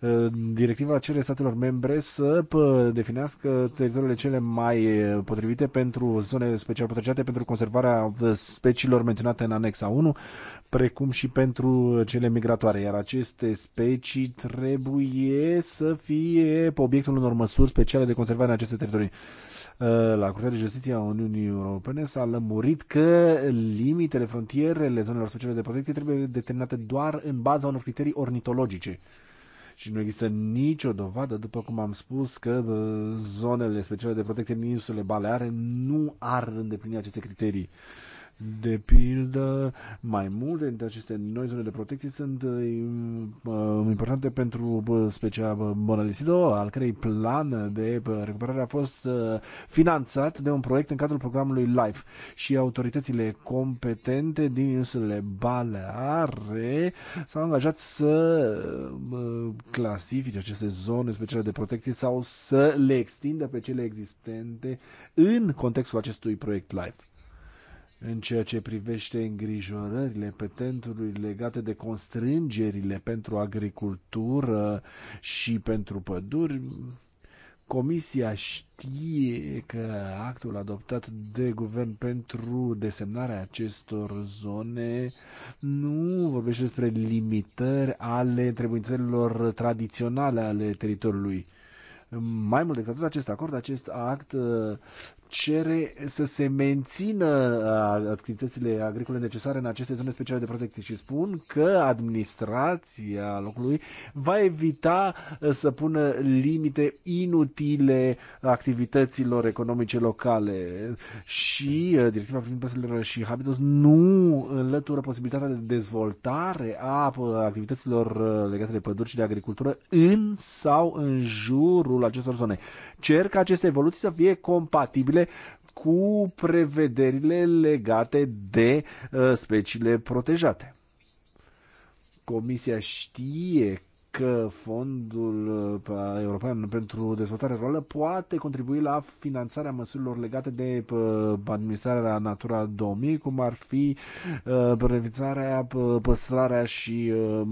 Eh, directiva cere statelor membre să definească teritoriile cele mai potrivite pentru zone special protejate pentru conservarea speciilor menționate în anexa 1, precum și pentru cele migratoare, iar aceste specii trebuie să fie obiectul unor măsuri speciale de conservare în aceste teritorii. Uh, la Curtea de Justiție a Uniunii Europene s-a lămurit că limitele, frontierele zonelor speciale de protecție trebuie determinate doar în baza unor criterii ornitologice. Și nu există nicio dovadă, după cum am spus, că uh, zonele speciale de protecție din insulele Baleare nu ar îndeplini aceste criterii. Uh, de pildă, mai multe dintre aceste noi zone de protecție sunt uh, uh, importante pentru specia Monalisido, al cărei plan de recuperare a fost uh, finanțat de un proiect în cadrul programului LIFE și autoritățile competente din insulele Baleare s-au angajat să clasifice aceste zone speciale de protecție sau să le extindă pe cele existente în contextul acestui proiect LIFE în ceea ce privește îngrijorările petentului legate de constrângerile pentru agricultură și pentru păduri, Comisia știe că actul adoptat de guvern pentru desemnarea acestor zone nu vorbește despre limitări ale trebuințelor tradiționale ale teritoriului. Mai mult decât atât, acest acord, acest act cere să se mențină uh, activitățile agricole necesare în aceste zone speciale de protecție și spun că administrația locului va evita uh, să pună limite inutile activităților economice locale și uh, directiva privind păsările și habitus nu înlătură posibilitatea de dezvoltare a activităților legate de păduri și de agricultură în sau în jurul acestor zone. Cer ca aceste evoluții să fie compatibile cu prevederile legate de uh, speciile protejate. Comisia știe că Fondul uh, European pentru Dezvoltare Rurală poate contribui la finanțarea măsurilor legate de uh, administrarea Natura 2000, cum ar fi prevenirea, uh, păstrarea și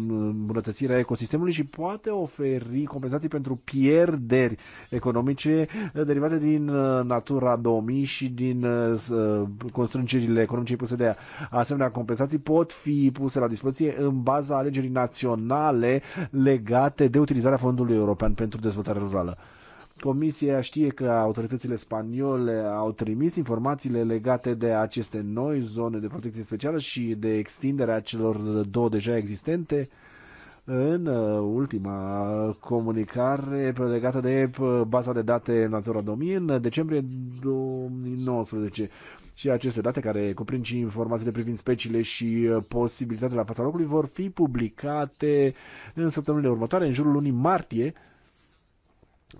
îmbunătățirea ecosistemului și poate oferi compensații pentru pierderi economice derivate din Natura 2000 și din constrângerile economice puse de ea. Asemenea, compensații pot fi puse la dispoziție în baza alegerii naționale le legate de utilizarea Fondului European pentru Dezvoltare Rurală. Comisia știe că autoritățile spaniole au trimis informațiile legate de aceste noi zone de protecție specială și de extinderea celor două deja existente în uh, ultima comunicare legată de uh, baza de date Natura 2000 în decembrie 2019 și aceste date care cuprind și informațiile privind speciile și uh, posibilitatea la fața locului vor fi publicate în săptămânile următoare, în jurul lunii martie,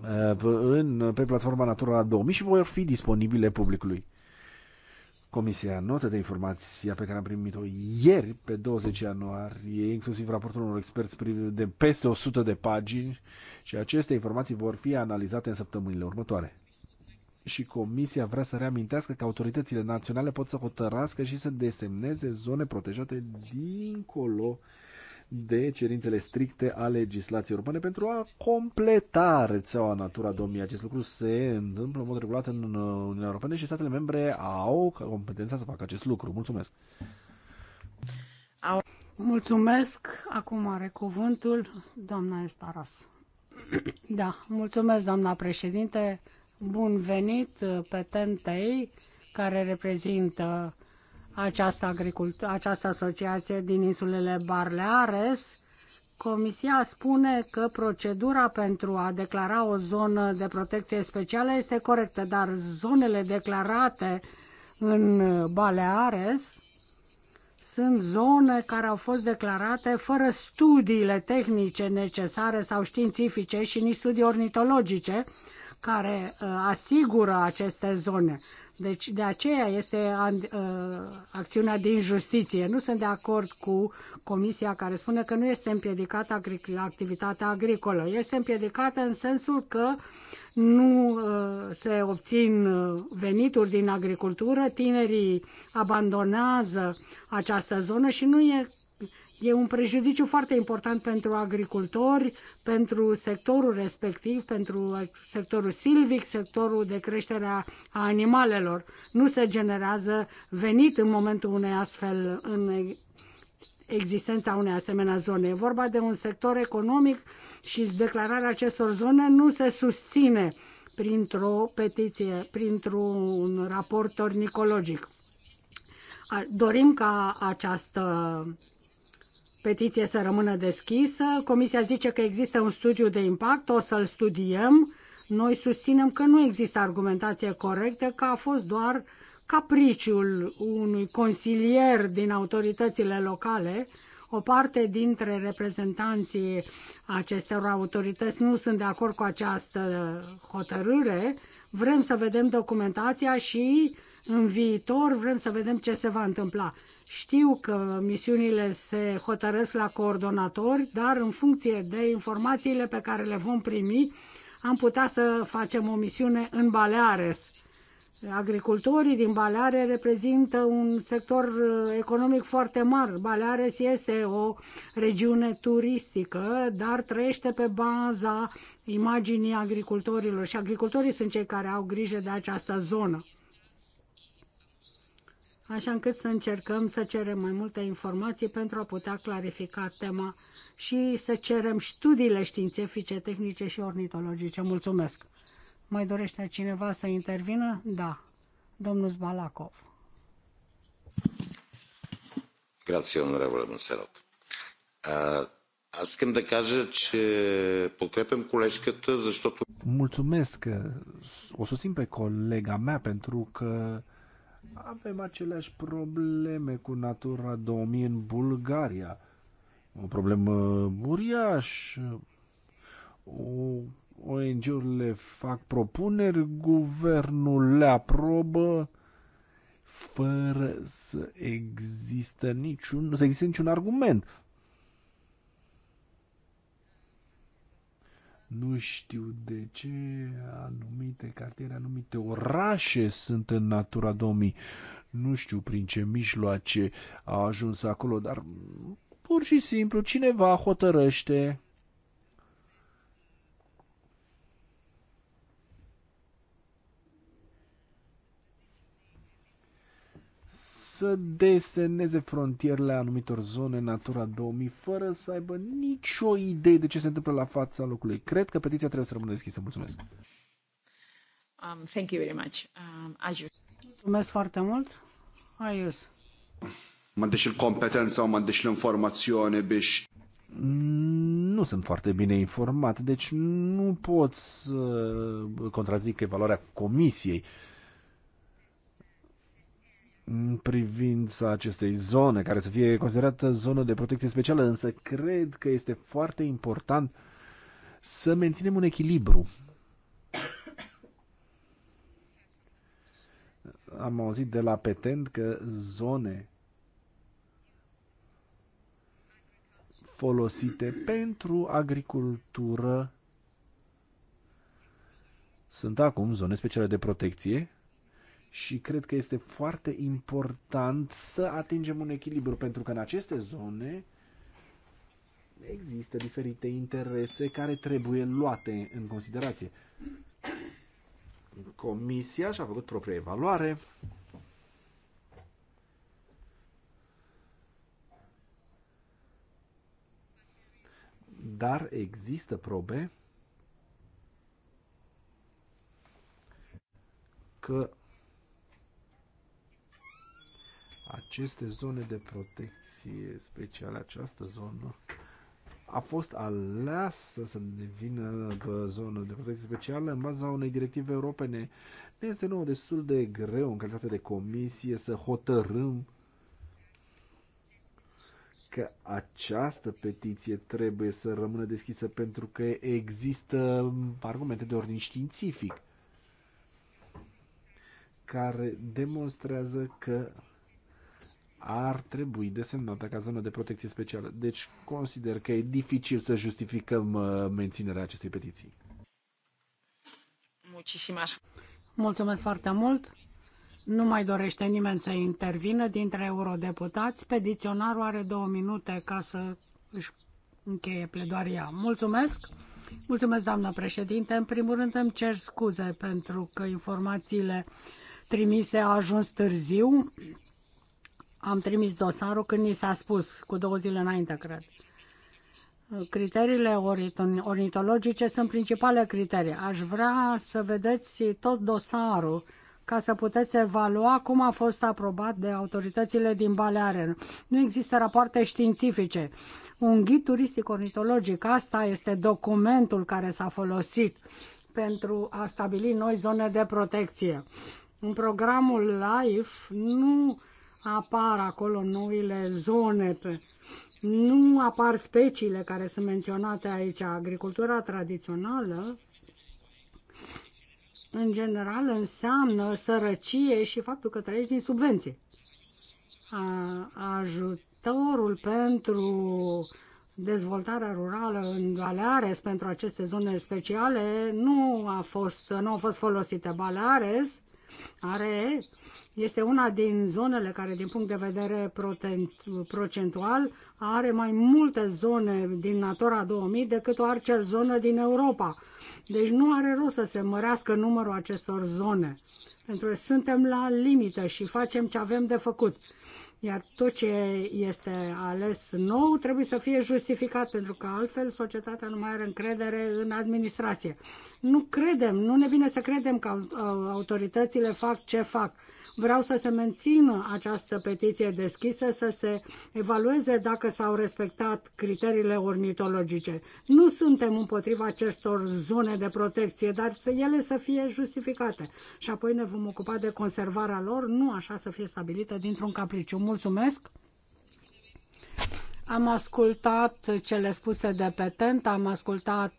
uh, în, pe platforma Natura 2000 și vor fi disponibile publicului. Comisia notă de informația pe care am primit-o ieri, pe 20 ianuarie, inclusiv raportul unor experți de peste 100 de pagini și aceste informații vor fi analizate în săptămânile următoare și Comisia vrea să reamintească că autoritățile naționale pot să hotărască și să desemneze zone protejate dincolo de cerințele stricte a legislației urbane pentru a completa rețeaua Natura 2000. Acest lucru se întâmplă în mod regulat în Uniunea Europeană și statele membre au competența să facă acest lucru. Mulțumesc! Mulțumesc! Acum are cuvântul doamna Estaras. Da, mulțumesc, doamna președinte bun venit uh, pe TENTEI, care reprezintă această, agricult- această asociație din insulele Barleares. Comisia spune că procedura pentru a declara o zonă de protecție specială este corectă, dar zonele declarate în Baleares sunt zone care au fost declarate fără studiile tehnice necesare sau științifice și nici studii ornitologice, care uh, asigură aceste zone. Deci de aceea este uh, acțiunea din justiție. Nu sunt de acord cu comisia care spune că nu este împiedicată activitatea agricolă. Este împiedicată în sensul că nu uh, se obțin venituri din agricultură, tinerii abandonează această zonă și nu e E un prejudiciu foarte important pentru agricultori, pentru sectorul respectiv, pentru sectorul silvic, sectorul de creștere a animalelor. Nu se generează venit în momentul unei astfel, în existența unei asemenea zone. E vorba de un sector economic și declararea acestor zone nu se susține printr-o petiție, printr-un raport ornicologic. Dorim ca această petiție să rămână deschisă. Comisia zice că există un studiu de impact, o să-l studiem. Noi susținem că nu există argumentație corectă, că a fost doar capriciul unui consilier din autoritățile locale o parte dintre reprezentanții acestor autorități nu sunt de acord cu această hotărâre. Vrem să vedem documentația și în viitor vrem să vedem ce se va întâmpla. Știu că misiunile se hotărăsc la coordonatori, dar în funcție de informațiile pe care le vom primi, am putea să facem o misiune în Baleares Agricultorii din Baleare reprezintă un sector uh, economic foarte mare. Baleares este o regiune turistică, dar trăiește pe baza imaginii agricultorilor și agricultorii sunt cei care au grijă de această zonă. Așa încât să încercăm să cerem mai multe informații pentru a putea clarifica tema și să cerem studiile științifice, tehnice și ornitologice. Mulțumesc! Mai dorește cineva să intervină? Da. Domnul Zbalakov. Grație, onorevole Monserrat. Аз искам да кажа, че подкрепям колежката, защото... Mulțumesc! O să simt pe colega mea pentru că avem aceleași probleme cu Natura 2000 în Bulgaria. O problemă uriașă, o ONG-urile fac propuneri, guvernul le aprobă fără să există niciun, să existe niciun argument. Nu știu de ce anumite cartiere, anumite orașe sunt în Natura 2000. Nu știu prin ce mijloace a ajuns acolo, dar pur și simplu cineva hotărăște să deseneze frontierele anumitor zone Natura 2000 fără să aibă nicio idee de ce se întâmplă la fața locului. Cred că petiția trebuie să rămână deschisă. Mulțumesc! Um, thank you very much. Um, Ajus. Mulțumesc foarte mult. Ajus. M'għandix il competență, mă m'għandix l-informazzjoni biex nu sunt foarte bine informat, deci nu pot să contrazic evaluarea comisiei. Uh, în privința acestei zone, care să fie considerată zonă de protecție specială, însă cred că este foarte important să menținem un echilibru. Am auzit de la petent că zone folosite pentru agricultură sunt acum zone speciale de protecție și cred că este foarte important să atingem un echilibru, pentru că în aceste zone există diferite interese care trebuie luate în considerație. Comisia și-a făcut propria evaluare. Dar există probe că aceste zone de protecție speciale, această zonă a fost aleasă să devină zonă de protecție specială în baza unei directive europene. Ne este nouă destul de greu în calitate de comisie să hotărâm că această petiție trebuie să rămână deschisă pentru că există argumente de ordin științific care demonstrează că ar trebui desemnată ca zonă de protecție specială. Deci consider că e dificil să justificăm uh, menținerea acestei petiții. Mulțumesc, Mulțumesc foarte mult! Nu mai dorește nimeni să intervină dintre eurodeputați. Petiționarul are două minute ca să își încheie pledoaria. Mulțumesc! Mulțumesc, doamnă președinte. În primul rând îmi cer scuze pentru că informațiile trimise au ajuns târziu am trimis dosarul când ni s-a spus, cu două zile înainte, cred. Criteriile ornitologice sunt principale criterii. Aș vrea să vedeți tot dosarul ca să puteți evalua cum a fost aprobat de autoritățile din Balearen. Nu există rapoarte științifice. Un ghid turistic ornitologic, asta este documentul care s-a folosit pentru a stabili noi zone de protecție. În programul LIFE nu apar acolo noile zone, pe, nu apar speciile care sunt menționate aici. Agricultura tradițională, în general, înseamnă sărăcie și faptul că trăiești din subvenții. A, ajutorul pentru dezvoltarea rurală în Baleares pentru aceste zone speciale nu a fost, nu au fost folosite. Baleares are, este una din zonele care, din punct de vedere procentual, are mai multe zone din Natura 2000 decât o orice zonă din Europa. Deci nu are rost să se mărească numărul acestor zone. Pentru că suntem la limită și facem ce avem de făcut. Iar tot ce este ales nou trebuie să fie justificat, pentru că altfel societatea nu mai are încredere în administrație. Nu credem, nu ne vine să credem că autoritățile fac ce fac Vreau să se mențină această petiție deschisă, să se evalueze dacă s-au respectat criteriile ornitologice. Nu suntem împotriva acestor zone de protecție, dar să ele să fie justificate. Și apoi ne vom ocupa de conservarea lor, nu așa să fie stabilită dintr-un capriciu. Mulțumesc! Am ascultat cele spuse de petent, am ascultat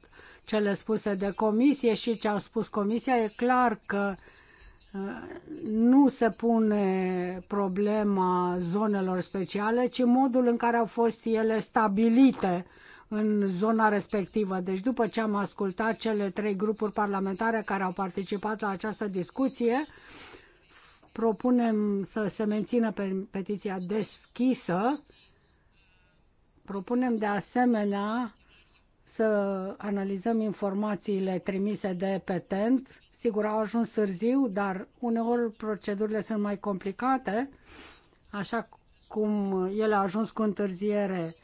cele spuse de comisie și ce au spus comisia. E clar că nu se pune problema zonelor speciale, ci modul în care au fost ele stabilite în zona respectivă. Deci după ce am ascultat cele trei grupuri parlamentare care au participat la această discuție, propunem să se mențină pe petiția deschisă. Propunem de asemenea să analizăm informațiile trimise de petent Sigur, au ajuns târziu, dar uneori procedurile sunt mai complicate, așa cum el a ajuns cu întârziere.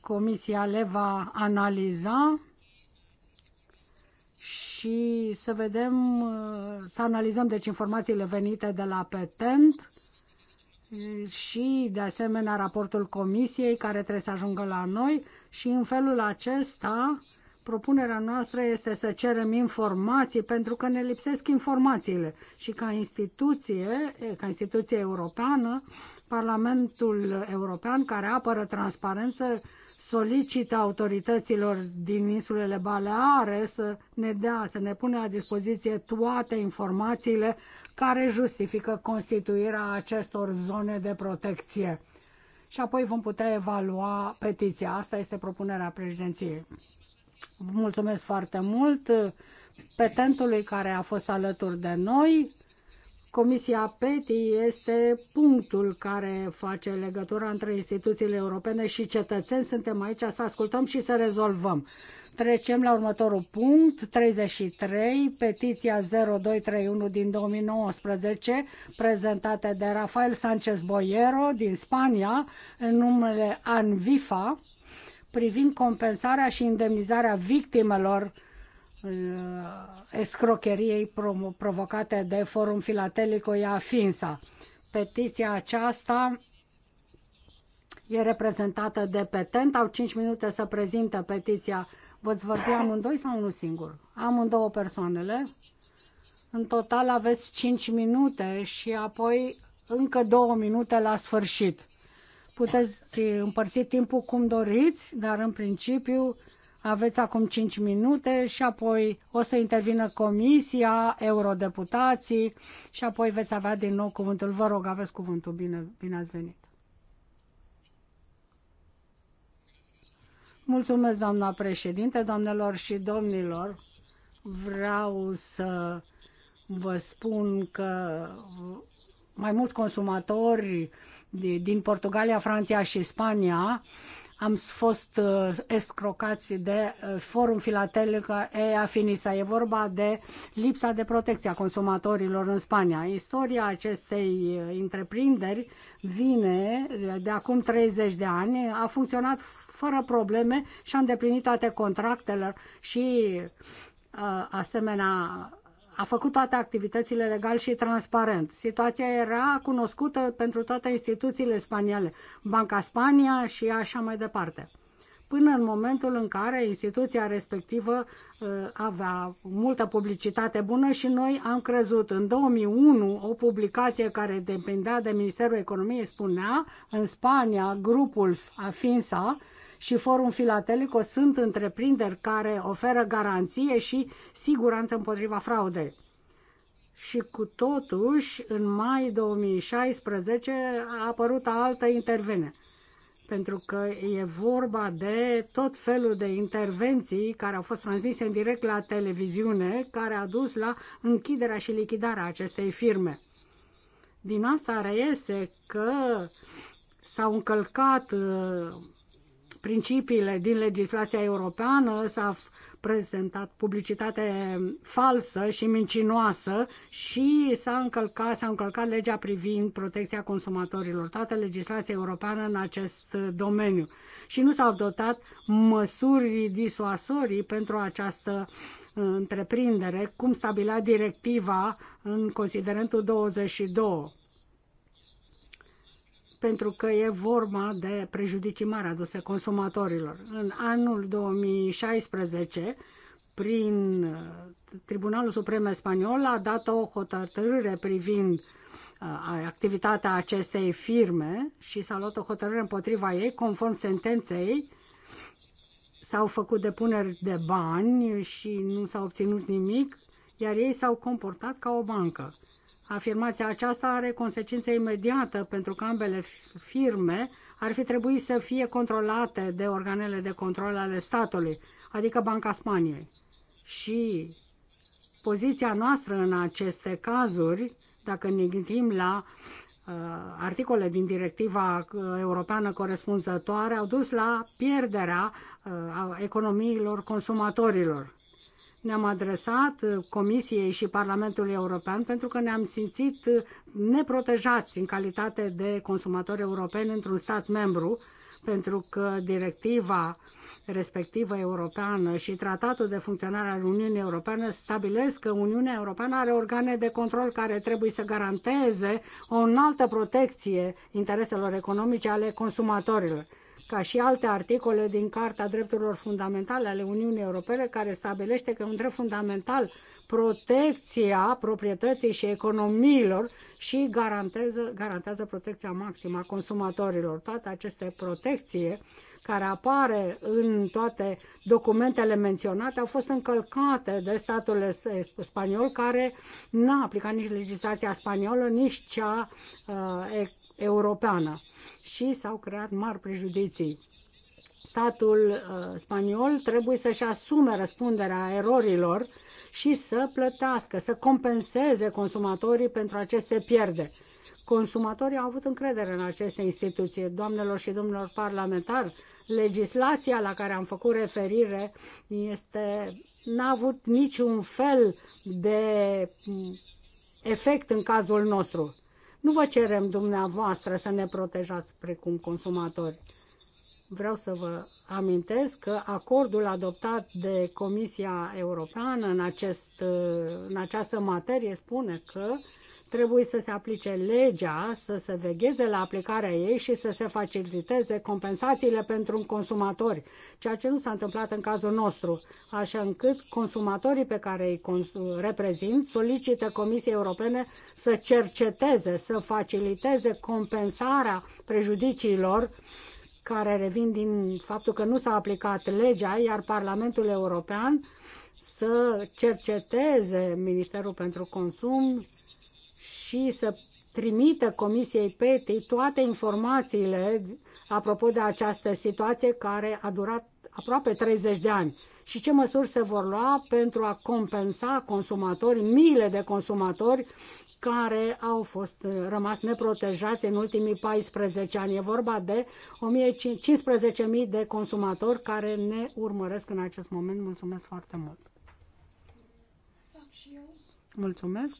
Comisia le va analiza și să vedem, să analizăm deci informațiile venite de la petent și de asemenea raportul comisiei care trebuie să ajungă la noi și în felul acesta propunerea noastră este să cerem informații pentru că ne lipsesc informațiile și ca instituție, ca instituție europeană, Parlamentul European care apără transparență solicită autorităților din insulele Baleare să ne dea, să ne pune la dispoziție toate informațiile care justifică constituirea acestor zone de protecție. Și apoi vom putea evalua petiția. Asta este propunerea președinției mulțumesc foarte mult petentului care a fost alături de noi. Comisia PETI este punctul care face legătura între instituțiile europene și cetățeni. Suntem aici să ascultăm și să rezolvăm. Trecem la următorul punct, 33, petiția 0231 din 2019, prezentată de Rafael Sanchez Boyero din Spania, în numele ANVIFA, privind compensarea și indemnizarea victimelor uh, escrocheriei provocate de Forum Filatelico Ia Finsa. Petiția aceasta e reprezentată de petent. Au 5 minute să prezintă petiția. Vă-ți vorbi amândoi sau unul singur? Amândouă persoanele. În total aveți 5 minute și apoi încă 2 minute la sfârșit. Puteți împărți timpul cum doriți, dar în principiu aveți acum 5 minute și apoi o să intervină comisia, eurodeputații și apoi veți avea din nou cuvântul. Vă rog, aveți cuvântul. Bine, bine ați venit. Mulțumesc, doamna președinte, doamnelor și domnilor. Vreau să vă spun că mai mulți consumatori din Portugalia, Franța și Spania am fost uh, escrocați de uh, Forum Filatelic E-Afinisa. E vorba de lipsa de protecție a consumatorilor în Spania. Istoria acestei uh, întreprinderi vine de acum 30 de ani, a funcționat fără probleme și a îndeplinit toate contractele și asemenea a făcut toate activitățile legal și transparent. Situația era cunoscută pentru toate instituțiile spaniale, Banca Spania și așa mai departe până în momentul în care instituția respectivă uh, avea multă publicitate bună și noi am crezut. În 2001, o publicație care dependea de Ministerul Economiei spunea, în Spania, grupul AFINSA, și Forum Filatelico sunt întreprinderi care oferă garanție și siguranță împotriva fraudei. Și cu totuși, în mai 2016 a apărut altă intervenție, pentru că e vorba de tot felul de intervenții care au fost transmise în direct la televiziune, care a dus la închiderea și lichidarea acestei firme. Din asta reiese că s-au încălcat uh, principiile din legislația europeană, s-a prezentat publicitate falsă și mincinoasă și s-a încălcat, s-a încălcat legea privind protecția consumatorilor, toată legislația europeană în acest domeniu. Și nu s-au dotat măsuri disuasorii pentru această uh, întreprindere, cum stabilea directiva în considerentul 22 pentru că e vorba de prejudicii mari aduse consumatorilor. În anul 2016, prin uh, Tribunalul Suprem Spaniol a dat o hotărâre privind uh, activitatea acestei firme și s-a luat o hotărâre împotriva ei, conform sentenței s-au făcut depuneri de bani și nu s-a obținut nimic, iar ei s-au comportat ca o bancă. Afirmația aceasta are consecință imediată pentru că ambele firme ar fi trebuit să fie controlate de organele de control ale statului, adică Banca Spaniei. Și poziția noastră în aceste cazuri, dacă ne gândim la uh, articole din directiva uh, europeană corespunzătoare, au dus la pierderea uh, economiilor consumatorilor. Ne-am adresat Comisiei și Parlamentului European pentru că ne-am simțit neprotejați în calitate de consumatori europeni într-un stat membru, pentru că directiva respectivă europeană și tratatul de funcționare al Uniunii Europene stabilesc că Uniunea Europeană are organe de control care trebuie să garanteze o înaltă protecție intereselor economice ale consumatorilor ca și alte articole din Carta Drepturilor Fundamentale ale Uniunii Europene, care stabilește că un drept fundamental protecția proprietății și economiilor și garantează, garantează protecția maximă a consumatorilor. Toate aceste protecție care apare în toate documentele menționate au fost încălcate de statul spaniol care n-a aplicat nici legislația spaniolă, nici cea uh, europeană și s-au creat mari prejudicii. Statul uh, spaniol trebuie să-și asume răspunderea erorilor și să plătească, să compenseze consumatorii pentru aceste pierde. Consumatorii au avut încredere în aceste instituții. Doamnelor și domnilor parlamentari, legislația la care am făcut referire este, n-a avut niciun fel de mm, efect în cazul nostru. Nu vă cerem dumneavoastră să ne protejați precum consumatori. Vreau să vă amintesc că acordul adoptat de Comisia Europeană în, acest, în această materie spune că Trebuie să se aplice legea, să se vegheze la aplicarea ei și să se faciliteze compensațiile pentru consumatori, ceea ce nu s-a întâmplat în cazul nostru, așa încât consumatorii pe care îi reprezint solicită Comisiei Europene să cerceteze, să faciliteze compensarea prejudiciilor care revin din faptul că nu s-a aplicat legea, iar Parlamentul European să cerceteze Ministerul pentru Consum și să trimită Comisiei PETI toate informațiile apropo de această situație care a durat aproape 30 de ani și ce măsuri se vor lua pentru a compensa consumatori, miile de consumatori care au fost uh, rămas neprotejați în ultimii 14 ani. E vorba de 15.000 de consumatori care ne urmăresc în acest moment. Mulțumesc foarte mult! Mulțumesc!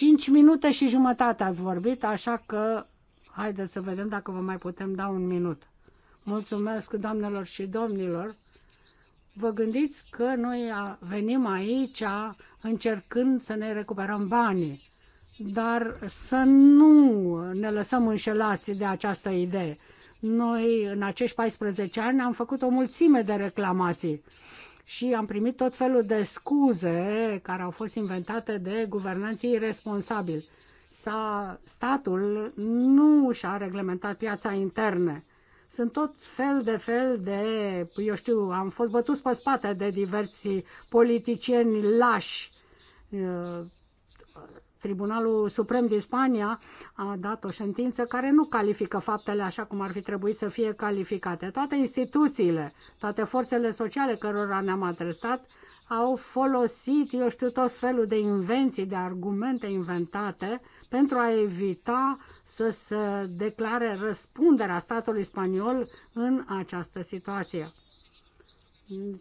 5 minute și jumătate ați vorbit, așa că haideți să vedem dacă vă mai putem da un minut. Mulțumesc, doamnelor și domnilor. Vă gândiți că noi venim aici încercând să ne recuperăm banii, dar să nu ne lăsăm înșelați de această idee. Noi, în acești 14 ani, am făcut o mulțime de reclamații și am primit tot felul de scuze care au fost inventate de guvernanții responsabili. Sa, statul nu și-a reglementat piața interne. Sunt tot fel de fel de, eu știu, am fost bătuți pe spate de diversi politicieni lași Tribunalul Suprem din Spania a dat o sentință care nu califică faptele așa cum ar fi trebuit să fie calificate. Toate instituțiile, toate forțele sociale cărora ne-am adresat, au folosit, eu știu, tot felul de invenții, de argumente inventate pentru a evita să se declare răspunderea statului spaniol în această situație.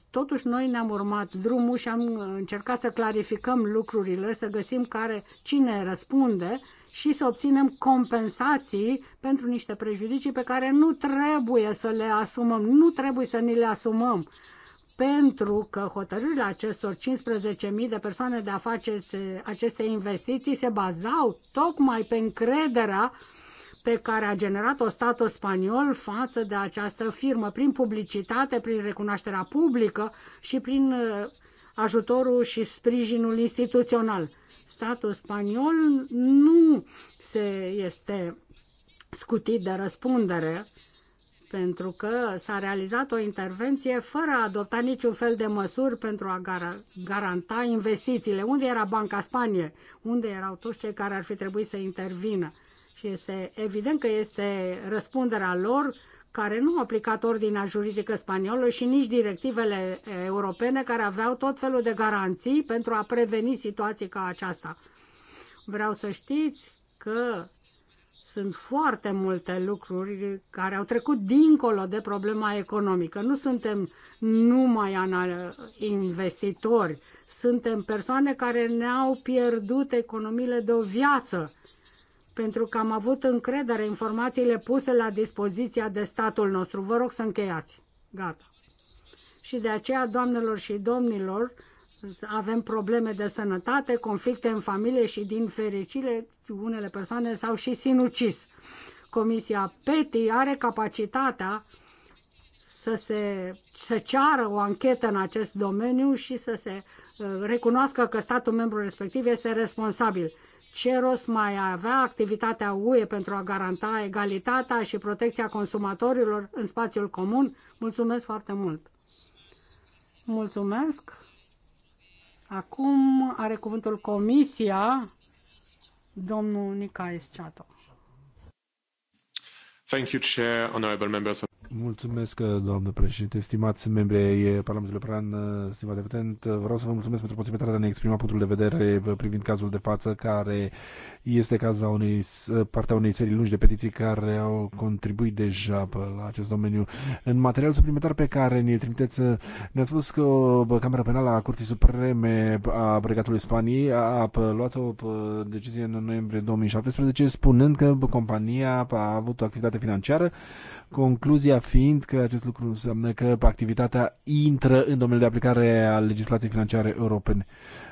Totuși noi ne-am urmat drumul și am încercat să clarificăm lucrurile, să găsim care, cine răspunde și să obținem compensații pentru niște prejudicii pe care nu trebuie să le asumăm, nu trebuie să ni le asumăm pentru că hotărârile acestor 15.000 de persoane de a face aceste investiții se bazau tocmai pe încrederea uh, pe care a generat-o statul spaniol față de această firmă, prin publicitate, prin recunoașterea publică și prin uh, ajutorul și sprijinul instituțional. Statul spaniol nu se este scutit de răspundere pentru că s-a realizat o intervenție fără a adopta niciun fel de măsuri pentru a garanta investițiile. Unde era Banca Spanie? Unde erau toți cei care ar fi trebuit să intervină? Și este evident că este răspunderea lor care nu au aplicat ordinea juridică spaniolă și nici directivele europene care aveau tot felul de garanții pentru a preveni situații ca aceasta. Vreau să știți că sunt foarte multe lucruri care au trecut dincolo de problema economică. Nu suntem numai investitori, suntem persoane care ne-au pierdut economiile de o viață pentru că am avut încredere în informațiile puse la dispoziția de statul nostru. Vă rog să încheiați. Gata. Și de aceea, doamnelor și domnilor, avem probleme de sănătate, conflicte în familie și, din fericire, unele persoane s-au și sinucis. Comisia PETI are capacitatea să se să ceară o anchetă în acest domeniu și să se uh, recunoască că statul membru respectiv este responsabil ce rost mai avea activitatea UE pentru a garanta egalitatea și protecția consumatorilor în spațiul comun? Mulțumesc foarte mult! Mulțumesc! Acum are cuvântul Comisia, domnul Nicaes Ceato. Thank you, Chair, honorable members Mulțumesc, uh, doamnă președinte, stimați membri ai uh, Parlamentului European, uh, stimați petent. Vreau să vă mulțumesc pentru posibilitatea de a ne exprima punctul de vedere privind cazul de față, care este caza unei, partea unei serii lungi de petiții care au contribuit deja la acest domeniu. În materialul suplimentar pe care ne-l trimiteți, ne-a spus că Camera Penală a Curții Supreme a Bregatului Spaniei a luat o decizie în noiembrie 2017, spunând că compania a avut o activitate financiară Concluzia fiind că acest lucru înseamnă că activitatea intră în domeniul de aplicare a legislației financiare europene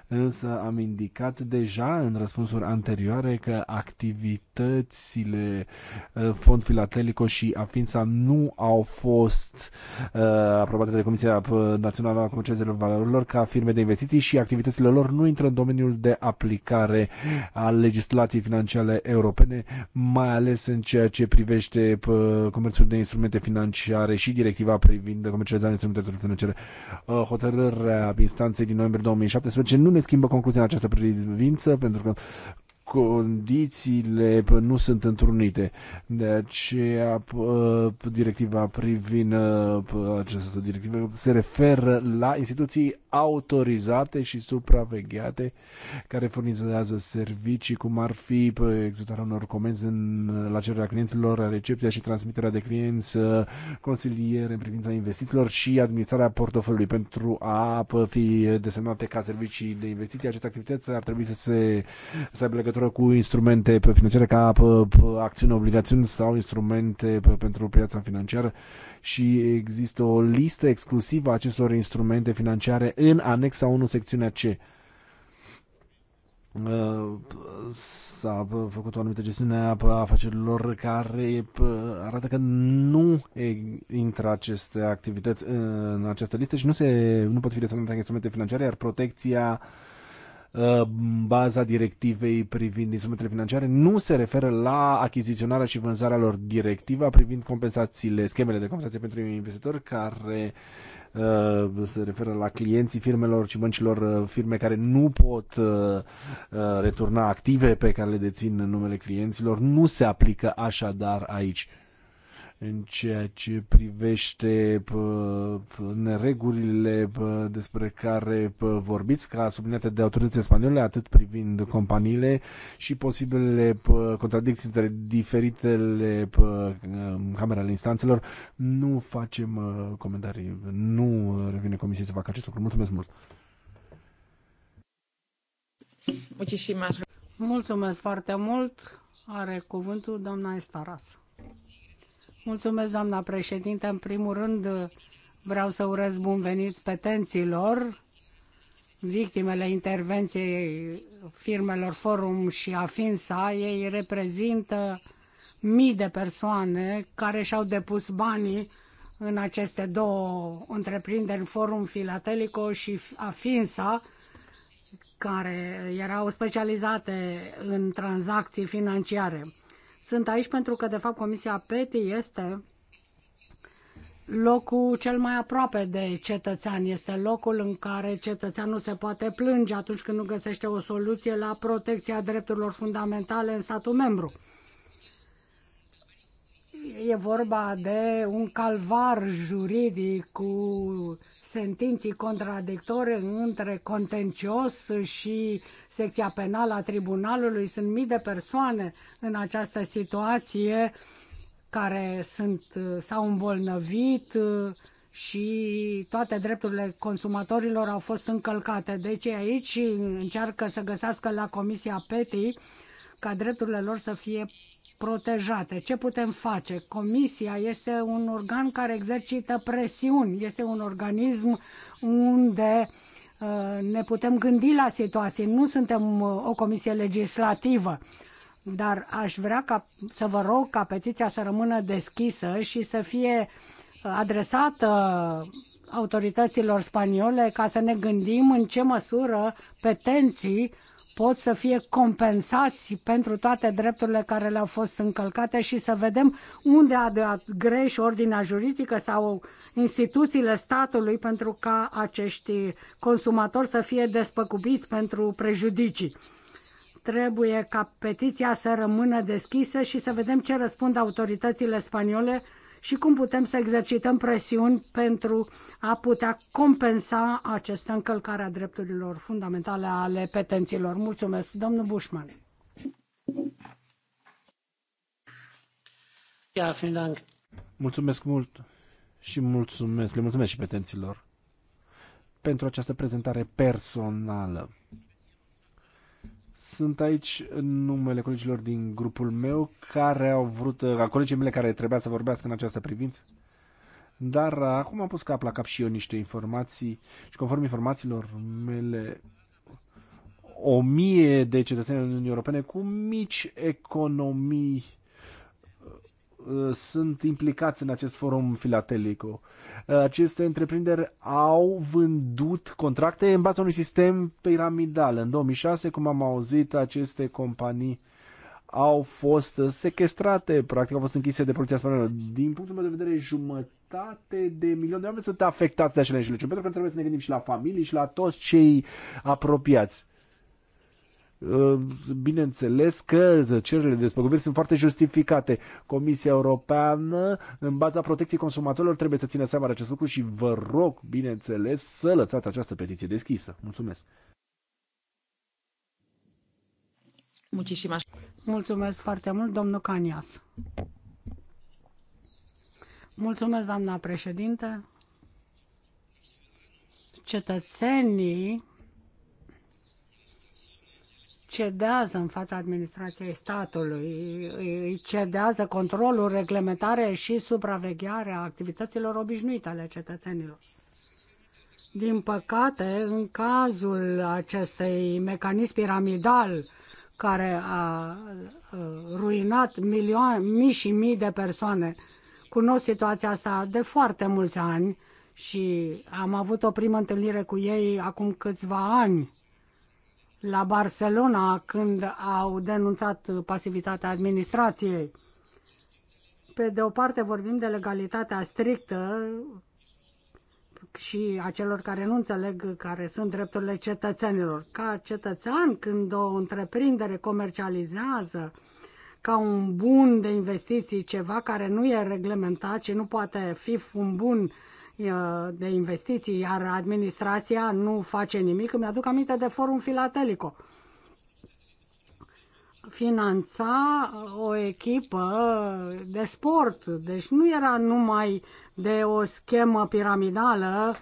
însă am indicat deja în răspunsuri anterioare că activitățile uh, Fond Filatelico și Afința nu au fost uh, aprobate de Comisia uh, Națională a Comercializării Valorilor ca firme de investiții și activitățile lor nu intră în domeniul de aplicare a legislației financiare europene, mai ales în ceea ce privește uh, comerțul de instrumente financiare și directiva privind comercializarea instrumentelor financiare. Hotărârea instanței din noiembrie 2017 nu ne schimbă concluzia în această privință, pentru că condițiile nu sunt întrunite. De aceea directiva privind această directivă se referă la instituții autorizate și supravegheate care furnizează servicii cum ar fi executarea unor comenzi în, la cererea clienților, recepția și transmiterea de clienți, consiliere în privința investițiilor și administrarea portofoliului pentru a fi desemnate ca servicii de investiții. Aceste activități ar trebui să se să aibă legătură legătură cu instrumente pe financiare ca acțiuni, obligațiuni sau instrumente pentru piața financiară și există o listă exclusivă a acestor instrumente financiare în anexa 1, secțiunea C ă, s-a făcut o anumită gestiune a afacerilor care arată că nu intră aceste activități în această listă și nu, se, nu pot fi desemnate instrumente financiare, iar protecția uh, baza directivei privind instrumentele financiare nu se referă la achiziționarea și vânzarea lor. Directiva privind compensațiile, schemele de compensație pentru investitori care uh, se referă la clienții firmelor și băncilor uh, firme care nu pot uh, returna active pe care le dețin în numele clienților, nu se aplică așadar aici în ceea ce privește neregulile despre care vorbiți, ca subliniate de autoritățile spaniole, atât privind companiile și posibilele contradicții între diferitele um, camere ale instanțelor. Nu facem uh, comentarii, nu uh, revine comisiei să facă acest lucru. Mulțumesc mult! Mulțumesc foarte mult. Are cuvântul doamna Estaras. Mulțumesc, doamna președinte. În primul rând, vreau să urez bun venit petenților, victimele intervenției firmelor Forum și Afinsa. Ei reprezintă mii de persoane care și-au depus banii în aceste două întreprinderi, Forum Filatelico și Afinsa, care erau specializate în tranzacții financiare. Sunt aici pentru că, de fapt, Comisia PETI este locul cel mai aproape de cetățean. Este locul în care cetățeanul se poate plânge atunci când nu găsește o soluție la protecția drepturilor fundamentale în statul membru. E vorba de un calvar juridic cu sentinții contradictorii între contencios și secția penală a tribunalului. Sunt mii de persoane în această situație care sunt, s-au îmbolnăvit uh, și toate drepturile consumatorilor au fost încălcate. Deci aici încearcă să găsească la Comisia PETI ca drepturile lor să fie protejate. Ce putem face? Comisia este un organ care exercită presiuni, este un organism unde uh, ne putem gândi la situații. Nu suntem uh, o comisie legislativă, dar aș vrea ca, să vă rog ca petiția să rămână deschisă și să fie uh, adresată autorităților spaniole ca să ne gândim în ce măsură petenții pot să fie compensați pentru toate drepturile care le-au fost încălcate și să vedem unde a greș ordinea juridică sau instituțiile statului pentru ca acești consumatori să fie despăcubiți pentru prejudicii trebuie ca petiția să rămână deschisă și să vedem ce răspund autoritățile spaniole și cum putem să exercităm presiuni pentru a putea compensa această încălcare a drepturilor fundamentale ale petenților. Mulțumesc, domnul Bușman. Mulțumesc mult și mulțumesc, le mulțumesc și petenților pentru această prezentare personală. Sunt aici în numele colegilor din grupul meu care au vrut, uh, a colegii mele care trebuia să vorbească în această privință. Dar uh, acum am pus cap la cap și eu niște informații și conform informațiilor mele o mie de cetățeni în Uniunii Europene cu mici economii uh, sunt implicați în acest forum filatelico aceste întreprinderi au vândut contracte în baza unui sistem piramidal. În 2006, cum am auzit, aceste companii au fost sequestrate, practic au fost închise de poliția spaniolă. Din punctul meu de vedere, jumătate de milion de oameni sunt afectați de acele înșelăciuni, pentru că trebuie să ne gândim și la familii și la toți cei apropiați. Ehm, bineînțeles că cererile de despăgubiri sunt foarte justificate. Comisia Europeană, în baza protecției consumatorilor, trebuie să țină seama de acest lucru și vă rog, bineînțeles, să lăsați această petiție deschisă. Mulțumesc! Mulțumesc foarte mult, domnul Canias. Mulțumesc, doamna președinte. Cetățenii cedează în fața administrației statului, îi cedează controlul, reglementare și supravegherea activităților obișnuite ale cetățenilor. Din păcate, în cazul acestei mecanism piramidal care a ruinat milioane, mii și mii de persoane, cunosc situația asta de foarte mulți ani și am avut o primă întâlnire cu ei acum câțiva ani la Barcelona când au denunțat pasivitatea administrației. Pe de o parte vorbim de legalitatea strictă și a celor care nu înțeleg care sunt drepturile cetățenilor. Ca cetățean, când o întreprindere comercializează ca un bun de investiții ceva care nu e reglementat și nu poate fi un bun uh, Uh, de investiții, iar administrația nu face nimic. Îmi aduc aminte de Forum Filatelico. Finanța o echipă de sport, deci nu era numai de o schemă piramidală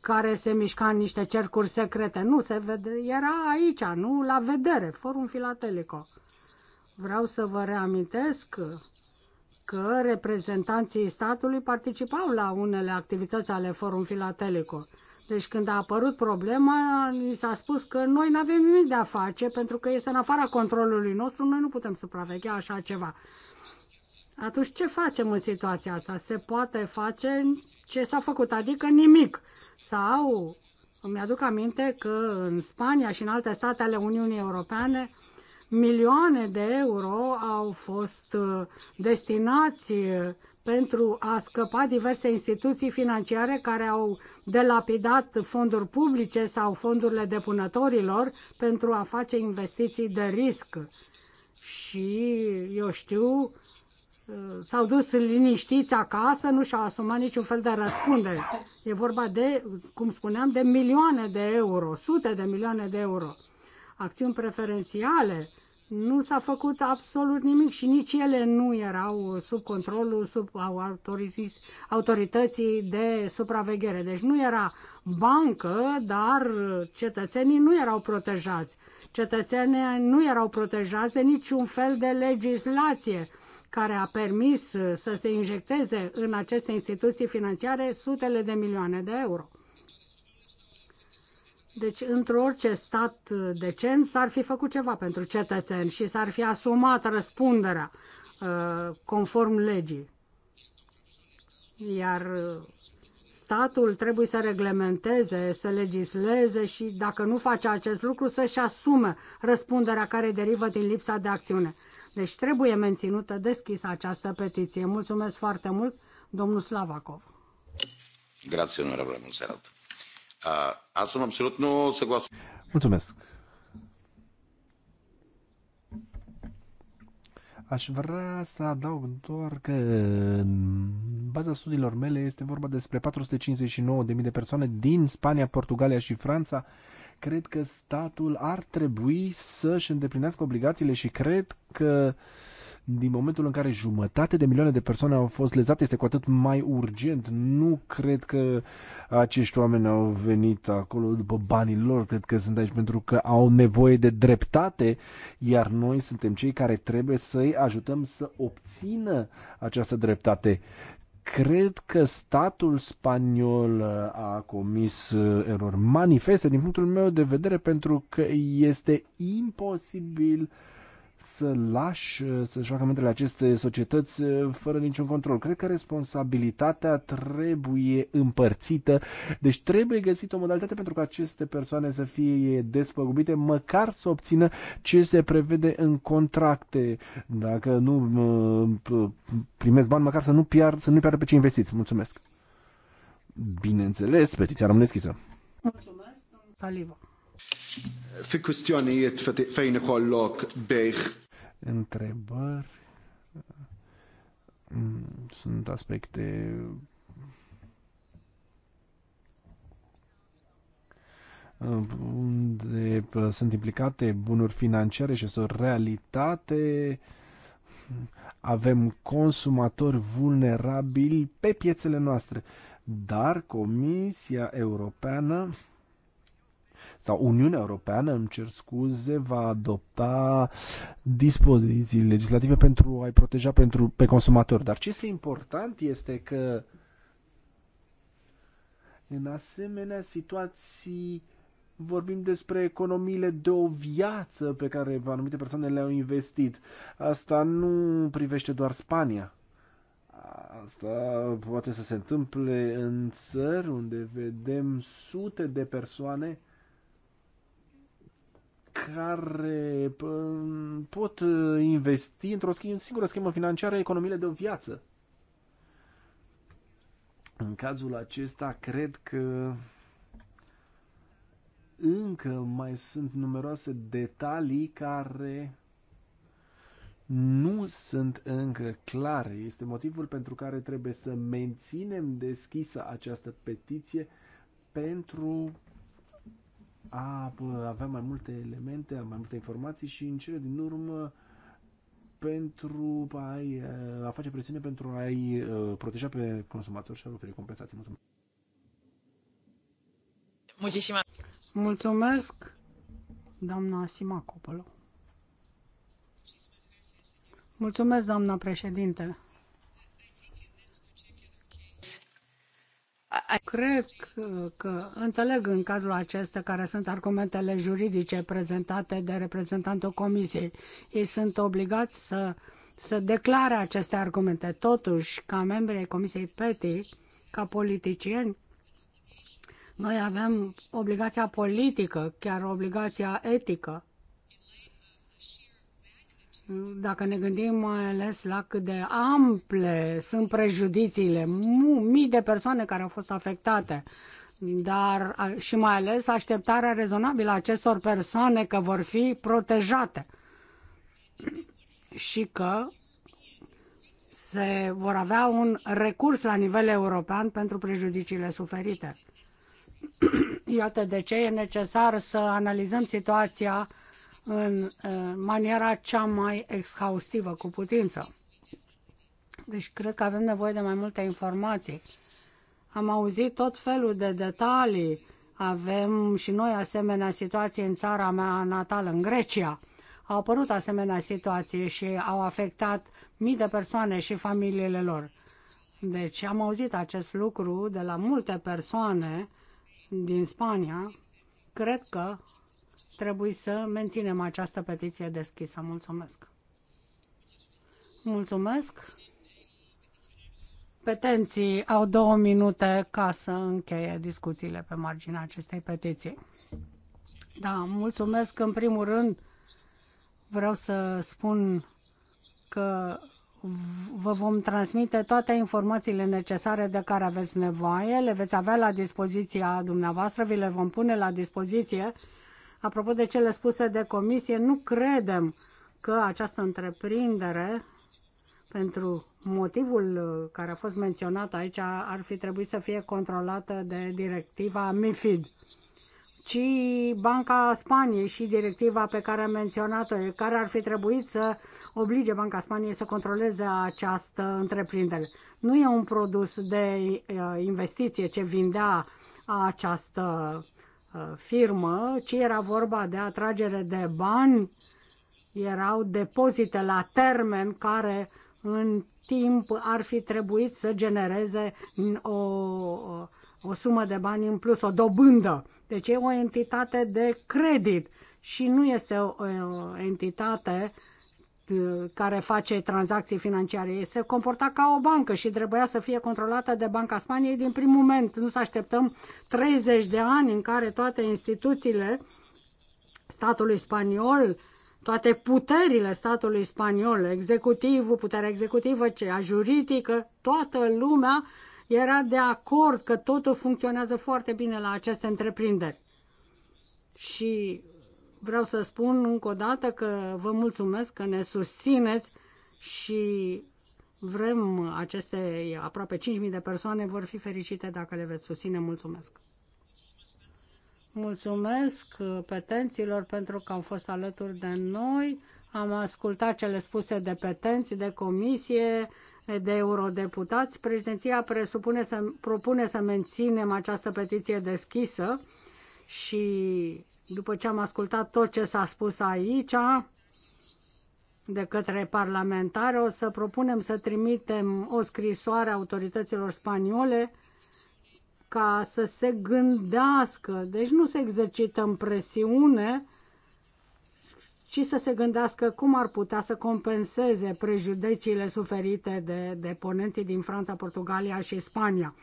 care se mișca în niște cercuri secrete. Nu, se vede, era aici, nu la vedere, Forum Filatelico. Vreau să vă reamintesc că reprezentanții statului participau la unele activități ale Forum Filatelico. Deci când a apărut problema, ni s-a spus că noi nu avem nimic de a face pentru că este în afara controlului nostru, noi nu putem supraveghea așa ceva. Atunci ce facem în situația asta? Se poate face ce s-a făcut, adică nimic. Sau îmi aduc aminte că în Spania și în alte state ale Uniunii Europene Milioane de euro au fost uh, destinați uh, pentru a scăpa diverse instituții financiare care au delapidat fonduri publice sau fondurile depunătorilor pentru a face investiții de risc. Și, eu știu, uh, s-au dus liniștiți acasă, nu și-au asumat niciun fel de răspundere. E vorba de, cum spuneam, de milioane de euro, sute de milioane de euro. Acțiuni preferențiale nu s-a făcut absolut nimic și nici ele nu erau sub controlul, sub autorității de supraveghere. Deci nu era bancă, dar cetățenii nu erau protejați. Cetățenii nu erau protejați de niciun fel de legislație care a permis să se injecteze în aceste instituții financiare sutele de milioane de euro. Deci, într-orice stat decent s-ar fi făcut ceva pentru cetățeni și s-ar fi asumat răspunderea uh, conform legii. Iar uh, statul trebuie să reglementeze, să legisleze și dacă nu face acest lucru să-și asume răspunderea care derivă din lipsa de acțiune. Deci trebuie menținută deschisă această petiție. Mulțumesc foarte mult, domnul Slavakov. Grazie, onorevole Monserrat. Аз съм абсолютно съгласен. Mulțumesc. Aș vrea să adaug doar că în baza studiilor mele este vorba despre 459.000 de persoane din Spania, Portugalia și Franța. Cred că statul ar trebui să-și îndeplinească obligațiile și cred că uh, din momentul în care jumătate de milioane de persoane au fost lezate, este cu atât mai urgent. Nu cred că acești oameni au venit acolo după banii lor, cred că sunt aici pentru că au nevoie de dreptate, iar noi suntem cei care trebuie să-i ajutăm să obțină această dreptate. Cred că statul spaniol a comis uh, erori manifeste din punctul meu de vedere pentru că este imposibil uh, să lași uh, să-și facă mântele aceste societăți uh, fără niciun control. Cred că responsabilitatea trebuie împărțită, deci trebuie găsit o modalitate pentru ca aceste persoane să fie despăgubite, măcar să obțină ce se prevede în contracte. Dacă nu uh, primesc bani, măcar să nu piar, să nu piară pe ce investiți. Mulțumesc! Bineînțeles, petiția rămâne deschisă. Mulțumesc, salivă. Fi kwistjonijiet fejn ikollok bejħ. Întrebări. Mm, sunt aspecte unde sunt implicate bunuri financiare și sunt realitate. Avem consumatori vulnerabili pe piețele noastre, dar Comisia Europeană sau Uniunea Europeană, îmi cer scuze, va adopta dispoziții legislative pentru a-i proteja pentru, pe consumatori. Dar ce este important este că în asemenea situații vorbim despre economiile de o viață pe care anumite persoane le-au investit. Asta nu privește doar Spania. Asta poate să se întâmple în țări unde vedem sute de persoane care pot investi într-o singură schemă financiară economiile de o viață. În cazul acesta, cred că încă mai sunt numeroase detalii care nu sunt încă clare. Este motivul pentru care trebuie să menținem deschisă această petiție pentru a avea mai multe elemente, mai multe informații și în cele din urmă pentru a eh, a face presiune pentru a-i eh, proteja pe consumator și a oferi compensații. Mulțumesc! Mulțumesc, Mulțumesc doamna Sima Copolo. Mulțumesc, doamna președinte. Cred că înțeleg în cazul acesta care sunt argumentele juridice prezentate de reprezentantul Comisiei. Ei sunt obligați să, să declare aceste argumente. Totuși, ca membri ai Comisiei PETI, ca politicieni, noi avem obligația politică, chiar obligația etică, dacă ne gândim mai ales la cât de ample sunt prejudiciile, mii de persoane care au fost afectate, dar și mai ales așteptarea rezonabilă a acestor persoane că vor fi protejate și că se vor avea un recurs la nivel european pentru prejudiciile suferite. Iată de ce e necesar să analizăm situația în uh, maniera cea mai exhaustivă cu putință. Deci cred că avem nevoie de mai multe informații. Am auzit tot felul de detalii. Avem și noi asemenea situații în țara mea natală, în Grecia. Au apărut asemenea situații și au afectat mii de persoane și familiile lor. Deci am auzit acest lucru de la multe persoane din Spania. Cred că trebuie să menținem această petiție deschisă. Mulțumesc! Mulțumesc! Petenții au două minute ca să încheie discuțiile pe marginea acestei petiții. Da, mulțumesc în primul rând. Vreau să spun că vă vom transmite toate informațiile necesare de care aveți nevoie, le veți avea la dispoziția dumneavoastră, vi le vom pune la dispoziție Apropo de cele spuse de comisie, nu credem că această întreprindere, pentru motivul uh, care a fost menționat aici, ar fi trebuit să fie controlată de directiva MIFID ci Banca Spaniei și directiva pe care am menționat-o, care ar fi trebuit să oblige Banca Spaniei să controleze această întreprindere. Nu e un produs de uh, investiție ce vindea această Uh, firmă, ci era vorba de atragere de bani, erau depozite la termen care în timp ar fi trebuit să genereze o, uh, o, sumă de bani în plus, o dobândă. Deci e o entitate de credit și nu este o, o entitate uh, Uh, care face tranzacții financiare. Se comporta ca o bancă și trebuia să fie controlată de Banca Spaniei din primul moment. Nu să așteptăm 30 de ani în care toate instituțiile statului spaniol, toate puterile statului spaniol, executivul, puterea executivă, cea juridică, toată lumea era de acord că totul funcționează foarte bine la aceste întreprinderi. Și vreau să spun încă o dată că vă mulțumesc că ne susțineți și vrem aceste aproape 5.000 de persoane vor fi fericite dacă le veți susține. Mulțumesc! Mulțumesc petenților pentru că au fost alături de noi. Am ascultat cele spuse de petenți, de comisie, de eurodeputați. Președinția presupune să, propune să menținem această petiție deschisă și după ce am ascultat tot ce s-a spus aici de către parlamentare, o să propunem să trimitem o scrisoare autorităților spaniole ca să se gândească, deci nu să exercităm presiune, ci să se gândească cum ar putea să compenseze prejudeciile suferite de deponenții din Franța, Portugalia și Spania.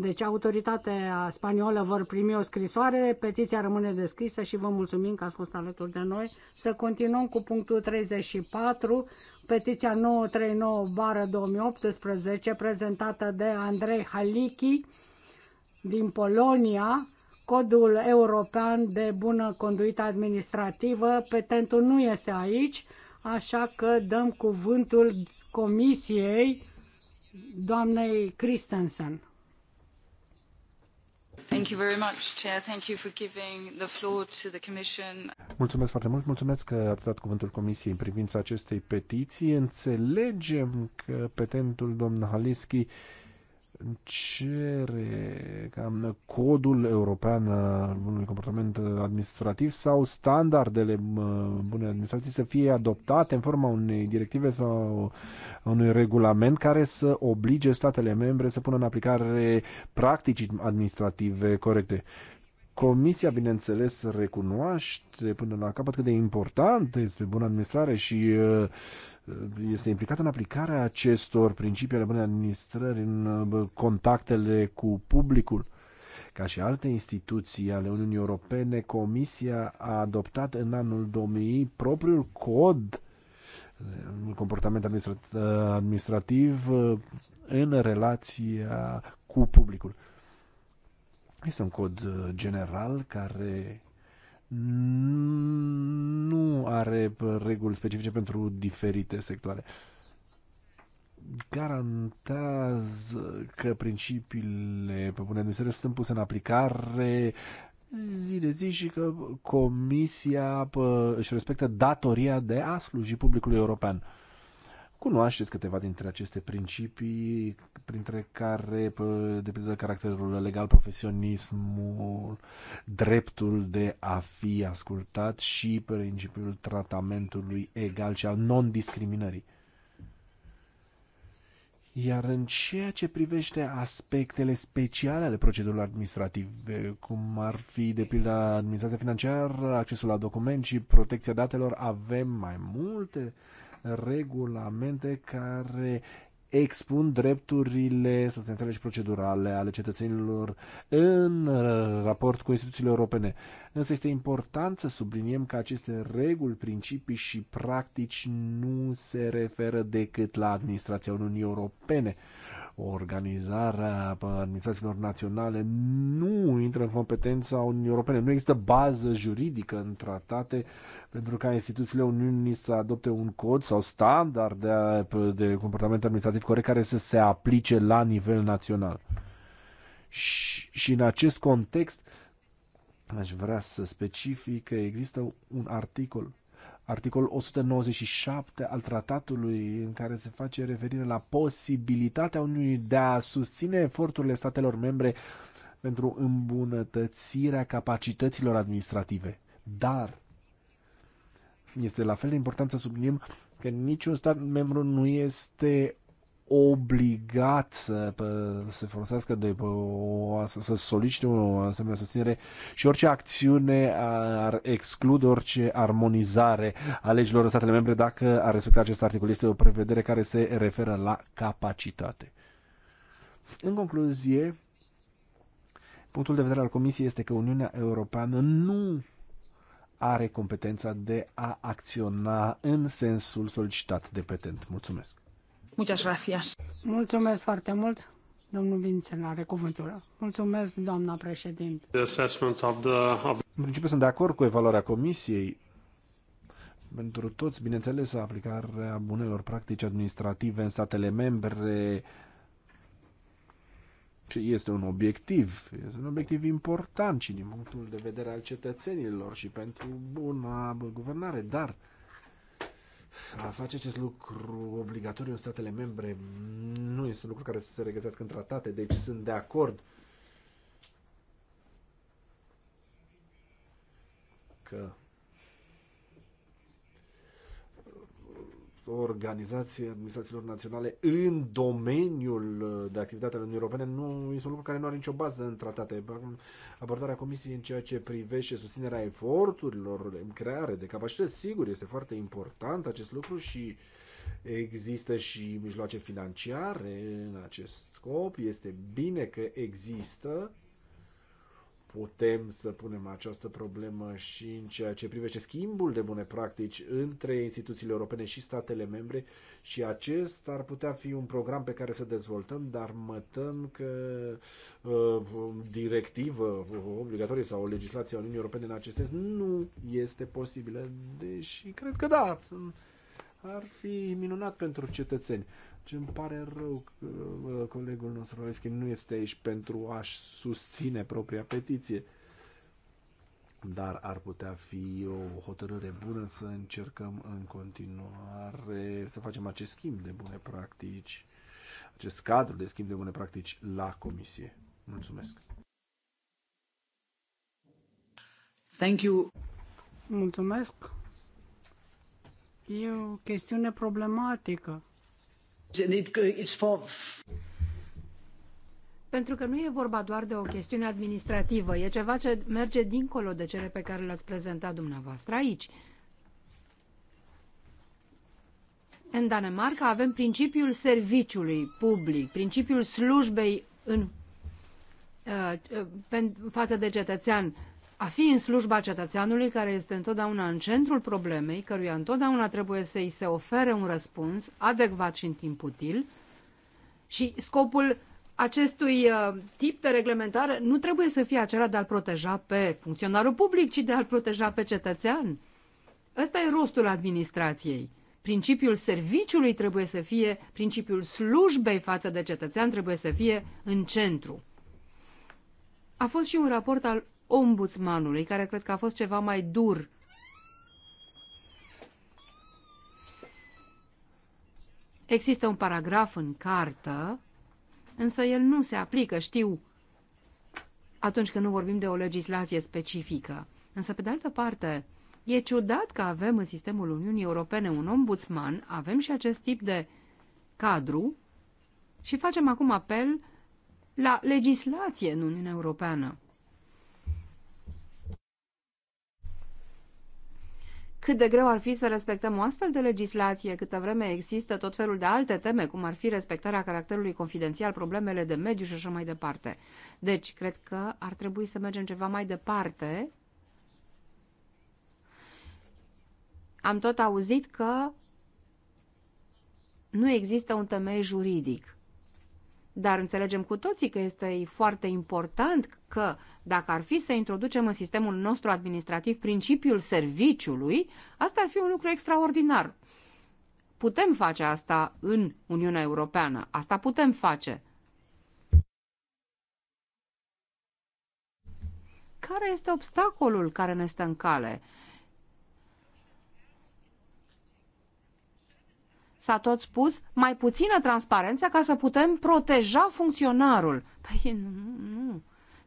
Deci autoritatea spaniolă vor primi o scrisoare, petiția rămâne deschisă și vă mulțumim că ați fost alături de noi. Să continuăm cu punctul 34, petiția 939 bară 2018, prezentată de Andrei Halichi din Polonia, codul european de bună conduită administrativă. Petentul nu este aici, așa că dăm cuvântul comisiei doamnei Christensen. Thank you very much, Chair. Thank you for giving the floor to the Commission. Mulțumesc foarte mult. Mulțumesc că ați dat cuvântul Comisiei în privința acestei petiții. Înțelegem că petentul domn Haliski cere cam, codul european al bunului comportament administrativ sau standardele bune administrații să fie adoptate în forma unei directive sau unui regulament care să oblige statele membre să pună în aplicare practici administrative corecte. Comisia, bineînțeles, recunoaște până la capăt cât de important este bună administrare și uh, este implicat în aplicarea acestor principii ale bunei administrări, în contactele cu publicul. Ca și alte instituții ale Uniunii Europene, Comisia a adoptat în anul 2000 propriul cod comportament administrativ în relația cu publicul. Este un cod uh, general care nu are reguli specifice pentru diferite sectoare garantează că principiile pe bune administrare sunt puse în aplicare zi de zi și că Comisia își respectă datoria de a sluji publicului european. Cunoașteți câteva dintre aceste principii, printre care, de pildă, caracterul legal, profesionismul, dreptul de a fi ascultat și principiul tratamentului egal și al non-discriminării. Iar în ceea ce privește aspectele speciale ale procedurilor administrative, cum ar fi, de pildă, administrația financiară, accesul la document și protecția datelor, avem mai multe uh, regulamente care expun drepturile se și procedurale ale cetățenilor în raport cu instituțiile europene. Însă este important să subliniem că aceste reguli, principii și practici nu se referă decât la administrația Uniunii Europene organizarea administrațiilor naționale nu intră în competența Uniunii Europene. Nu există bază juridică în tratate pentru ca instituțiile Uniunii să adopte un cod sau standard de, de comportament administrativ corect care să se aplice la nivel național. Și, și în acest context aș vrea să specific că există un articol articolul 197 al tratatului în care se face referire la posibilitatea Uniunii de a susține eforturile statelor membre pentru îmbunătățirea capacităților administrative. Dar este la fel de important să subliniem că niciun stat membru nu este obligat să se folosească de o, să solicite o asemenea susținere și orice acțiune ar exclude orice armonizare a legilor în statele membre dacă ar respecta acest articol. Este o prevedere care se referă la capacitate. În concluzie, punctul de vedere al Comisiei este că Uniunea Europeană nu are competența de a acționa în sensul solicitat de petent. Mulțumesc! Muchas gracias. Mulțumesc foarte mult. Domnul Vincent are cuvântul. Mulțumesc, doamna președinte. În sunt de acord cu evaluarea comisiei. Pentru toți, bineînțeles, aplicarea bunelor practici administrative în statele membre este un obiectiv, este un obiectiv important și din punctul de vedere al cetățenilor și pentru bună guvernare, dar a face acest lucru obligatoriu în statele membre nu este un lucru care să se regăsească în tratate, deci sunt de acord că organizației administrațiilor naționale în domeniul uh, de activitate al Uniunii Europene nu este un lucru care nu are nicio bază în tratate. Abordarea Comisiei în ceea ce privește susținerea eforturilor în creare de capacități, sigur, este foarte important acest lucru și există și mijloace financiare în acest scop. Este bine că există putem să punem această problemă și în ceea ce privește schimbul de bune practici între instituțiile europene și statele membre și acest ar putea fi un program pe care să dezvoltăm, dar mă tem că uh, directivă obligatorie sau o legislație a Uniunii Europene în acest sens nu este posibilă, deși cred că da, ar fi minunat pentru cetățeni ce deci îmi pare rău că colegul nostru Leschi nu este aici pentru a-și susține propria petiție, dar ar putea fi o hotărâre bună să încercăm în continuare să facem acest schimb de bune practici, acest cadru de schimb de bune practici la comisie. Mulțumesc! Thank you. Mulțumesc. E o chestiune problematică pentru că nu e vorba doar de o chestiune administrativă, e ceva ce merge dincolo de cele pe care le-ați prezentat dumneavoastră aici. În Danemarca avem principiul serviciului public, principiul slujbei în, uh, uh față de cetățean a fi în slujba cetățeanului care este întotdeauna în centrul problemei, căruia întotdeauna trebuie să îi se ofere un răspuns adecvat și în timp util și scopul acestui uh, tip de reglementare nu trebuie să fie acela de a-l proteja pe funcționarul public, ci de a-l proteja pe cetățean. Ăsta e rostul administrației. Principiul serviciului trebuie să fie, principiul slujbei față de cetățean trebuie să fie în centru. A fost și un raport al ombudsmanului, care cred că a fost ceva mai dur. Există un paragraf în cartă, însă el nu se aplică, știu, atunci când nu vorbim de o legislație specifică. Însă, pe de altă parte, e ciudat că avem în sistemul Uniunii Europene un ombudsman, avem și acest tip de cadru și facem acum apel la legislație în Uniunea Europeană. Cât de greu ar fi să respectăm o astfel de legislație, câtă vreme există tot felul de alte teme, cum ar fi respectarea caracterului confidențial, problemele de mediu și așa mai departe. Deci, cred că ar trebui să mergem ceva mai departe. Am tot auzit că nu există un temei juridic. Dar înțelegem cu toții că este foarte important că, dacă ar fi să introducem în sistemul nostru administrativ principiul serviciului, asta ar fi un lucru extraordinar. Putem face asta în Uniunea Europeană. Asta putem face. Care este obstacolul care ne stă în cale? s-a tot spus, mai puțină transparență ca să putem proteja funcționarul. Păi nu, nu.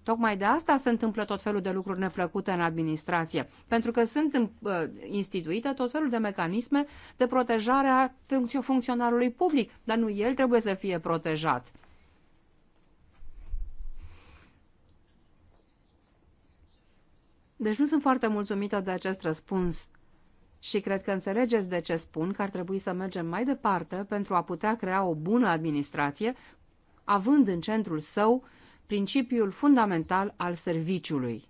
Tocmai de asta se întâmplă tot felul de lucruri neplăcute în administrație, pentru că sunt uh, instituite tot felul de mecanisme de protejare a funcționarului public, dar nu el trebuie să fie protejat. Deci nu sunt foarte mulțumită de acest răspuns și cred că înțelegeți de ce spun că ar trebui să mergem mai departe pentru a putea crea o bună administrație, având în centrul său principiul fundamental al serviciului.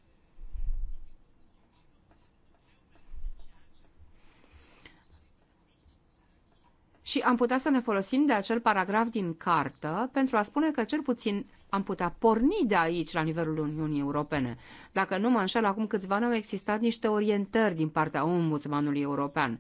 și am putea să ne folosim de acel paragraf din cartă pentru a spune că cel puțin am putea porni de aici, la nivelul Uniunii Europene. Dacă nu mă înșel, acum câțiva ani au existat niște orientări din partea Ombudsmanului European.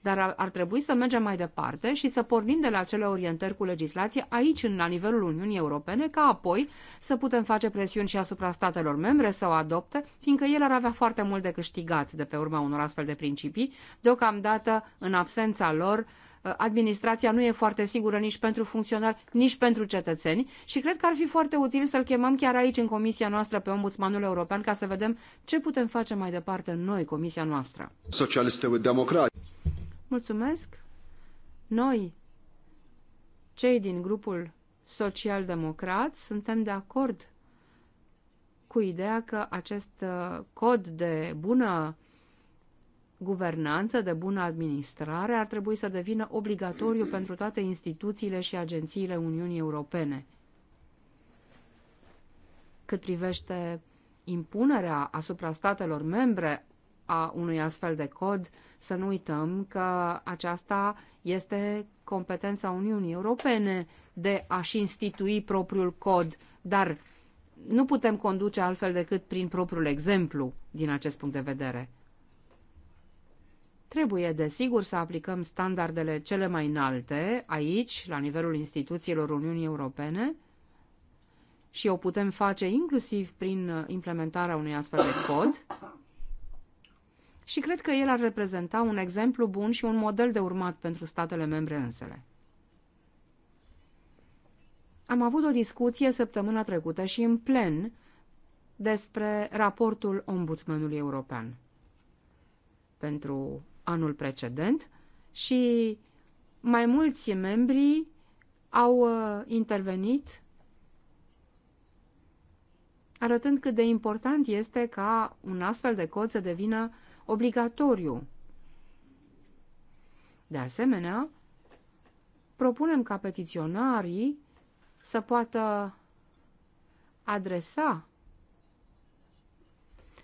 Dar ar, trebui să mergem mai departe și să pornim de la acele orientări cu legislație aici, la nivelul Uniunii Europene, ca apoi să putem face presiuni și asupra statelor membre să o adopte, fiindcă ele ar avea foarte mult de câștigat de pe urma unor astfel de principii, deocamdată în absența lor uh, Uh, administrația nu e foarte sigură nici pentru funcționari, nici pentru cetățeni și cred că ar fi foarte util să-l chemăm chiar aici în comisia noastră pe ombudsmanul european ca să vedem ce putem face mai departe noi, comisia noastră. Socialiste democrați. Mulțumesc. Noi, cei din grupul social-democrat, suntem de acord cu ideea că acest uh, cod de bună uh, guvernanță, de bună administrare ar trebui să devină obligatoriu pentru toate instituțiile și agențiile Uniunii Europene. Cât privește impunerea asupra statelor membre a unui astfel de cod, să nu uităm că aceasta este competența Uniunii Europene de a-și institui propriul cod, dar nu putem conduce altfel decât prin propriul exemplu din acest punct de vedere. Trebuie, desigur, să aplicăm standardele cele mai înalte aici, la nivelul instituțiilor Uniunii Europene, și o putem face inclusiv prin uh, implementarea unui astfel de cod. Și cred că el ar reprezenta un exemplu bun și un model de urmat pentru statele membre însele. Am avut o discuție săptămâna trecută și în plen despre raportul Ombudsmanului European pentru anul precedent și mai mulți membri au uh, intervenit arătând cât de important este ca un astfel de cod să devină obligatoriu. De asemenea, propunem ca petiționarii să poată adresa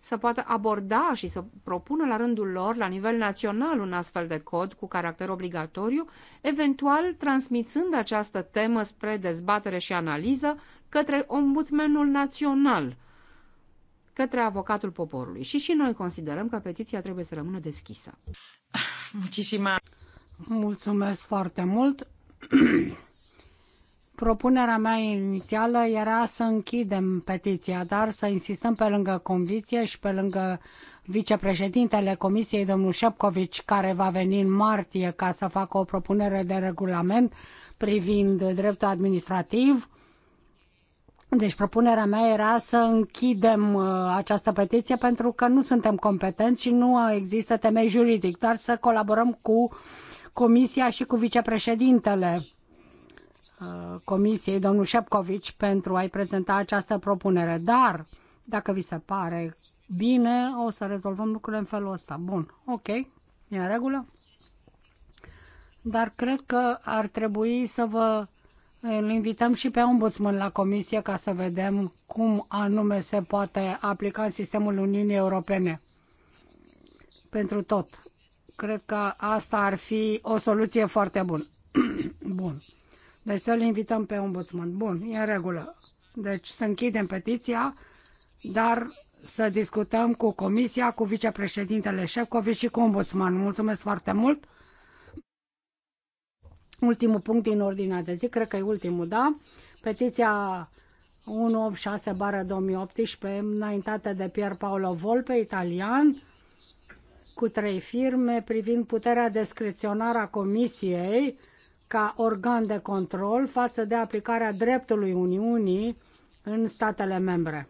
să poată aborda și să propună la rândul lor, la nivel național, un astfel de cod cu caracter obligatoriu, eventual transmițând această temă spre dezbatere și analiză către ombudsmenul național, către avocatul poporului. Și și noi considerăm că petiția trebuie să rămână deschisă. Muchisima. Mulțumesc foarte mult. Propunerea mea inițială era să închidem petiția, dar să insistăm pe lângă conviție și pe lângă vicepreședintele Comisiei, domnul Șepcovici, care va veni în martie ca să facă o propunere de regulament privind dreptul administrativ. Deci propunerea mea era să închidem uh, această petiție pentru că nu suntem competenți și nu există temei juridic, dar să colaborăm cu Comisia și cu vicepreședintele Uh, comisiei, domnul Șepcovici, pentru a-i prezenta această propunere. Dar, dacă vi se pare bine, o să rezolvăm lucrurile în felul ăsta. Bun, ok, e în regulă. Dar cred că ar trebui să vă îl invităm și pe ombudsman la comisie ca să vedem cum anume se poate aplica în sistemul Uniunii Europene. Pentru tot. Cred că asta ar fi o soluție foarte bună. Bun. Deci să-l invităm pe ombudsman. Bun, e în regulă. Deci să închidem petiția, dar să discutăm cu comisia, cu vicepreședintele Șefcovici și cu ombudsman. Mulțumesc foarte mult! Ultimul punct din ordinea de zi, cred că e ultimul, da? Petiția 186 bară 2018, înaintată de Pier Paolo Volpe, italian, cu trei firme, privind puterea descriționară a comisiei ca organ de control față de aplicarea dreptului Uniunii în statele membre.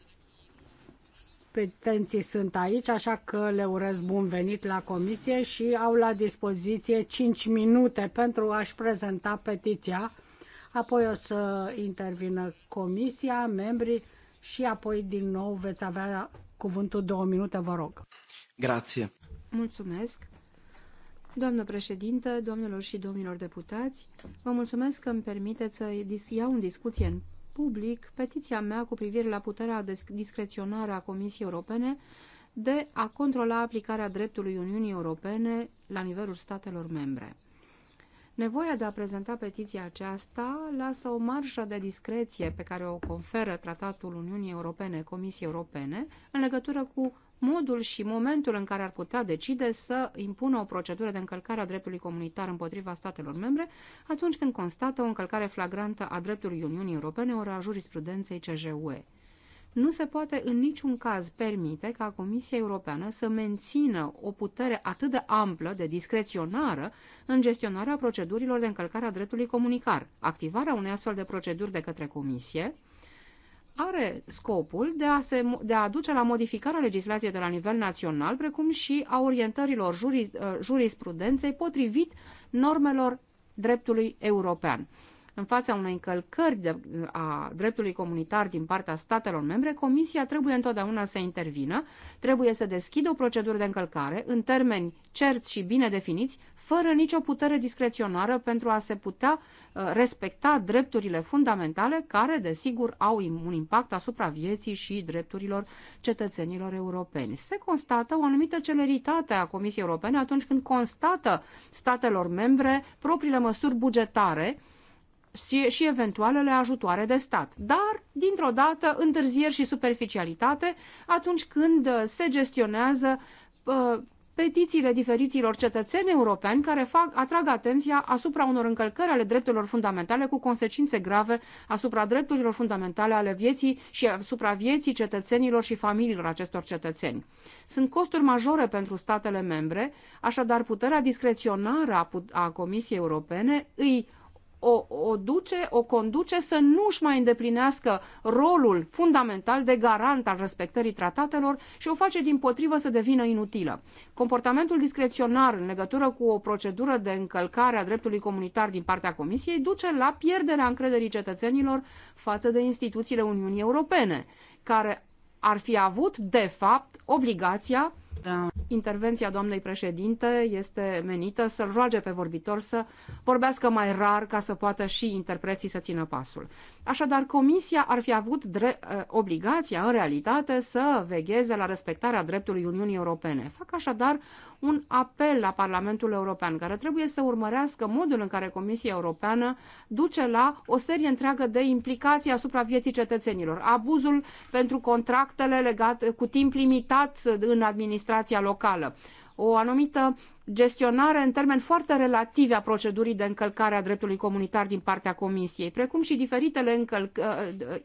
Petenții sunt aici, așa că le urez bun venit la comisie și au la dispoziție 5 minute pentru a-și prezenta petiția. Apoi o să intervină comisia, membrii și apoi din nou veți avea cuvântul două minute, vă rog. Grație. Mulțumesc. Doamnă președintă, domnilor și domnilor deputați, vă mulțumesc că îmi permiteți să iau în discuție în public petiția mea cu privire la puterea discreționară a Comisiei Europene de a controla aplicarea dreptului Uniunii Europene la nivelul statelor membre. Nevoia de a prezenta petiția aceasta lasă o marjă de discreție pe care o conferă Tratatul Uniunii Europene Comisiei Europene în legătură cu modul și momentul în care ar putea decide să impună o procedură de încălcare a dreptului comunitar împotriva statelor membre atunci când constată o încălcare flagrantă a dreptului Uniunii Europene ori a jurisprudenței CJUE. Nu se poate în niciun caz permite ca Comisia Europeană să mențină o putere atât de amplă, de discreționară, în gestionarea procedurilor de încălcare a dreptului comunicar. Activarea unei astfel de proceduri de către Comisie are scopul de a, se, de a aduce la modificarea legislației de la nivel național, precum și a orientărilor juris, uh, jurisprudenței potrivit normelor dreptului european. În fața unei încălcări de, a dreptului comunitar din partea statelor membre, Comisia trebuie întotdeauna să intervină, trebuie să deschidă o procedură de încălcare în termeni cerți și bine definiți, fără nicio putere discreționară pentru a se putea uh, respecta drepturile fundamentale care, desigur, au un impact asupra vieții și drepturilor cetățenilor europeni. Se constată o anumită celeritate a Comisiei Europene atunci când constată statelor membre propriile măsuri bugetare și, și eventualele ajutoare de stat. Dar, dintr-o dată, întârzieri și superficialitate atunci când se gestionează uh, petițiile diferiților cetățeni europeni care fac, atrag atenția asupra unor încălcări ale drepturilor fundamentale cu consecințe grave asupra drepturilor fundamentale ale vieții și asupra vieții cetățenilor și familiilor acestor cetățeni. Sunt costuri majore pentru statele membre, așadar puterea discreționară a, a Comisiei Europene îi o, o duce, o conduce să nu își mai îndeplinească rolul fundamental de garant al respectării tratatelor și o face din potrivă să devină inutilă. Comportamentul discreționar în legătură cu o procedură de încălcare a dreptului comunitar din partea Comisiei duce la pierderea încrederii cetățenilor față de instituțiile Uniunii Europene, care ar fi avut, de fapt, obligația da. Intervenția doamnei președinte este menită să-l roage pe vorbitor să vorbească mai rar ca să poată și interpreții să țină pasul. Așadar, Comisia ar fi avut eh, obligația, în realitate, să vegheze la respectarea dreptului Uniunii Europene. Fac așadar un apel la Parlamentul European, care trebuie să urmărească modul în care Comisia Europeană duce la o serie întreagă de implicații asupra vieții cetățenilor. Abuzul pentru contractele legate cu timp limitat în administrația locală o anumită gestionare în termeni foarte relative a procedurii de încălcare a dreptului comunitar din partea Comisiei, precum și diferitele, ă,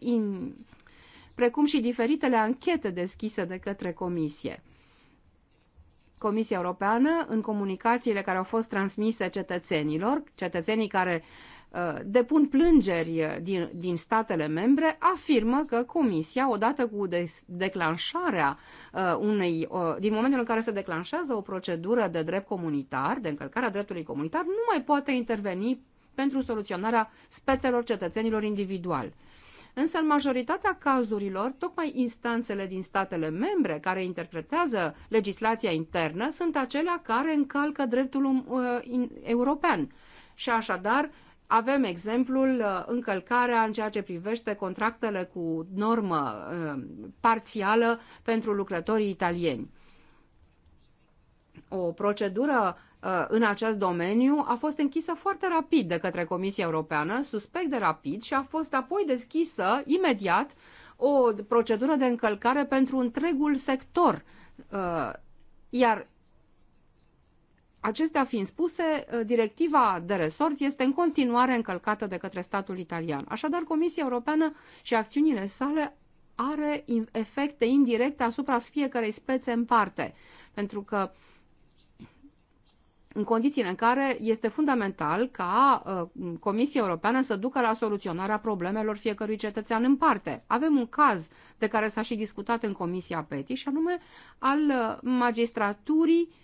precum și diferitele anchete deschise de către Comisie. Comisia Europeană, în comunicațiile care au fost transmise cetățenilor, cetățenii care Uh, depun plângeri uh, din, din statele membre, afirmă că Comisia, odată cu de, declanșarea uh, unei, uh, din momentul în care se declanșează o procedură de drept comunitar, de încălcarea dreptului comunitar, nu mai poate interveni pentru soluționarea spețelor cetățenilor individual. Însă, în majoritatea cazurilor, tocmai instanțele din statele membre care interpretează legislația internă sunt acelea care încalcă dreptul um, uh, in, european. Și așadar, uh, avem exemplul uh, încălcarea în ceea ce privește contractele cu normă uh, parțială pentru lucrătorii italieni. O procedură uh, în acest domeniu a fost închisă foarte rapid de către Comisia Europeană, suspect de rapid, și a fost apoi deschisă imediat o procedură de încălcare pentru întregul sector. Iar Acestea fiind spuse, uh, directiva de resort este în continuare încălcată de către statul italian. Așadar, Comisia Europeană și acțiunile sale are efecte indirecte asupra fiecarei spețe în parte, pentru că în condițiile în care este fundamental ca uh, Comisia Europeană să ducă la soluționarea problemelor fiecărui cetățean în parte. Avem un caz de care s-a și discutat în Comisia PETI și anume al uh, magistraturii uh,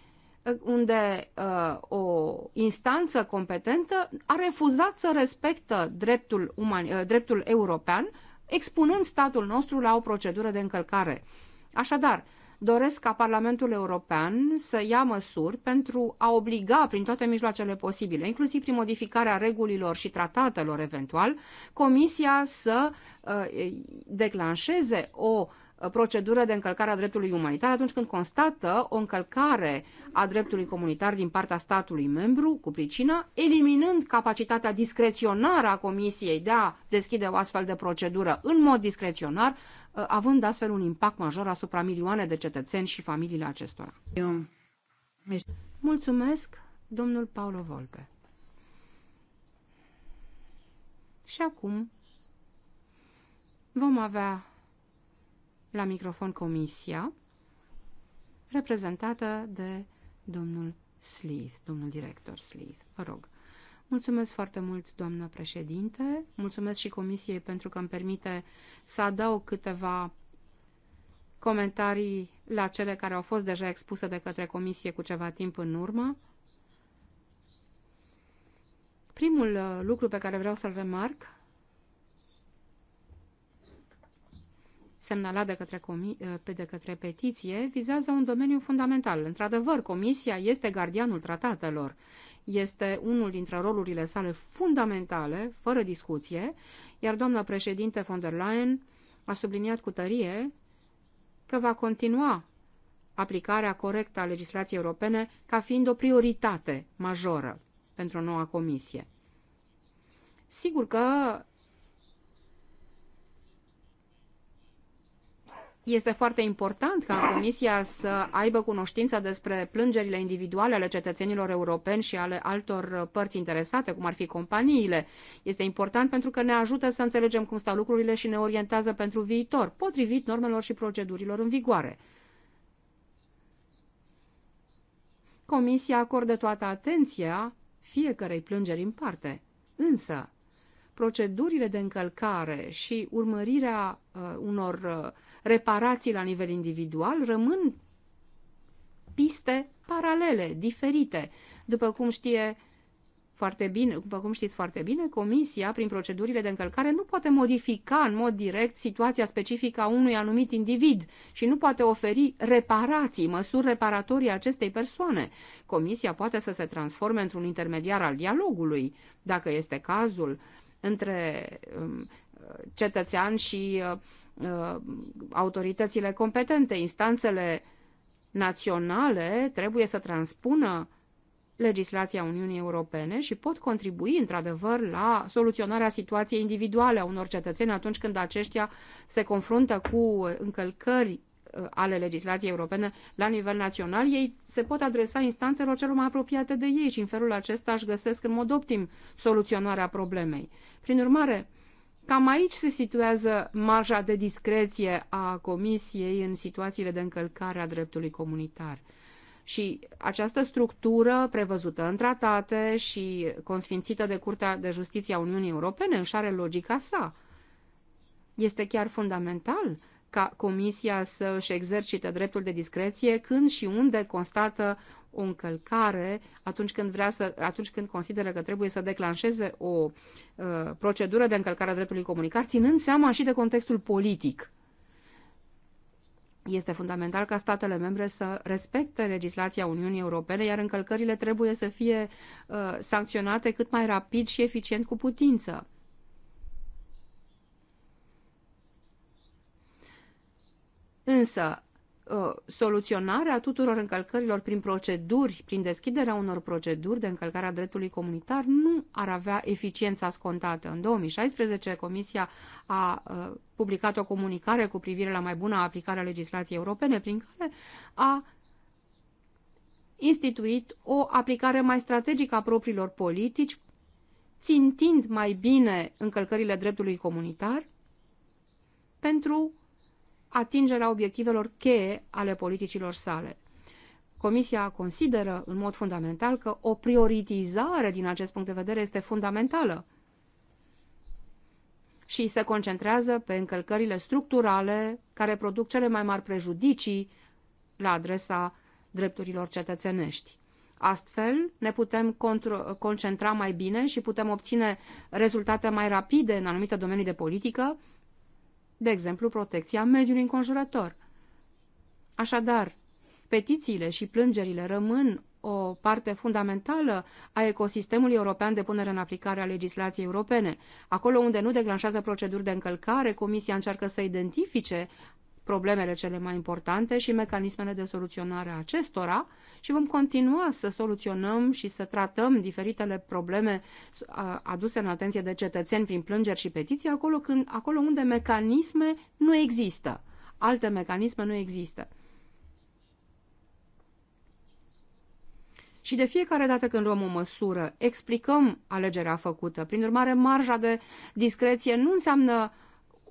unde uh, o instanță competentă a refuzat să respectă dreptul, uman, uh, dreptul european, expunând statul nostru la o procedură de încălcare. Așadar, doresc ca Parlamentul European să ia măsuri pentru a obliga, prin toate mijloacele posibile, inclusiv prin modificarea regulilor și tratatelor eventual, Comisia să uh, declanșeze o uh, Uh, procedură de încălcare a dreptului umanitar atunci când constată o încălcare a dreptului comunitar din partea statului membru cu pricina, eliminând capacitatea discreționară a Comisiei de a deschide o astfel de procedură în mod discreționar, uh, având astfel un impact major asupra milioane de cetățeni și familiile acestora. Mulțumesc, domnul Paulo Volpe. Și acum vom avea la microfon comisia, reprezentată de domnul Slith, domnul director Slith. Vă rog. Mulțumesc foarte mult, doamnă președinte. Mulțumesc și comisiei pentru că îmi permite să adaug câteva comentarii la cele care au fost deja expuse de către comisie cu ceva timp în urmă. Primul uh, lucru pe care vreau să-l remarc semnalat de către, eh, de către petiție vizează un domeniu fundamental. Într-adevăr, Comisia este gardianul tratatelor. Este unul dintre rolurile sale fundamentale, fără discuție, iar doamna președinte von der Leyen a subliniat cu tărie că va continua aplicarea corectă a legislației europene ca fiind o prioritate majoră pentru noua comisie. Sigur că Este foarte important ca Comisia să aibă cunoștința despre plângerile individuale ale cetățenilor europeni și ale altor părți interesate, cum ar fi companiile. Este important pentru că ne ajută să înțelegem cum stau lucrurile și ne orientează pentru viitor, potrivit normelor și procedurilor în vigoare. Comisia acordă toată atenția fiecărei plângeri în parte. Însă, procedurile de încălcare și urmărirea uh, unor uh, reparații la nivel individual rămân piste paralele, diferite. După cum știe foarte bine, după cum știți foarte bine, Comisia, prin procedurile de încălcare, nu poate modifica în mod direct situația specifică a unui anumit individ și nu poate oferi reparații, măsuri reparatorii acestei persoane. Comisia poate să se transforme într-un intermediar al dialogului, dacă este cazul, între um, cetățean și uh, uh, autoritățile competente. Instanțele naționale trebuie să transpună legislația Uniunii Europene și pot contribui, într-adevăr, la soluționarea situației individuale a unor cetățeni atunci când aceștia se confruntă cu încălcări Uh, ale legislației europene la nivel național, ei se pot adresa instanțelor celor mai apropiate de ei și în felul acesta își găsesc în mod optim soluționarea problemei. Prin urmare, cam aici se situează marja de discreție a Comisiei în situațiile de încălcare a dreptului comunitar. Și această structură prevăzută în tratate și consfințită de Curtea de Justiție a Uniunii Europene își are logica sa. Este chiar fundamental ca Comisia să își exercite dreptul de discreție când și unde constată o încălcare atunci când, vrea să, atunci când consideră că trebuie să declanșeze o uh, procedură de încălcare a dreptului comunicar, ținând seama și de contextul politic. Este fundamental ca statele membre să respecte legislația Uniunii Europene, iar încălcările trebuie să fie uh, sancționate cât mai rapid și eficient cu putință. Însă, ă, soluționarea tuturor încălcărilor prin proceduri, prin deschiderea unor proceduri de încălcare a dreptului comunitar, nu ar avea eficiența scontată. În 2016, Comisia a ă, publicat o comunicare cu privire la mai bună aplicare a legislației europene, prin care a instituit o aplicare mai strategică a propriilor politici, țintind mai bine încălcările dreptului comunitar pentru atingerea obiectivelor cheie ale politicilor sale. Comisia consideră în mod fundamental că o prioritizare din acest punct de vedere este fundamentală și se concentrează pe încălcările structurale care produc cele mai mari prejudicii la adresa drepturilor cetățenești. Astfel, ne putem concentra mai bine și putem obține rezultate mai rapide în anumite domenii de politică, de exemplu protecția mediului înconjurător. Așadar, petițiile și plângerile rămân o parte fundamentală a ecosistemului european de punere în aplicare a legislației europene. Acolo unde nu declanșează proceduri de încălcare, Comisia încearcă să identifice problemele cele mai importante și mecanismele de soluționare a acestora și vom continua să soluționăm și să tratăm diferitele probleme aduse în atenție de cetățeni prin plângeri și petiții acolo, când, acolo unde mecanisme nu există. Alte mecanisme nu există. și de fiecare dată când luăm o măsură, explicăm alegerea făcută. Prin urmare, marja de discreție nu înseamnă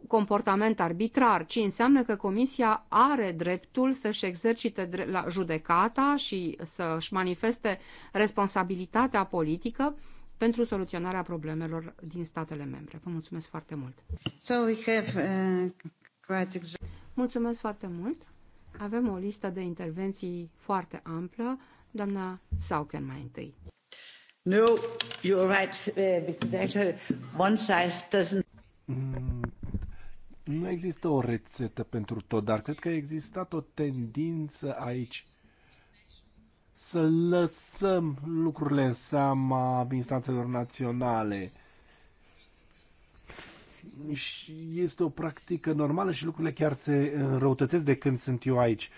comportament arbitrar, ci înseamnă că Comisia are dreptul să-și exercite la judecata și să-și manifeste responsabilitatea politică pentru soluționarea problemelor din statele membre. Vă mulțumesc foarte mult! So we have, uh, Mulțumesc foarte mult! Avem o listă de intervenții foarte amplă. Doamna Sauken mai întâi. No, you're right, uh, Mr. Director. One size doesn't... Mm, nu există o rețetă pentru tot, dar cred că a existat o tendință aici să lăsăm lucrurile în seama instanțelor naționale. Și este o practică normală și lucrurile chiar se înrăutățesc de când sunt eu aici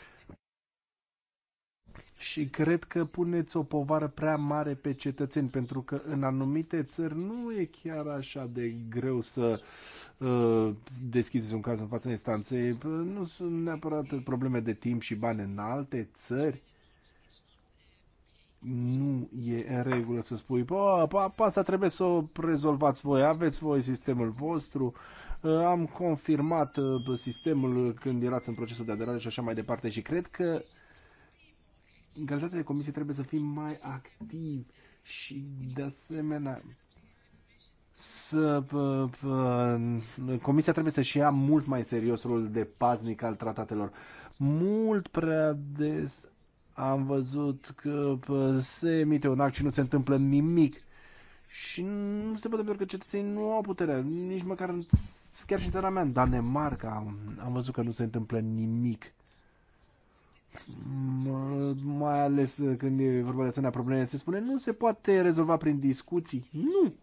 și cred că puneți o povară prea mare pe cetățeni, pentru că în anumite țări nu e chiar așa de greu să uh, deschizi un caz în fața instanței. Nu sunt neapărat probleme de timp și bani în alte țări. Nu e în regulă să spui, bă, pe asta trebuie să o rezolvați voi, aveți voi sistemul vostru, uh, am confirmat uh, sistemul când erați în procesul de aderare și așa mai departe și cred că uh, în calitate de comisie trebuie să fim mai activi și de asemenea să, p- p- comisia trebuie să-și ia mult mai serios rolul de paznic al tratatelor. Mult prea des am văzut că se emite un act și nu se întâmplă nimic. Și nu se poate pentru că cetățenii nu au putere, nici măcar chiar și în țara mea, în Danemarca, am văzut că nu se întâmplă nimic mai ales uh, când e vorba de asemenea probleme, se spune nu se poate rezolva prin discuții. Nu!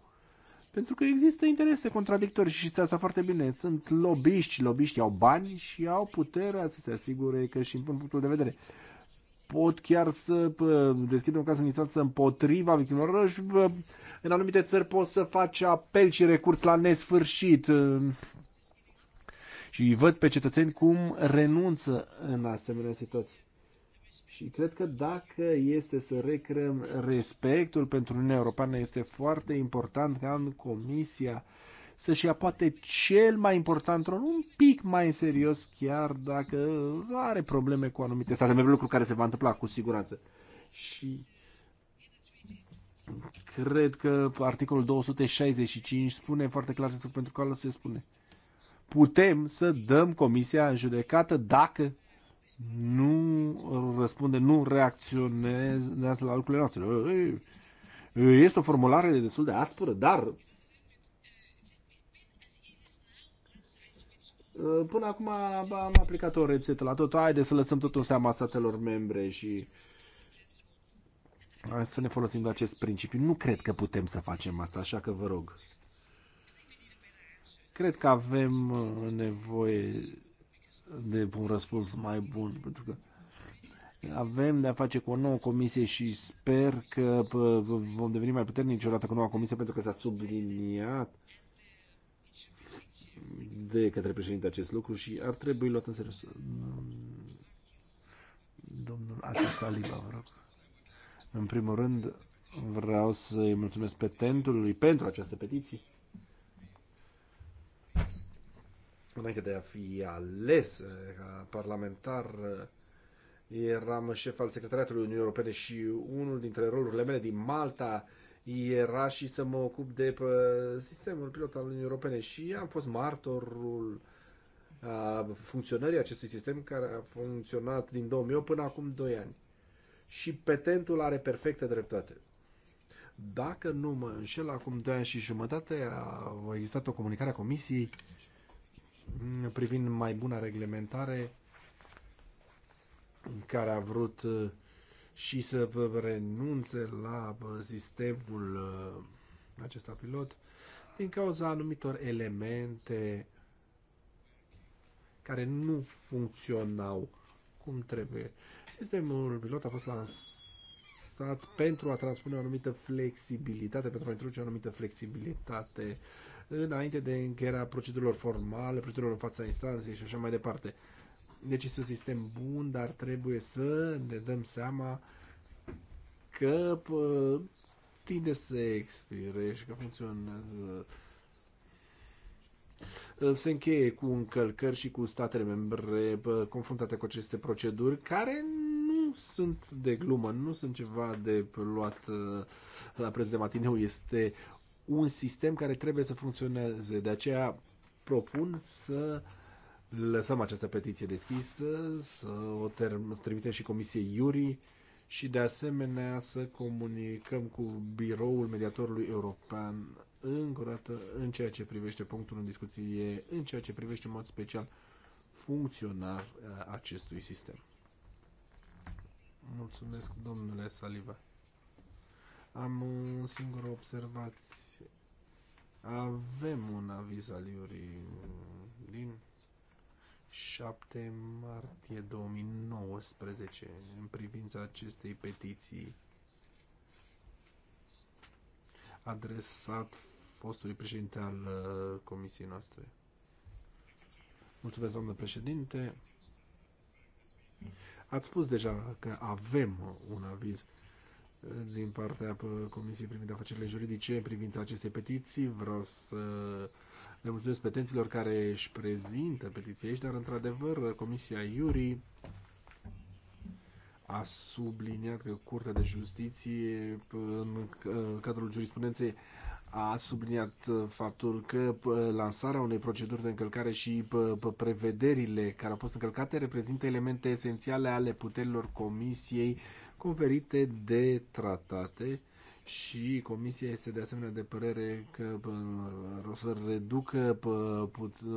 Pentru că există interese contradictorii și știți asta foarte bine. Sunt lobiști, lobiști au bani și au puterea să se asigure că și în punctul de vedere. Pot chiar să deschidă un caz în instanță împotriva victimelor și în anumite țări poți să faci apel și recurs la nesfârșit. Și îi văd pe cetățeni cum renunță în asemenea situații. Și cred că dacă este să recreăm respectul pentru Uniunea Europeană, este foarte important ca în Comisia să-și ia poate cel mai important rol, un pic mai serios, chiar dacă are probleme cu anumite state membre, lucru care se va întâmpla cu siguranță. Și cred că articolul 265 spune foarte clar pentru că se spune putem să dăm comisia în judecată dacă nu răspunde, nu reacționează la lucrurile noastre. Este o formulare destul de aspră, dar până acum am aplicat o rețetă la tot. Haideți să lăsăm totul în seama statelor membre și să ne folosim de acest principiu. Nu cred că putem să facem asta, așa că vă rog. Cred că avem uh, nevoie de un răspuns mai bun, pentru că avem de a face cu o nouă comisie și sper că uh, vom deveni mai puternici odată cu noua comisie pentru că s-a subliniat de către președinte acest lucru și ar trebui luat în serios. Domnul Asif Saliba, vă rog. În primul rând, vreau să-i mulțumesc petentului pentru această petiție înainte de a fi ales eh, ca parlamentar, eh, eram șef al Secretariatului Uniunii Europene și unul dintre rolurile mele din Malta era și să mă ocup de sistemul pilot al Uniunii Europene și am fost martorul a funcționării acestui sistem care a funcționat din 2008 până acum 2 ani. Și petentul are perfectă dreptate. Dacă nu mă înșel, acum 2 ani și jumătate a existat o comunicare a Comisiei privind mai bună reglementare care a vrut uh, și să renunțe la uh, sistemul uh, acesta pilot din cauza anumitor elemente care nu funcționau cum trebuie. Sistemul pilot a fost lansat pentru a transpune o anumită flexibilitate, pentru a introduce o anumită flexibilitate înainte de încheierea procedurilor formale, procedurilor în fața instanței și așa mai departe. Deci este un sistem bun, dar trebuie să ne dăm seama că pă, tinde să expire și că funcționează se încheie cu încălcări și cu statele membre confruntate cu aceste proceduri care nu sunt de glumă, nu sunt ceva de luat ă, la preț de matineu, este un sistem care trebuie să funcționeze. De aceea propun să lăsăm această petiție deschisă, să o term- să trimitem și Comisiei Iurii și de asemenea să comunicăm cu biroul mediatorului european încă o dată în ceea ce privește punctul în discuție, în ceea ce privește în mod special funcționar uh, acestui sistem. Mulțumesc, domnule Saliva. Am o singură observație avem un aviz al Iurii din 7 martie 2019 în privința acestei petiții adresat fostului președinte al uh, comisiei noastre. Mulțumesc, domnule președinte. Ați spus deja că avem un aviz din partea uh, Comisiei privind afacerile juridice în privința acestei petiții. Vreau să le mulțumesc petenților care își prezintă petiția aici, dar într-adevăr Comisia Iurii a subliniat că Curtea de Justiție în cadrul jurisprudenței a subliniat uh, faptul că lansarea unei proceduri de încălcare și prevederile care au fost încălcate reprezintă elemente esențiale ale puterilor Comisiei conferite de tratate și Comisia este de asemenea de părere că o să reducă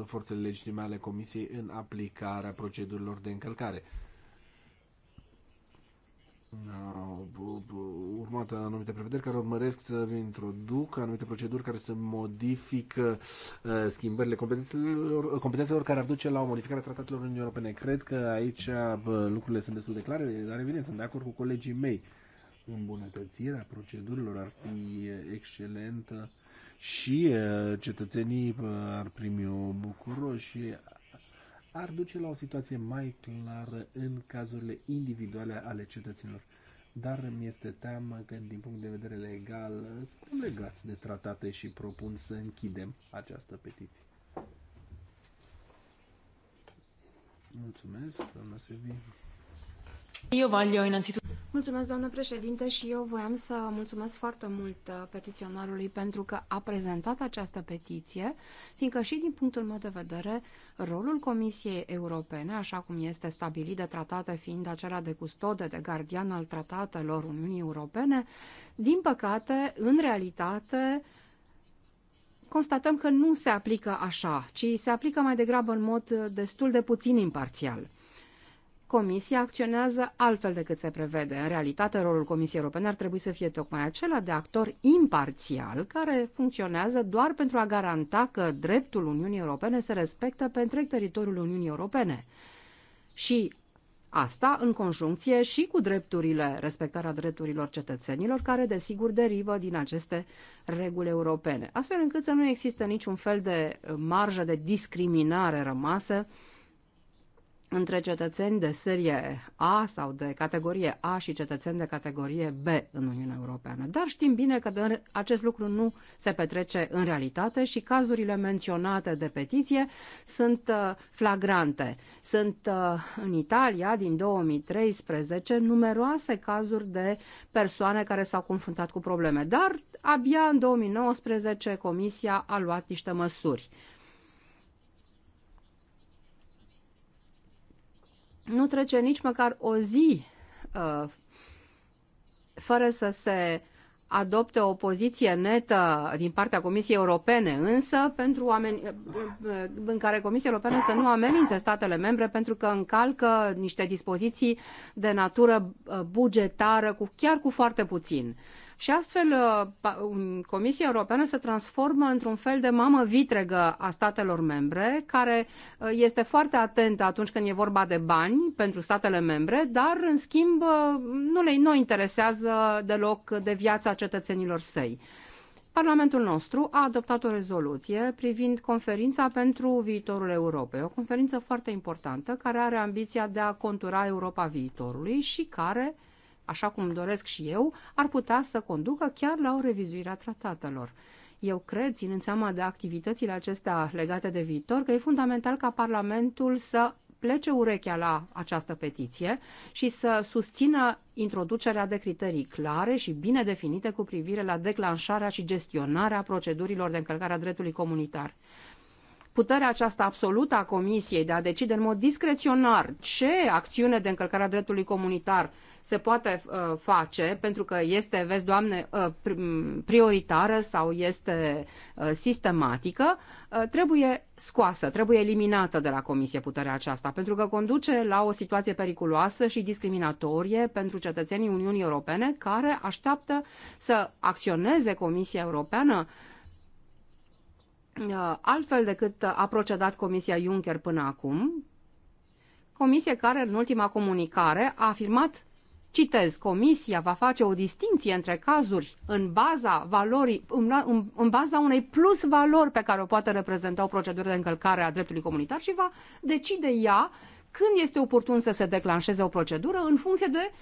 forțele legitime ale Comisiei în aplicarea procedurilor de încălcare urmat anumite prevederi care urmăresc să introducă anumite proceduri care să modifică uh, schimbările competențelor, competențelor care ar duce la o modificare a tratatelor Uniunii Europene. Cred că aici uh, lucrurile sunt destul de clare, dar evident sunt de acord cu colegii mei. Îmbunătățirea procedurilor ar fi excelentă și uh, cetățenii ar primi o bucuroșie ar duce la o situație mai clară în cazurile individuale ale cetățenilor. Dar mi este teamă că, din punct de vedere legal, suntem legați de tratate și propun să închidem această petiție. Mulțumesc, doamna Sevi. Eu voglio innanzitutto Mulțumesc, doamnă președinte, și eu voiam să mulțumesc foarte mult uh, petiționarului pentru că a prezentat această petiție, fiindcă și din punctul meu de vedere, rolul Comisiei Europene, așa cum este stabilit de tratate fiind acela de custode, de gardian al tratatelor Uniunii Europene, din păcate, în realitate, constatăm că nu se aplică așa, ci se aplică mai degrabă în mod uh, destul de puțin imparțial. Comisia acționează altfel decât se prevede. În realitate, rolul Comisiei Europene ar trebui să fie tocmai acela de actor imparțial care funcționează doar pentru a garanta că dreptul Uniunii Europene se respectă pe întreg teritoriul Uniunii Europene. Și Asta în conjuncție și cu drepturile, respectarea drepturilor cetățenilor, care desigur derivă din aceste reguli europene, astfel încât să nu există niciun fel de marjă de discriminare rămasă între cetățeni de serie A sau de categorie A și cetățeni de categorie B în Uniunea Europeană. Dar știm bine că acest lucru nu se petrece în realitate și cazurile menționate de petiție sunt uh, flagrante. Sunt uh, în Italia din 2013 numeroase cazuri de persoane care s-au confruntat cu probleme, dar abia în 2019 Comisia a luat niște măsuri. nu trece nici măcar o zi uh, fără să se adopte o poziție netă din partea Comisiei Europene, însă pentru oameni, uh, uh, în care Comisia Europeană să nu amenințe statele membre pentru că încalcă niște dispoziții de natură uh, bugetară cu, chiar cu foarte puțin. Uh, și astfel uh, Comisia Europeană se transformă într-un fel de mamă vitregă a statelor membre, care uh, este foarte atentă atunci când e vorba de bani pentru statele membre, dar în schimb uh, nu le nu interesează deloc de viața cetățenilor săi. Parlamentul nostru a adoptat o rezoluție privind conferința pentru viitorul Europei, o conferință foarte importantă care are ambiția de a contura Europa viitorului și care așa cum doresc și eu, ar putea să conducă chiar la o revizuire a tratatelor. Eu cred, ținând seama de activitățile acestea legate de viitor, că e fundamental ca Parlamentul să plece urechea la această petiție și să susțină introducerea de criterii clare și bine definite cu privire la declanșarea și gestionarea procedurilor de încălcare a dreptului comunitar puterea aceasta absolută a Comisiei de a decide în mod discreționar ce acțiune de încălcare a dreptului comunitar se poate uh, face, pentru că este, vezi, Doamne, uh, prioritară sau este uh, sistematică, uh, trebuie scoasă, trebuie eliminată de la Comisie puterea aceasta, pentru că conduce la o situație periculoasă și discriminatorie pentru cetățenii Uniunii Europene care așteaptă să acționeze Comisia Europeană uh, Uh, altfel decât a procedat Comisia Juncker până acum, comisie care în ultima comunicare a afirmat Citez, Comisia va face o distinție între cazuri în baza, valorii, în, în, în baza unei plus valori pe care o poate reprezenta o procedură de încălcare a dreptului comunitar și va decide ea când este oportun să se declanșeze o procedură în funcție de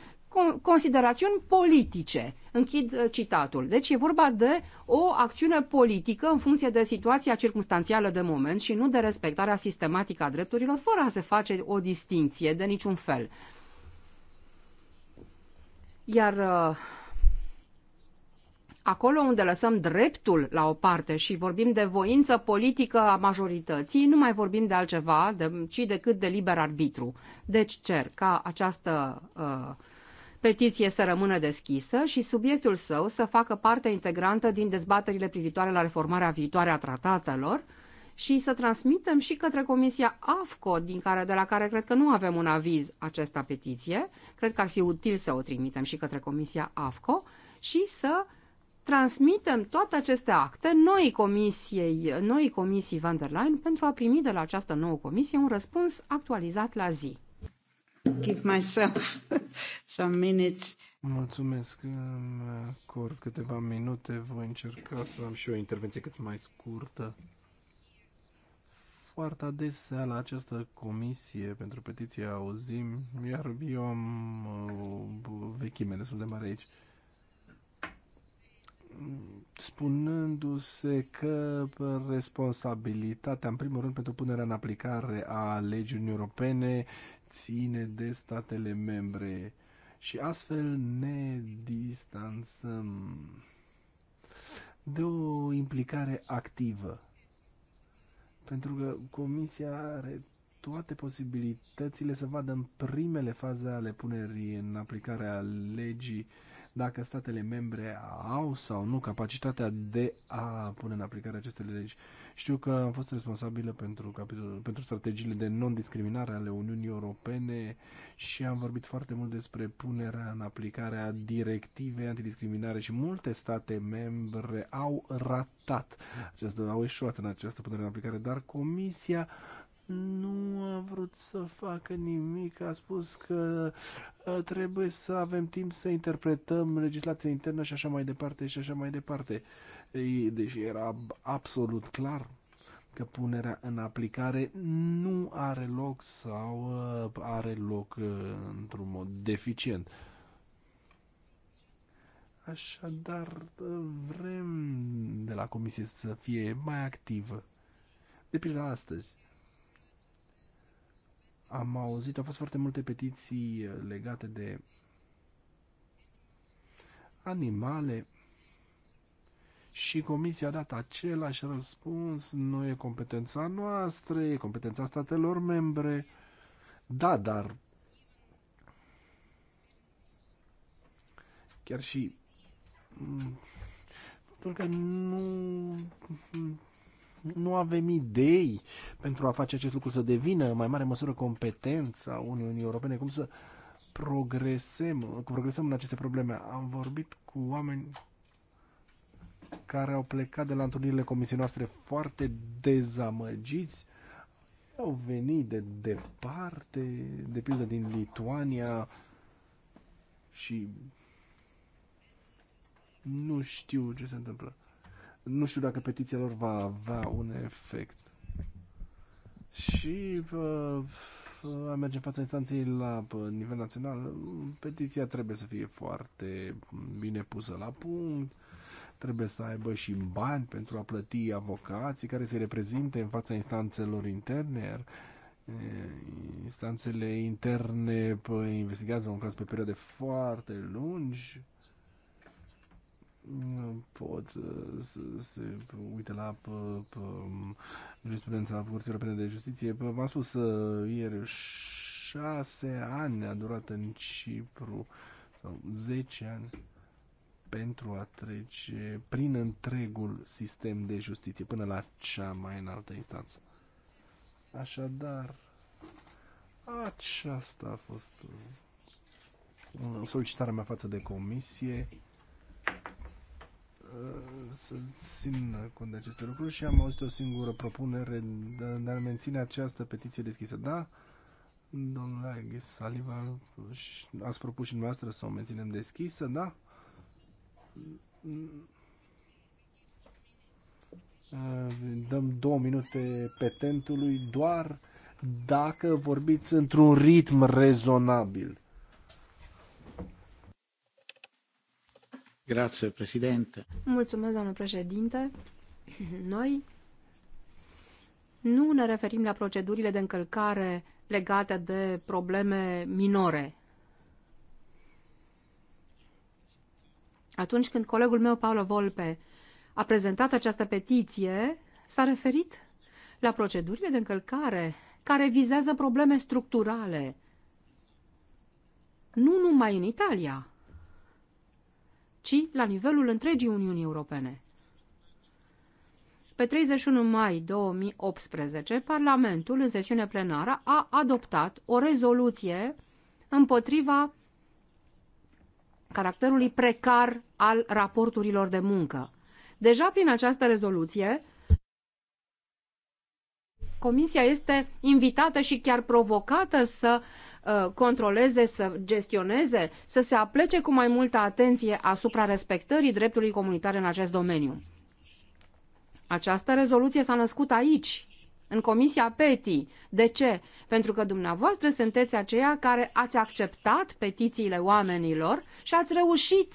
considerațiuni politice. Închid uh, citatul. Deci e vorba de o acțiune politică în funcție de situația circumstanțială de moment și nu de respectarea sistematică a drepturilor, fără a se face o distinție de niciun fel. Iar uh, acolo unde lăsăm dreptul la o parte și vorbim de voință politică a majorității, nu mai vorbim de altceva, de, ci decât de liber arbitru. Deci cer ca această uh, petiție să rămână deschisă și subiectul său să facă parte integrantă din dezbaterile privitoare la reformarea viitoare a tratatelor și să transmitem și către Comisia AFCO, din care, de la care cred că nu avem un aviz această petiție, cred că ar fi util să o trimitem și către Comisia AFCO și să uh, transmitem toate aceste acte noi comisiei, noi comisii van der Leyen pentru a primi de la această nouă comisie un răspuns actualizat la zi. Give myself some minutes. Mulțumesc. Cor acord câteva minute voi încerca să am și o intervenție cât mai scurtă. Foarte adesea la această comisie pentru petiție auzim, iar eu am uh, o vechime destul de mare aici spunându-se că responsabilitatea, în primul rând, pentru punerea în aplicare a legii Uniunii Europene ține de statele membre și astfel ne distanțăm de o implicare activă. Pentru că Comisia are toate posibilitățile să vadă în primele faze ale punerii în aplicare a legii uh, dacă statele membre au sau nu capacitatea de a pune în aplicare aceste legi. Știu că am fost responsabilă pentru, capitolul, pentru strategiile de non-discriminare ale Uniunii Europene și am vorbit foarte mult despre punerea în aplicare a directivei antidiscriminare și multe state membre au ratat, această, au eșuat în această punere în aplicare, dar Comisia nu a vrut să facă nimic, a spus că trebuie să avem timp să interpretăm legislația internă și așa mai departe și așa mai departe. Deși era absolut clar că punerea în aplicare nu are loc sau are loc într-un mod deficient. Așadar, vrem de la comisie să fie mai activă. De pildă astăzi, am auzit, au fost foarte multe petiții eh, legate de animale și comisia a dat același răspuns, nu e competența noastră, e competența statelor membre. Da, dar chiar și mm, pentru că nu nu avem idei pentru a face acest lucru să devină în mai mare măsură competența Uniunii Europene, cum să progresăm, cum progresăm în aceste probleme. Am vorbit cu oameni care au plecat de la întâlnirile comisiei noastre foarte dezamăgiți au venit de departe, de pildă din Lituania și nu știu ce se întâmplă nu știu dacă petiția lor va avea un efect. Și uh, a merge în fața instanței la nivel național, petiția trebuie să fie foarte bine pusă la punct, trebuie să aibă și bani pentru a plăti avocații care se reprezinte în fața instanțelor interne, iar instanțele interne investigează un caz pe perioade foarte lungi pot uh, să se uite la uh, um, jurisprudența Curții Europene de Justiție. V-am spus uh, ieri, șase ani a durat în Cipru, sau zece ani, pentru a trece prin întregul sistem de justiție, până la cea mai înaltă instanță. Așadar, aceasta a fost solicitarea mea față de comisie să țin cont de aceste lucruri și am auzit o singură propunere de a menține această petiție deschisă. Da, domnule Aghis Saliva, ați propus și dumneavoastră să o menținem deschisă, da? Dăm două minute petentului doar dacă vorbiți într-un ritm rezonabil. Grazie, Mulțumesc, doamnă președinte. Noi nu ne referim la procedurile de încălcare legate de probleme minore. Atunci când colegul meu, Paolo Volpe, a prezentat această petiție, s-a referit la procedurile de încălcare care vizează probleme structurale, nu numai în Italia, ci la nivelul întregii Uniunii Europene. Pe 31 mai 2018, Parlamentul, în sesiune plenară, a adoptat o rezoluție împotriva caracterului precar al raporturilor de muncă. Deja prin această rezoluție, Comisia este invitată și chiar provocată să Uh, controleze, să gestioneze, să se aplece cu mai multă atenție asupra respectării dreptului comunitar în acest domeniu. Această rezoluție s-a născut aici, în Comisia PETI. De ce? Pentru că dumneavoastră sunteți aceia care ați acceptat petițiile oamenilor și ați reușit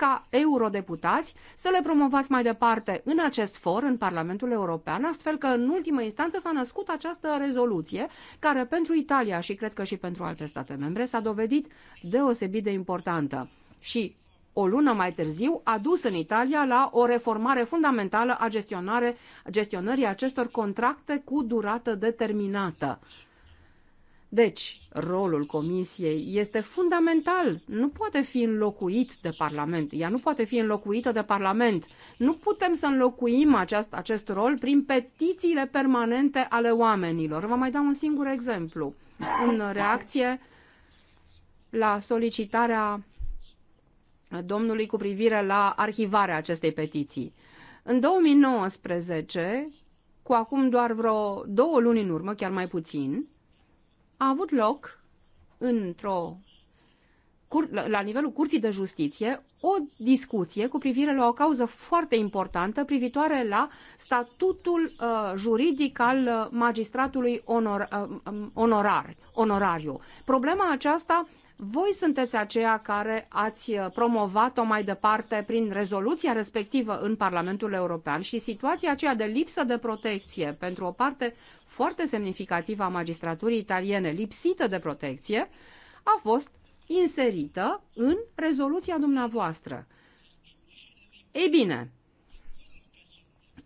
ca eurodeputați să le promovați mai departe în acest for, în Parlamentul European, astfel că în ultimă instanță s-a născut această rezoluție care pentru Italia și cred că și pentru alte state membre s-a dovedit deosebit de importantă. Și o lună mai târziu, a dus în Italia la o reformare fundamentală a gestionare, gestionării acestor contracte cu durată determinată. Deci, rolul Comisiei este fundamental. Nu poate fi înlocuit de Parlament. Ea nu poate fi înlocuită de Parlament. Nu putem să înlocuim acest acest rol prin petițiile permanente ale oamenilor. Vă mai dau un singur exemplu. În reacție la solicitarea domnului cu privire la arhivarea acestei petiții. În 2019, cu acum doar vreo două luni în urmă, chiar mai puțin, a avut loc într-o la nivelul Curții de Justiție o discuție cu privire la o cauză foarte importantă privitoare la statutul uh, juridic al uh, magistratului onor, uh, um, onorar, onorariu. Problema aceasta voi sunteți aceia care ați promovat-o mai departe prin rezoluția respectivă în Parlamentul European și situația aceea de lipsă de protecție pentru o parte foarte semnificativă a magistraturii italiene lipsită de protecție a fost inserită în rezoluția dumneavoastră. Ei bine,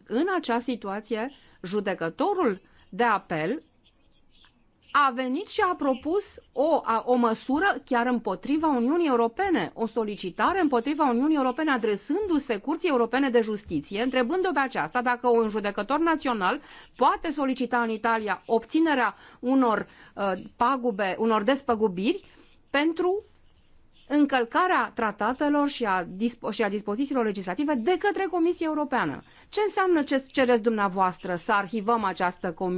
în acea situație, judecătorul de apel a venit și a propus o, a, o măsură chiar împotriva Uniunii Europene, o solicitare împotriva Uniunii Europene, adresându-se Curții Europene de Justiție, întrebându o pe aceasta dacă un judecător național poate solicita în Italia obținerea unor uh, pagube, unor despăgubiri pentru încălcarea tratatelor și a, dispo- și a dispozițiilor legislative de către Comisia Europeană. Ce înseamnă ce cereți dumneavoastră să arhivăm această uh,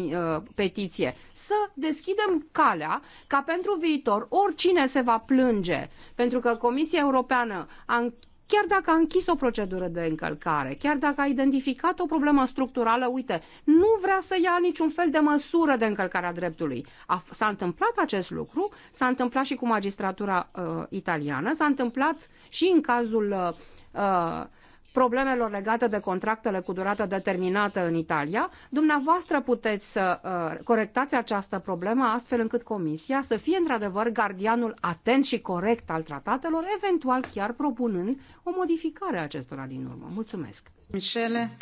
petiție? Să deschidem calea ca pentru viitor oricine se va plânge pentru că Comisia Europeană a Chiar dacă a închis o procedură de încălcare, chiar dacă a identificat o problemă structurală, uite, nu vrea să ia niciun fel de măsură de încălcare a dreptului. A, s-a întâmplat acest lucru, s-a întâmplat și cu magistratura uh, italiană, s-a întâmplat și în cazul uh, uh problemelor legate de contractele cu durată determinată în Italia, dumneavoastră puteți să uh, corectați această problemă astfel încât Comisia să fie într-adevăr gardianul atent și corect al tratatelor, eventual chiar propunând o modificare a acestora din urmă. Mulțumesc! Michele,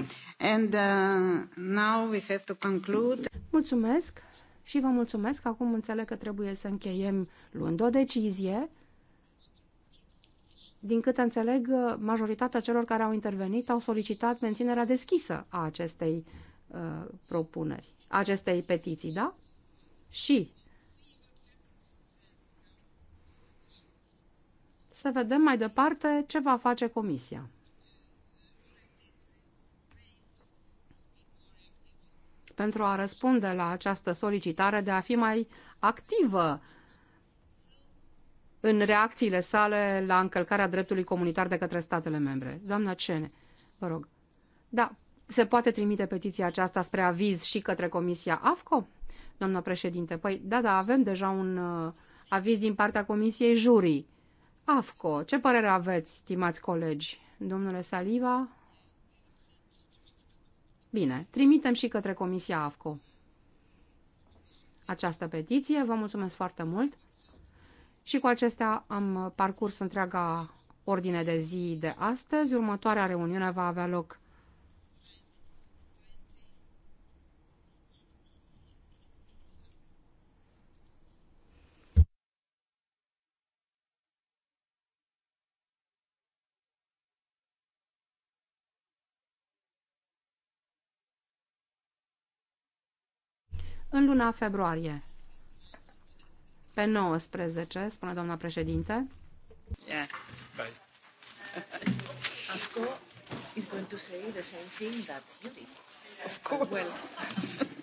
and uh, now we have to conclude. Mulțumesc și vă mulțumesc. Acum înțeleg că trebuie să încheiem luând o decizie. Din câte înțeleg, majoritatea celor care au intervenit au solicitat menținerea deschisă a acestei uh, propuneri, acestei petiții, da? Și să vedem mai departe ce va face comisia. pentru a răspunde la această solicitare de a fi mai activă în reacțiile sale la încălcarea dreptului comunitar de către statele membre. Doamna Cene, vă rog. Da, se poate trimite petiția aceasta spre aviz și către Comisia AFCO? Doamna președinte, păi da, da, avem deja un uh, aviz din partea Comisiei Jurii. AFCO, ce părere aveți, stimați colegi? Domnule Saliva? Bine, trimitem și către Comisia AFCO această petiție. Vă mulțumesc foarte mult! Și cu acestea am parcurs întreaga ordine de zi de astăzi. Următoarea reuniune va avea loc în luna februarie. Pe 19, spune doamna președinte. Yeah. Bye. Of course. Well.